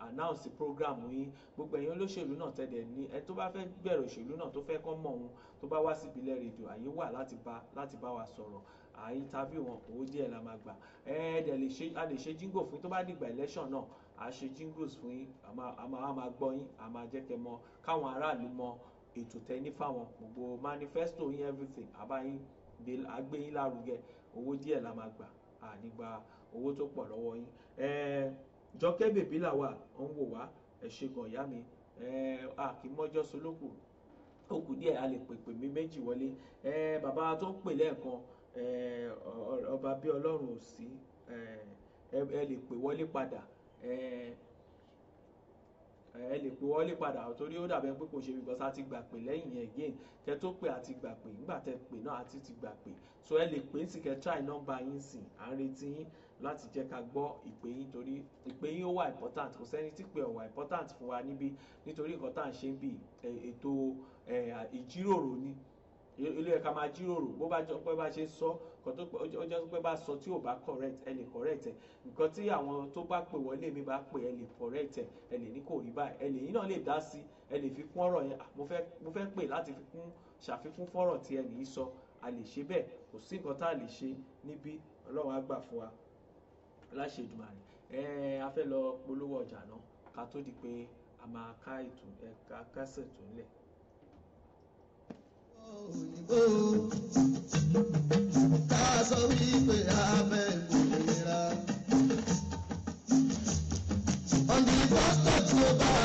announce program yín gbogbo ẹ̀yin olóṣèlú náà tẹ̀lé ní ẹ tó bá fẹ́ bẹ̀rẹ̀ òṣèlú náà tó fẹ́ kọ́ mọ̀ òun tó bá wá síbi ilẹ̀ àyè wà láti bá láti bá wa sọ̀rọ̀ àyè interview wọn owó díẹ̀ la máa gbà ẹ ẹ dẹ̀ lè ṣe a lè ṣe jíngò fún tó bá dìgbà election náà à ṣe jingles fún yín a máa gbọ́ yín a máa jẹ́ kẹ́ mọ̀ káwọn aráàlú mọ̀ ètò tẹ́ni fáwọn gbogbo manifesto yín everything àbáyín àgbé yín lárugẹ owó díẹ̀ la máa gbà àní gba owó tó pọ̀ lọ́wọ́ yín jọkẹ́ bèbí làwà ó ń wò wá ẹ̀ ṣe gan ìyá mi a kì í mọ́jọ́ solókù ó kù díẹ̀ a lè pèpè mí méjì wọlé bàbá tó ń pè lẹ́ẹ̀kan ọba bí ọlọ́run ò sí ẹ lè pè wọlé padà ẹ lè pe wọlé padà torí ó dàbẹ pé kò ṣe because a ti gbà pé lẹ́yìn again kẹ tó pè àti gbà pé nígbà tẹ pè náà àti ti gbà pé so ẹ lè pè sí kẹ try nọ́mbà yín sìn à ń retí yín láti jẹ́ ká gbọ́ ìpè yín torí ìpè yín ó wà important kò sẹ́ni tí pè ó wà important fún wa níbí nítorí nǹkan tá à ń ṣe bí ètò ìjíròrò ni ilé ẹ̀ka máa jíròrò bó bá jọ pé bá ṣe sọ nǹkan tó ó jẹ́ pé bá sọ tí ò bá correct ẹ lè correct ẹ nǹkan tí àwọn tó bá pè wọlé mi bá pè ẹ lè correct ẹ ẹ lè ní kò rí báyìí ẹ lè yín náà lè dá sí ẹ lè fi kún ọ̀rọ̀ yẹn mo fẹ́ mo fẹ́ pè láti fi kún ṣàfikún fọ́rọ̀ tí ẹ nìyí sọ a lè ṣe bẹ́ẹ̀ kò sí nǹkan tá a lè ṣe níbí ọlọ́run á gbà fún wa láṣẹ Èdùmàrè ẹ a fẹ́ lọ polówó ọjà náà ká tó di pé a máa ká ètò ẹ ká kásẹ̀ tó ńlẹ̀ òyìnbó ká on the first October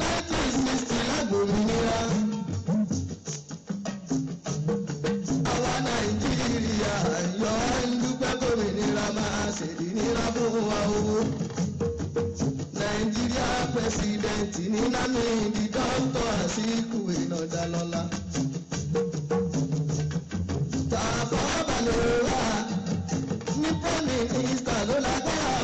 nineteen sixty lágbòmìnira. àwa Nàìjíríà yọ ń dúpẹ́ gómìnira máa ṣèlérí nira fún wa owó pẹ́sidẹ̀ntì ní Lamidi dọ́tọ̀ Àsìkú Ìnàdálọ́lá. Tàbá balẹ̀ wá ní pọ́lì ní ìsàlọ́lá dáa.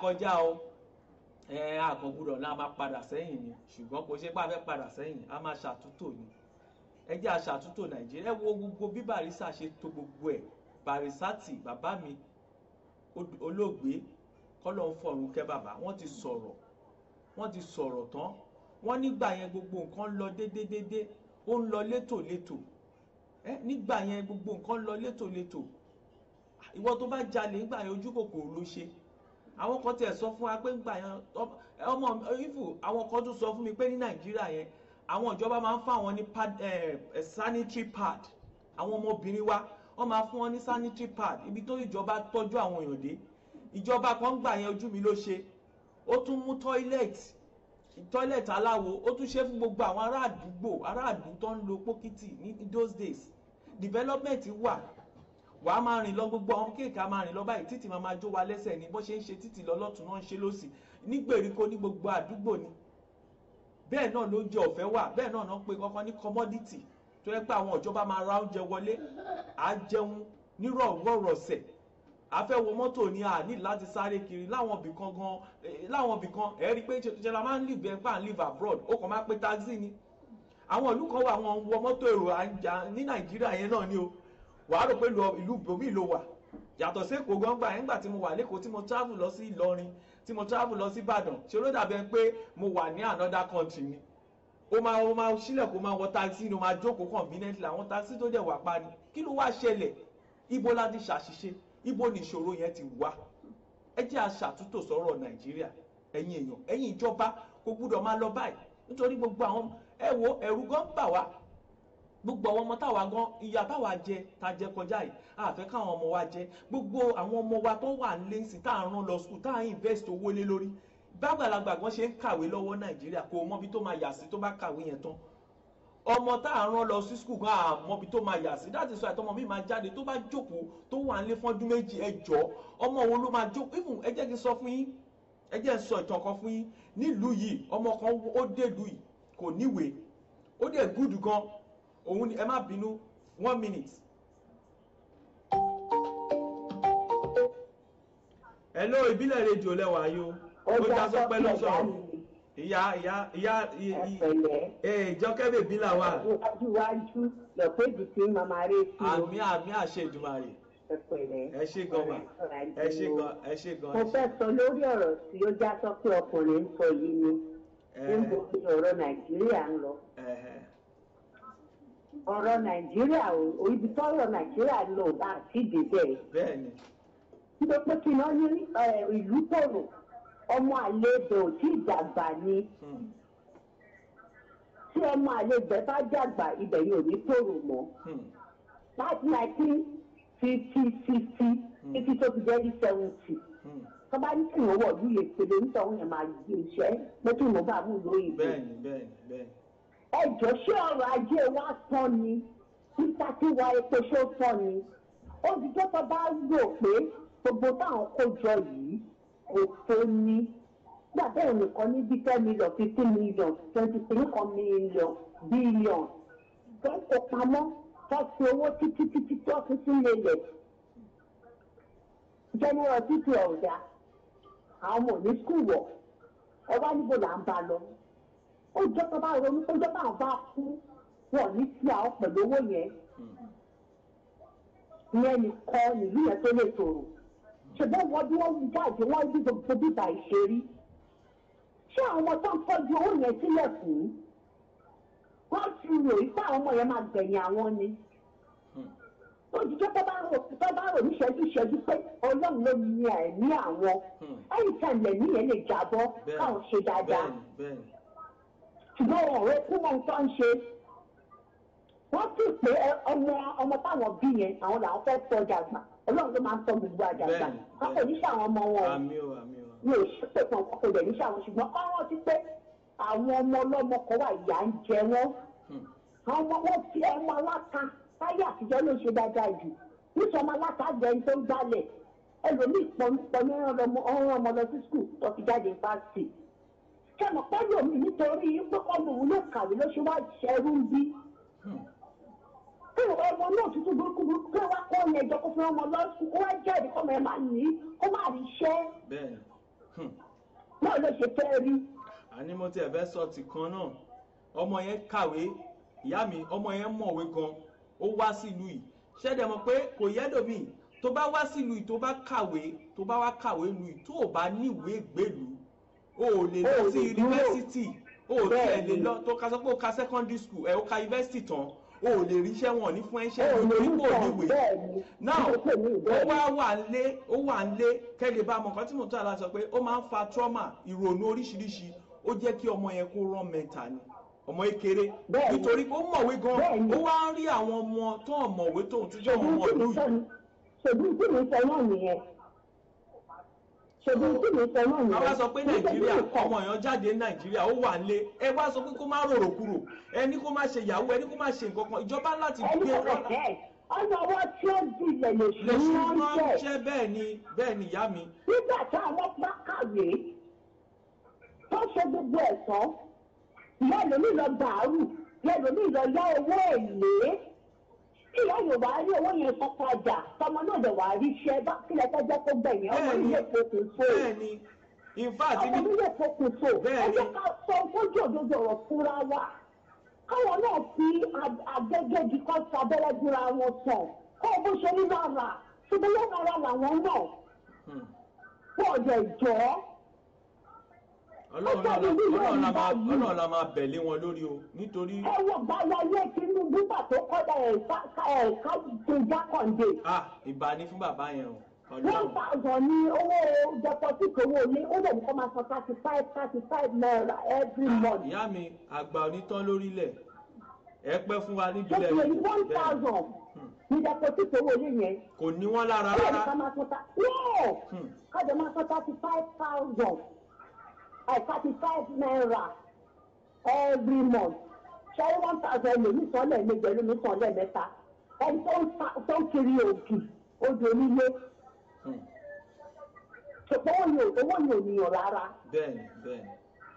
kọjá o àkàngbùdọ̀ la máa padà sẹ́yìn ni ṣùgbọ́n kò ṣe pé a fẹ́ padà sẹ́yìn a máa ṣàtúntò ni ẹ jẹ́ àṣàtúntò nàìjíríà ẹ wo gbogbo bí barisa ṣe tò gbogbo ẹ̀ barisati bàbá mi olóògbé kọ́lọ̀ ń fọ̀rùn kẹ́ bàbá wọ́n ti sọ̀rọ̀ wọ́n ti sọ̀rọ̀ tán wọ́n nígbà yẹn gbogbo nǹkan lọ dédédédé ó ń lọ létòlétò ẹ nígbà yẹn gbogbo nǹkan lọ létòlétò ìwọ tó bá jalè nígbà yẹn ojú ló ṣe àwọn kan tiẹ̀ sọ fún wa pé gbà yẹn ọmọ ifu àwọn kan tún sọ fún mi pé ní nàìjíríà yẹn àwọn ìjọba máa ń fún àwọn ní sanitary pad àwọn ọmọbìnrin wa wọ́n máa fún wọn ní sanitary pad ibi tó ìjọba tọ́jú àwọn èèyàn dé ìjọba kan gbà yẹn ojú mi ló ṣe ó tún mú toilet toilet aláwo ó tún ṣe fún gbogbo àwọn ará àdúgbò ará àdúgbò tó ń lo pókìtì ní those days development wà wà á máa rìn lọ gbogbo àwọn kéèkà máa rìn lọ báyìí títì máa máa jó wa lẹ́sẹ̀ ni bó ṣe ń ṣe títì lọ lọ́tún náà ń ṣe lọ́sì ní gbèríko ní gbogbo àdúgbò ni bẹ́ẹ̀ náà lóúnjẹ ọ̀fẹ́ wà bẹ́ẹ̀ náà náà pé kọ́kọ́ ní commodity tó yẹ pé àwọn ìjọba máa ra oúnjẹ wọlé à á jẹun nírọ̀wọ́rọ̀sẹ̀ à fẹ́ wo mọ́tò ni à ní láti sáré kiri láwọn ibì kan gan eh, láwọn ibì kan ẹ̀ rí i pé jẹ́la live ẹ̀ and live abroad ó kàn máa taxi ni àwọn ìlú kan wà wọn wọ mọ́tò èrò ní Nàìjíríà ni o wàá rò pé ìlú bòmí ló wà yàtọ̀ sí èkó gbọ́ngbà yẹn nígbà tí mo wà lẹ́kọ̀ọ́ tí mo travel lọ sí ìlọrin tí mo travel lọ sí ìbàdàn ṣe ló dàbẹ̀ pé mo wà ní another country ni ó máa ó máa sílẹ̀ kó máa wọ taxi ni ó máa jókòó conveniently àwọn taxi tó dẹ̀ wà pa kí ló wá ṣẹlẹ̀ ibo la ṣàṣìṣe ibo ni ìṣòro yẹn ti wá ẹ jẹ́ aṣàtúntò sọ̀rọ̀ nàìjíríà ẹ̀yin èèyàn ẹ̀yin ìjọba kò gbúdọ̀ máa lọ báyìí nítorí gbogbo àwọn ẹ wo ẹ̀rù gan bà wá gbogbo àwọn ọmọ táwa gan ìyá táwa jẹ ta jẹ kọjá yìí àfẹ́ káwọn ọmọ wa jẹ gbogbo àwọn ọmọ wa tó wà ń lé sí tá à ń rán lọ sùkúl tá à ń invest owó lé lórí bàgbàlagbà gan ṣe ń kàwé lọ́wọ́ nàìjíríà kò mọbi tó máa yà sí tó bá kàwé yẹn tán ọmọ tá à ń rán lọ sí sùkúl gan àmọbi tó máa yà sí láti sọ àtọmọ mi máa jáde tó bá jókòó tó wà ń lé fọ́dún méjì ẹ jọ ọmọ wo ló máa jókòó even ẹ jẹ́ kí sọ fún yín ẹ jẹ́ sọ ìtàn kan fún yín nílùú yìí ọmọ kan ó dèlùú yìí kò níwèé ó dẹ̀ gúdù gan òun ni ẹ má bínú one minute. hello ìbílẹ̀ rédíò lẹ́wàá yó ó já sọpẹ́ ló sọ̀rọ̀ ìyá ìyá ìyá ìjọkẹ́ bèbí là wà. iwájú lọ́pẹ́jì tí màmá rẹ̀ fi. àmì àmì àṣejùmarè ẹ ṣe gan ma ẹ ṣe gan ẹ ṣe gan. mo fẹ́ sọ lórí ọ̀rọ̀ tí ó já sọ pé ọkùnrin ń sọ yìí ni ń gbọ́ pé ọ̀rọ̀ nàìjíríà ń lọ ọ̀rọ̀ nàìjíríà o ibi tọ́rọ̀ nàìjíríà lọ bá síde bẹ́ẹ̀. bẹ́ẹ̀ni. nítorí pé kí wọ́n ní ìlú tòrò ọmọ àlejò ò tí ì dàgbà ni. Hmm. tí ọmọ àlejò bá dàgbà ibẹ̀ yóò ní tòrò mọ́. Hmm. láti nineteen fifty fifty fifty hmm. tó fi jẹ́ ní seventy tó bá ní kí n wọ̀ ọdún yẹn pèlè nítorí ẹ̀ máa gbé iṣẹ́ pé kí n mọ̀ bá mú lóyìnbó. bẹ́ẹ̀ni bẹ́ẹ̀ni bẹ́ẹ̀ni ẹjọ́ ṣé ọrọ̀ ajé wa tán ni títà tí wa epo ṣó tán ni òdìjọ́ tó bá rò pé gbogbo táwọn kó jọ yìí òfo ni gbàgbé ẹnìkan ní bí ten million fifteen million twenty three kan million billion tó kó pamọ́ tó fi owó títí títí tó fi sílẹ̀ lẹ̀ general títí ọ̀dà àwọn ò ní skul wọ̀ ọba níbo là ń bá lọ ó jẹ́ tó bá ronú pé jọ́tà bá kú wọ̀ ní tí a ó pẹ̀lú yẹn ìyẹn nìkan nílùú yẹn tó lè tòrò ṣùgbọ́n wọ́n bí wọ́n jáde wọ́n bí gbogbo bíbà ìṣerí ṣé àwọn tó ń tọ́jú owó yẹn sílẹ̀ fún wọ́n ti rò ipá àwọn ọmọ yẹn máa gbẹ̀yìn àwọn ni lójijì tó bá rò tó bá rò ní ṣẹ́jú ṣẹ́jú pé ọlọ́run ló ní ẹ̀mí àwọn hmm. ẹ̀yìn kan lẹ̀mí yẹn lè jábọ́ káwọn ṣe dáadáa ṣùgbọ́n wọn ọ̀rẹ́ kú mọ̀ nǹkan ṣe wọ́n sì pé ọmọ ọmọ táwọn bí yẹn àwọn làwọn fẹ́ tọ́ ọjà àgbà ọlọ́run ló máa ń tọ́ gbogbo àjà àgbà wọn kò ní sí àwọn ọmọ wọn mi ò ṣètò kan kò dẹ̀ ní sí àwọn ṣùgbọ́n ọ̀rọ̀ ti pé àwọn ọmọ ọlọ́mọ kan wà ìyà ń jẹ wọ́n hmm. àwọn ọmọ wọn fi ọmọ aláta táyà àtijọ́ ló ṣe dáadáa jù nítorí ọmọ aláta jẹ ẹni tó ń gbálẹ̀ ẹlòmíì pọ̀ ní ọ̀rọ̀ ọmọ lọ sí skul tó fi jáde fásitì ṣé mo pẹ́ lòmí nítorí pé ọmọ òun ló kàwé ló ṣe wá ṣẹ́rú ń bí kí ọmọ náà tuntun burúkú burúkú kí wọ́n kọ́ ọ̀nà ẹ̀jọ̀ kó fún ọmọ lọ́sùn kó wá jẹ́ ìdíkọ́ mọ̀ ẹ́ máa ní kó má rí iṣẹ́. bẹ́ẹ̀ náà hmm. ló ṣe fẹ́ rí. àní mo tiẹ̀ fẹ́ sọ ti kan náà ọmọ yẹn kàwé ìyá mi ọmọ yẹn mọ̀wé gan ó wá sílùú yìí ṣẹ́dẹ̀ mọ̀ pé kò yẹ́dọ̀mí tó bá wá sílùú yìí tó bá kàwé tó bá wá kàwé lùú yìí tó ò bá níwèé gbèlú o ò lè lọ sí yunifásitì o ò tiẹ̀ lè lọ tó ka pé o ka secondary school ẹ̀ o ka yunifásitì tán o ò lè ríṣẹ́ wọn ní fún ẹṣẹ́ nítorí pò níwèé now ó wá wà lé ó wà lé kẹ́lẹ́ bá mọ̀ nǹkan tí mo tó àlá sọ pé ó máa ń fa trauma ìrònú oríṣiríṣi ó jẹ́ kí ọmọ yẹn kó rán mẹ́ta ni ọmọ ìkéré nítorí ó mọ̀wé gan ó wá ń rí àwọn ọmọ tó ọ̀mọ̀wé tóun tún jẹ́ ọmọ ìlú yìí. ṣèbí mi sọ náà nìyẹn ṣèbí tí mi sọ náà nìyẹn. àwa sọ pé nàìjíríà ọmọ èèyàn jáde nàìjíríà ó wà lé ẹ wá sọ pé kó má rorò kúrò ẹni kó má ṣe yahoo ẹni kó má ṣe nǹkan kan ìjọba láti gbé wọn. ọ̀nà wa tí ó di ilẹ̀ lèṣù máa ń jẹ́ bẹ́ẹ̀ ni bẹ́ẹ̀ ni ìyá mi. nígbà táwọn bá kàwé tó ṣe gbogbo ẹ̀sán lẹ́nu mi lọ gbàárù lẹ́nu mi lọ yá owó èlé tí ìyá yóò wá rí owó yẹn kọ́kọ́ ọjà tọmọ náà dẹ̀ wá rí iṣẹ́ bá kílẹ̀ tọ́jọ́ tó gbẹ̀yìn ọmọ ilé pokùnso ọmọ ilé pokùnso ẹjọ́ ká sọ fojú òdodo ọ̀rọ̀ fúnra wa káwọn náà fi àgẹ́gẹ́ di kọ́ sábẹ́rẹ́ dúra wọn sàn kọ́ bó ṣe ní lára ṣùgbọ́n yóò rárá làwọn náà pọ̀ hmm. ọ̀dẹ̀ jọ́ ọlọ́run la máa bẹ̀lé wọn lórí o nítorí. ẹ wo gbàyàyé Tinubu gbà tó kọ́dà ẹ̀ ká gbẹjà kànde. ah ìbá ni fún bàbá yẹn o. one thousand ni owó deposit owó mi ó lè kọ́ máa san thirty five thirty five naira every month. ìyá mi àgbà onítàn lórílẹ̀ ẹ pẹ́ fún wa níbi ilẹ̀ ó ti one thousand hmm. ní deposit owó yìí yẹn. kò ní wọ́n lára rárá. ó lè ká máa san thirty five hmm. thousand at thirty five naira every month ṣẹ́rí one thousand lèmi sàn lẹ́ẹ̀mejì lèmi sàn lẹ́ẹ̀mẹ́ta ẹni tó ń kiri òkì odò onílé ṣùgbọ́n hmm. owó yóò owó yóò níyàn rárá. bẹ́ẹ̀ni bẹ́ẹ̀ni.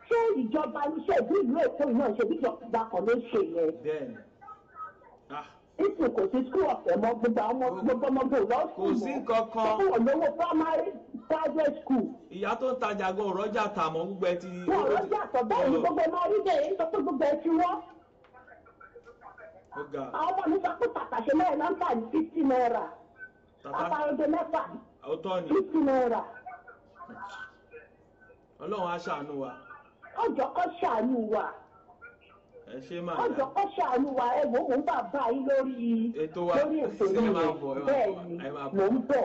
ṣé ìjọba iṣẹ́ ìlú ìlú èkó náà ṣe bí ìjọba kan ló ṣe yẹn. bẹ́ẹ̀ni. ah pípù kò sí skul ọ̀sẹ̀ mọ́ gbogbo àwọn gbogbo ọmọ gbòòrò lọ́sùn mọ́ kò sí nǹkan kan fún olówó primary private school. ìyá tó ń tajà gan òrọ́jà tà mọ́ gbogbo ẹ ti. wọn òrọ́jà tọ̀ bẹ́ẹ̀ gbogbo ọmọ orí bẹ́ẹ̀ sọ pé gbogbo ẹ ti wọ́. àwọn ọmọ mi sọ pé tàtàṣe mẹ́rin náà ń tà ní fifty naira àpàrọ̀dé mẹ́fà fifty naira. ọlọ́run á ṣàánú wa. ọjọ́ kan ṣàánú wa ẹ ṣe máa yá ọjọ́ kọ́ ṣàánú ẹ wò ń bà bá yín lórí ètò yìí bẹ́ẹ̀ ni mò ń bọ̀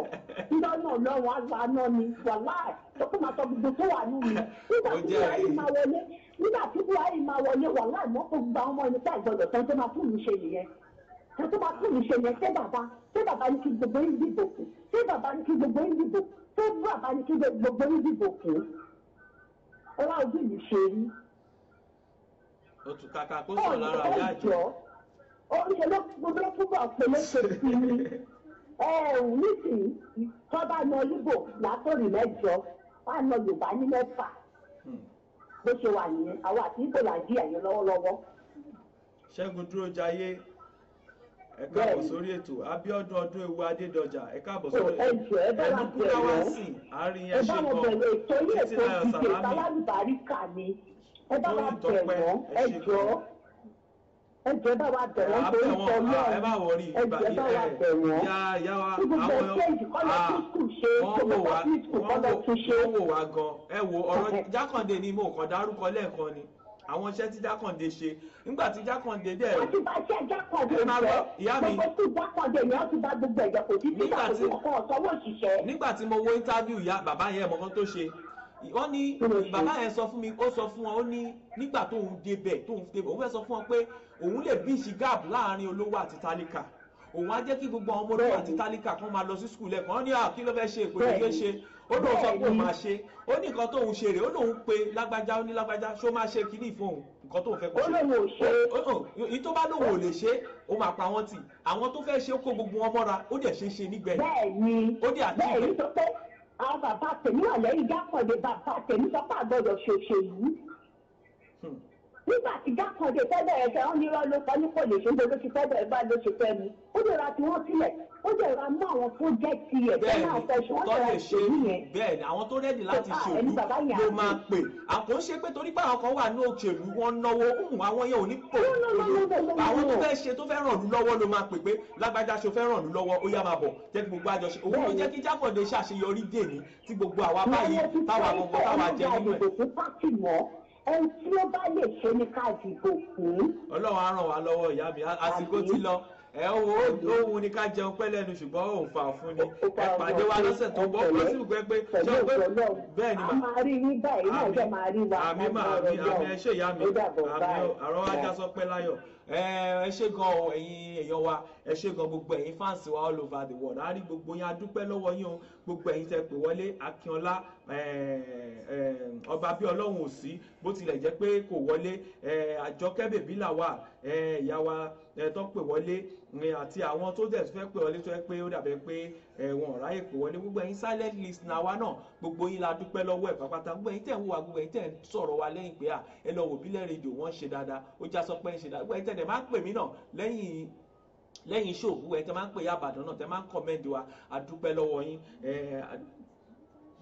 lọ́nà lọ́wọ́ àgbàná ni wàláì tó kó máa gbogbo tó wà nù mí nígbà tí buhari máa wọlé nígbà tí buhari máa wọlé wàláì mọ́tò gba ọmọ ẹni tá ìgbọ́dọ̀ tán tó máa fún mi ṣe nìyẹn tán tó máa fún mi ṣe nìyẹn ṣé bàbá ṣé bàbá ní kí gbogbo yín dìbò fún ṣé bàbá ní kí gbogbo yín dìbò ṣé bàbá ní kí gbogbo yín dìbò fún ọlá ojú mi ṣe rí otu kàkà kó sọ lára ìyá ìjọ. oúnjẹ ló gbogbo púpọ̀ pélékè sí i nísìnyí tó bá yan Ìgbò látòrí mẹ́jọ wà á yan Yorùbá ní mẹ́fà hmm. bó ṣe wà nìyẹn àwọn àti Ìgbò là ń di àyè lọ́wọ́lọ́wọ́. Ṣẹ́gun dúró jayé ẹ káàbọ̀ sórí ètò Abíọ́dún ọdún ewu Adédọjà ẹ káàbọ̀ sórí ètò ẹni kúláwá sí àárín ẹṣin kan títí láyọ̀ sàlámì ẹ bá wa bẹ̀ wọ́n ẹ jọ ẹ jẹ bá wa bẹ̀ wọ́n torí sọ náà ẹ jẹ bá wa bẹ̀ wọ́n tí gbogbo ẹgbẹ́ ìkọlọ tún ṣe gbogbo public ìkọlọ tún ṣe. wọ́n wò wá gan ẹ wo ọ̀rọ̀ jákàndé ni mo kàn dárúkọ lẹ́ẹ̀kan ni àwọn iṣẹ́ tí jákàndé ṣe nígbà tí jákàndé dẹ̀. wọ́n ti bá iṣẹ́ jákàndé rẹ̀ gbogbo tí jákàndé ni wọ́n ti bá gbogbo ẹ̀jẹ̀ kò sí títà kò sí kọ̀ọ̀kan ọ̀tọ́wọ́ òṣìṣẹ́. nígbà tí mo wo interview ya bàbá yẹn mọ̀kán tó ṣe wọ́n ní bàbá yẹn sọ fún mi ó sọ fún wọn ó ní nígbà tóun débẹ̀ tóun débẹ̀ òun fẹ́ sọ fún wọn pé òun lè bí ìṣí gáàbù láàrin olówó àti tálíkà òun á jẹ́ kí gbogbo àwọn ọmọ olówó àti tálíkà kan máa lọ sí skul ẹ̀kọ́ wọ́n ní à kí ló fẹ́ ṣe èpè ló ṣe ó lóun sọ pé òun máa ṣe ó ní nǹkan tóun ṣe rè ó lóun pe lágbájá ó ní lágbájá ṣó máa ṣe kíní fún òun nǹkan tóun fẹ́ kó ṣe èyí tó bá lóun ò lè ṣe ó máa pa wọ́n tì àwọn tó fẹ́ ṣe ó kó gbogbo wọn mọ́ra ó dẹ̀ ṣe é ṣe nígbẹ̀yìn ó dẹ̀ àti ìgbẹ̀yìn àwọn bàbá tèmi wà lẹ́yìn jákòdé bàbá tèmi sọ pé àgbọ̀dọ̀ ṣòṣèlú hmm. nígbà tí jákòdé fẹ́ bẹ̀rẹ̀ fẹ́ wọn ní irọ́ ló sọ ní kò lè ṣe gbogbo ti fẹ́ bẹ̀rẹ̀ bá ló ṣe fẹ́ mi ó lè ra tiwọn sílẹ̀ ó jẹ́ ìwà mú àwọn pọ́jẹ́tì ẹ̀ tó máa fẹ́ ṣe wọ́n ṣe bẹ́ẹ̀ ni àwọn tó rẹ́dì láti ah, ṣèlú ló máa pè àpò ń ṣe pé torí pé àwọn kan wà ní òṣèlú wọn náwó àwọn yẹn ò ní pò àwọn tó fẹ́ ṣe tó fẹ́ ràn lú lọ́wọ́ ló máa pè pé lágbájá ṣe fẹ́ ràn lú lọ́wọ́ ó yá máa bọ̀ jẹ́ kí gbogbo àjọṣe òun ló jẹ́ kí Jákàndé ṣàṣeyọrí dè ní tí gbogbo àwa báyìí táwa gbogbo táwa jẹ́ nínú ẹ̀ Ọlọ́run á ràn wá lọ́wọ́ ìyá ẹ wo òun ni ká jẹun pẹ́ lẹ́nu ṣùgbọ́n òun fà fún ni ẹ pàdé wa lọ́sẹ̀ tó bọ́ kó sì gbẹ pé ṣé o pé bẹ́ẹ̀ ni mà á rí ní báyìí náà jẹ́ máa rí wa àmì mà àmì àmì ẹ ṣe ìyá mi àmì àrọ́ ajá sọ pé láyọ̀ ẹ ṣe gan ẹ̀yin èèyàn wa ẹ ṣé gan gbogbo ẹ̀yin fans wa all over the world a rí gbogbo yín a dúpẹ́ lọ́wọ́ yín o gbogbo ẹ̀yin tẹ́ pè wọlé Akínọlá ọba bí ọlọ́run ò sí bó tilẹ̀ jẹ́ pé kò wọlé àjọkẹ́ bèbí là wà ìyá wa tó pè wọlé àti àwọn tó dẹ̀ fẹ́ pè wọlé tó yẹ pé ó dàbẹ̀ pé wọn ò pè wọlé gbogbo ẹ̀yin silent listener wa náà gbogbo yín la dúpẹ́ lọ́wọ́ ẹ̀ pápátá gbogbo ẹ̀yin tẹ̀ ń wo wa gbogbo ẹ̀yin tẹ̀ ń sọ̀rọ̀ wa lẹ́yìn pé à ẹ lọ wò bílẹ̀ rédíò wọ́n ṣe dáadáa ó já sọ pé ń ṣe dáadáa gbogbo ẹ̀yin tẹ̀ dẹ̀ máa pè mí náà lẹ́yìn lẹ́yìn iṣẹ́ òwú ẹ tẹ máa ń pè yàbàdàn náà tẹ máa ń kọ́mẹ́ǹdì wa àdúpẹ́ lọ́wọ́ yín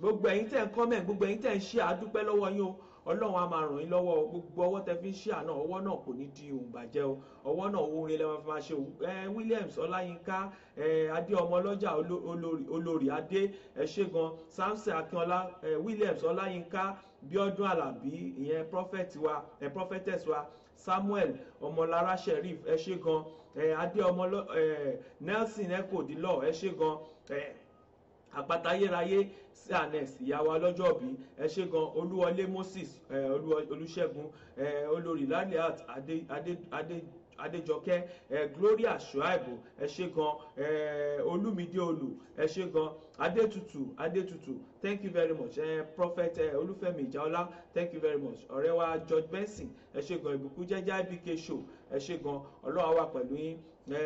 gbogbo ẹ̀yin tẹ́ ń kọ́mẹ̀ǹt gbogbo ẹ̀yin tẹ́ ń ṣíà àdúpẹ́ lọ́wọ́ yín o ọlọ́run á máa ràn yín lọ́wọ́ gbogbo ọwọ́ tẹ fi ń ṣíà náà ọwọ́ náà kò ní di òun bàjẹ́ o ọwọ́ náà owó orin lẹ́wọ̀n fi máa ṣe ẹ Williams Ọláyínká ẹ adé ọmọ ọlọ́jà olórí adé ẹ ṣe Samson Akínọlá ẹ Williams Ọláyínká Bíọ́dún Àlàbí ìyẹn prophet wa ẹ prophetess wa Samuel ọmọlára Sheriff ẹ ṣe adé ọmọ Nelson ekodilọ ẹ ṣé gan àpáta ayérayé sanes ìyàwó ọlọ́jọ́bí ẹ ṣé gan olúwọlé Moses olùṣègùn olórí lálẹ́ adé adéjọkẹ́ ẹ gloria shuaibu ẹ ṣé gan ẹ olúmídé olù ẹ ṣé gan adétutù adétutù thank you very much ẹ prophet Olufemi olúfẹ́mi thank you very much ọ̀rẹ́ wa george benson ẹ ṣé gan ìbùkún jẹ́jẹ́ ibk show ẹ ṣé gan ọlọ́wà wà pẹ̀lú yín ẹ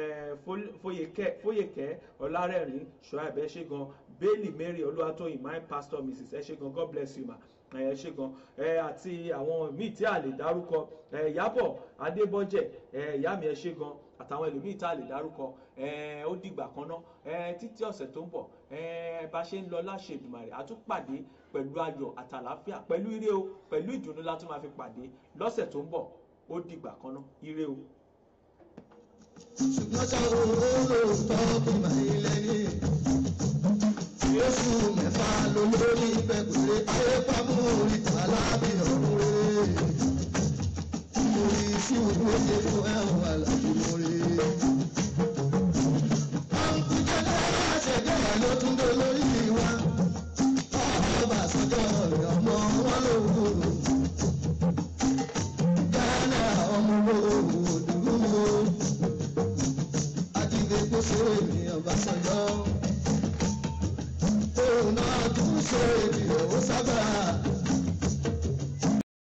fóyèkẹ́ ọlárẹ̀rín shuaibu ẹ ṣé gan bailey mary olúwatóyìn my pastor mrs ẹ ṣé gan god bless you ma ẹ ṣe gan ẹ àti àwọn míì tí a lè dárúkọ ẹ Ìyábọ̀ Adébọ́jẹ̀ ẹ ìyá mi ẹ ṣe gan àtàwọn ẹlòmíì tá a lè dárúkọ ẹ ó dìgbà kan ná ẹ títí ọ̀sẹ̀ tó ń bọ̀ ẹ bá ṣe ń lọ láṣẹ Èdùmàrè àtúpàdé pẹ̀lú ayọ̀ àtàlàáfíà pẹ̀lú ire o pẹ̀lú ìdùnnú la tún máa fi pàdé lọ́sẹ̀ tó ń bọ̀ ó dìgbà kan ná ire o. ṣùgbọ́n oṣù mẹ́fà lolórí ibẹ̀ péré ayé pamọ́ orí alábì ọ̀run rere. mo rí sí òkú oye fún ẹ̀hún alábì mo rí. àǹkú jẹ́jẹ́ aṣẹ̀dá ló tún dé lórí ìjọ èdè ò sábà.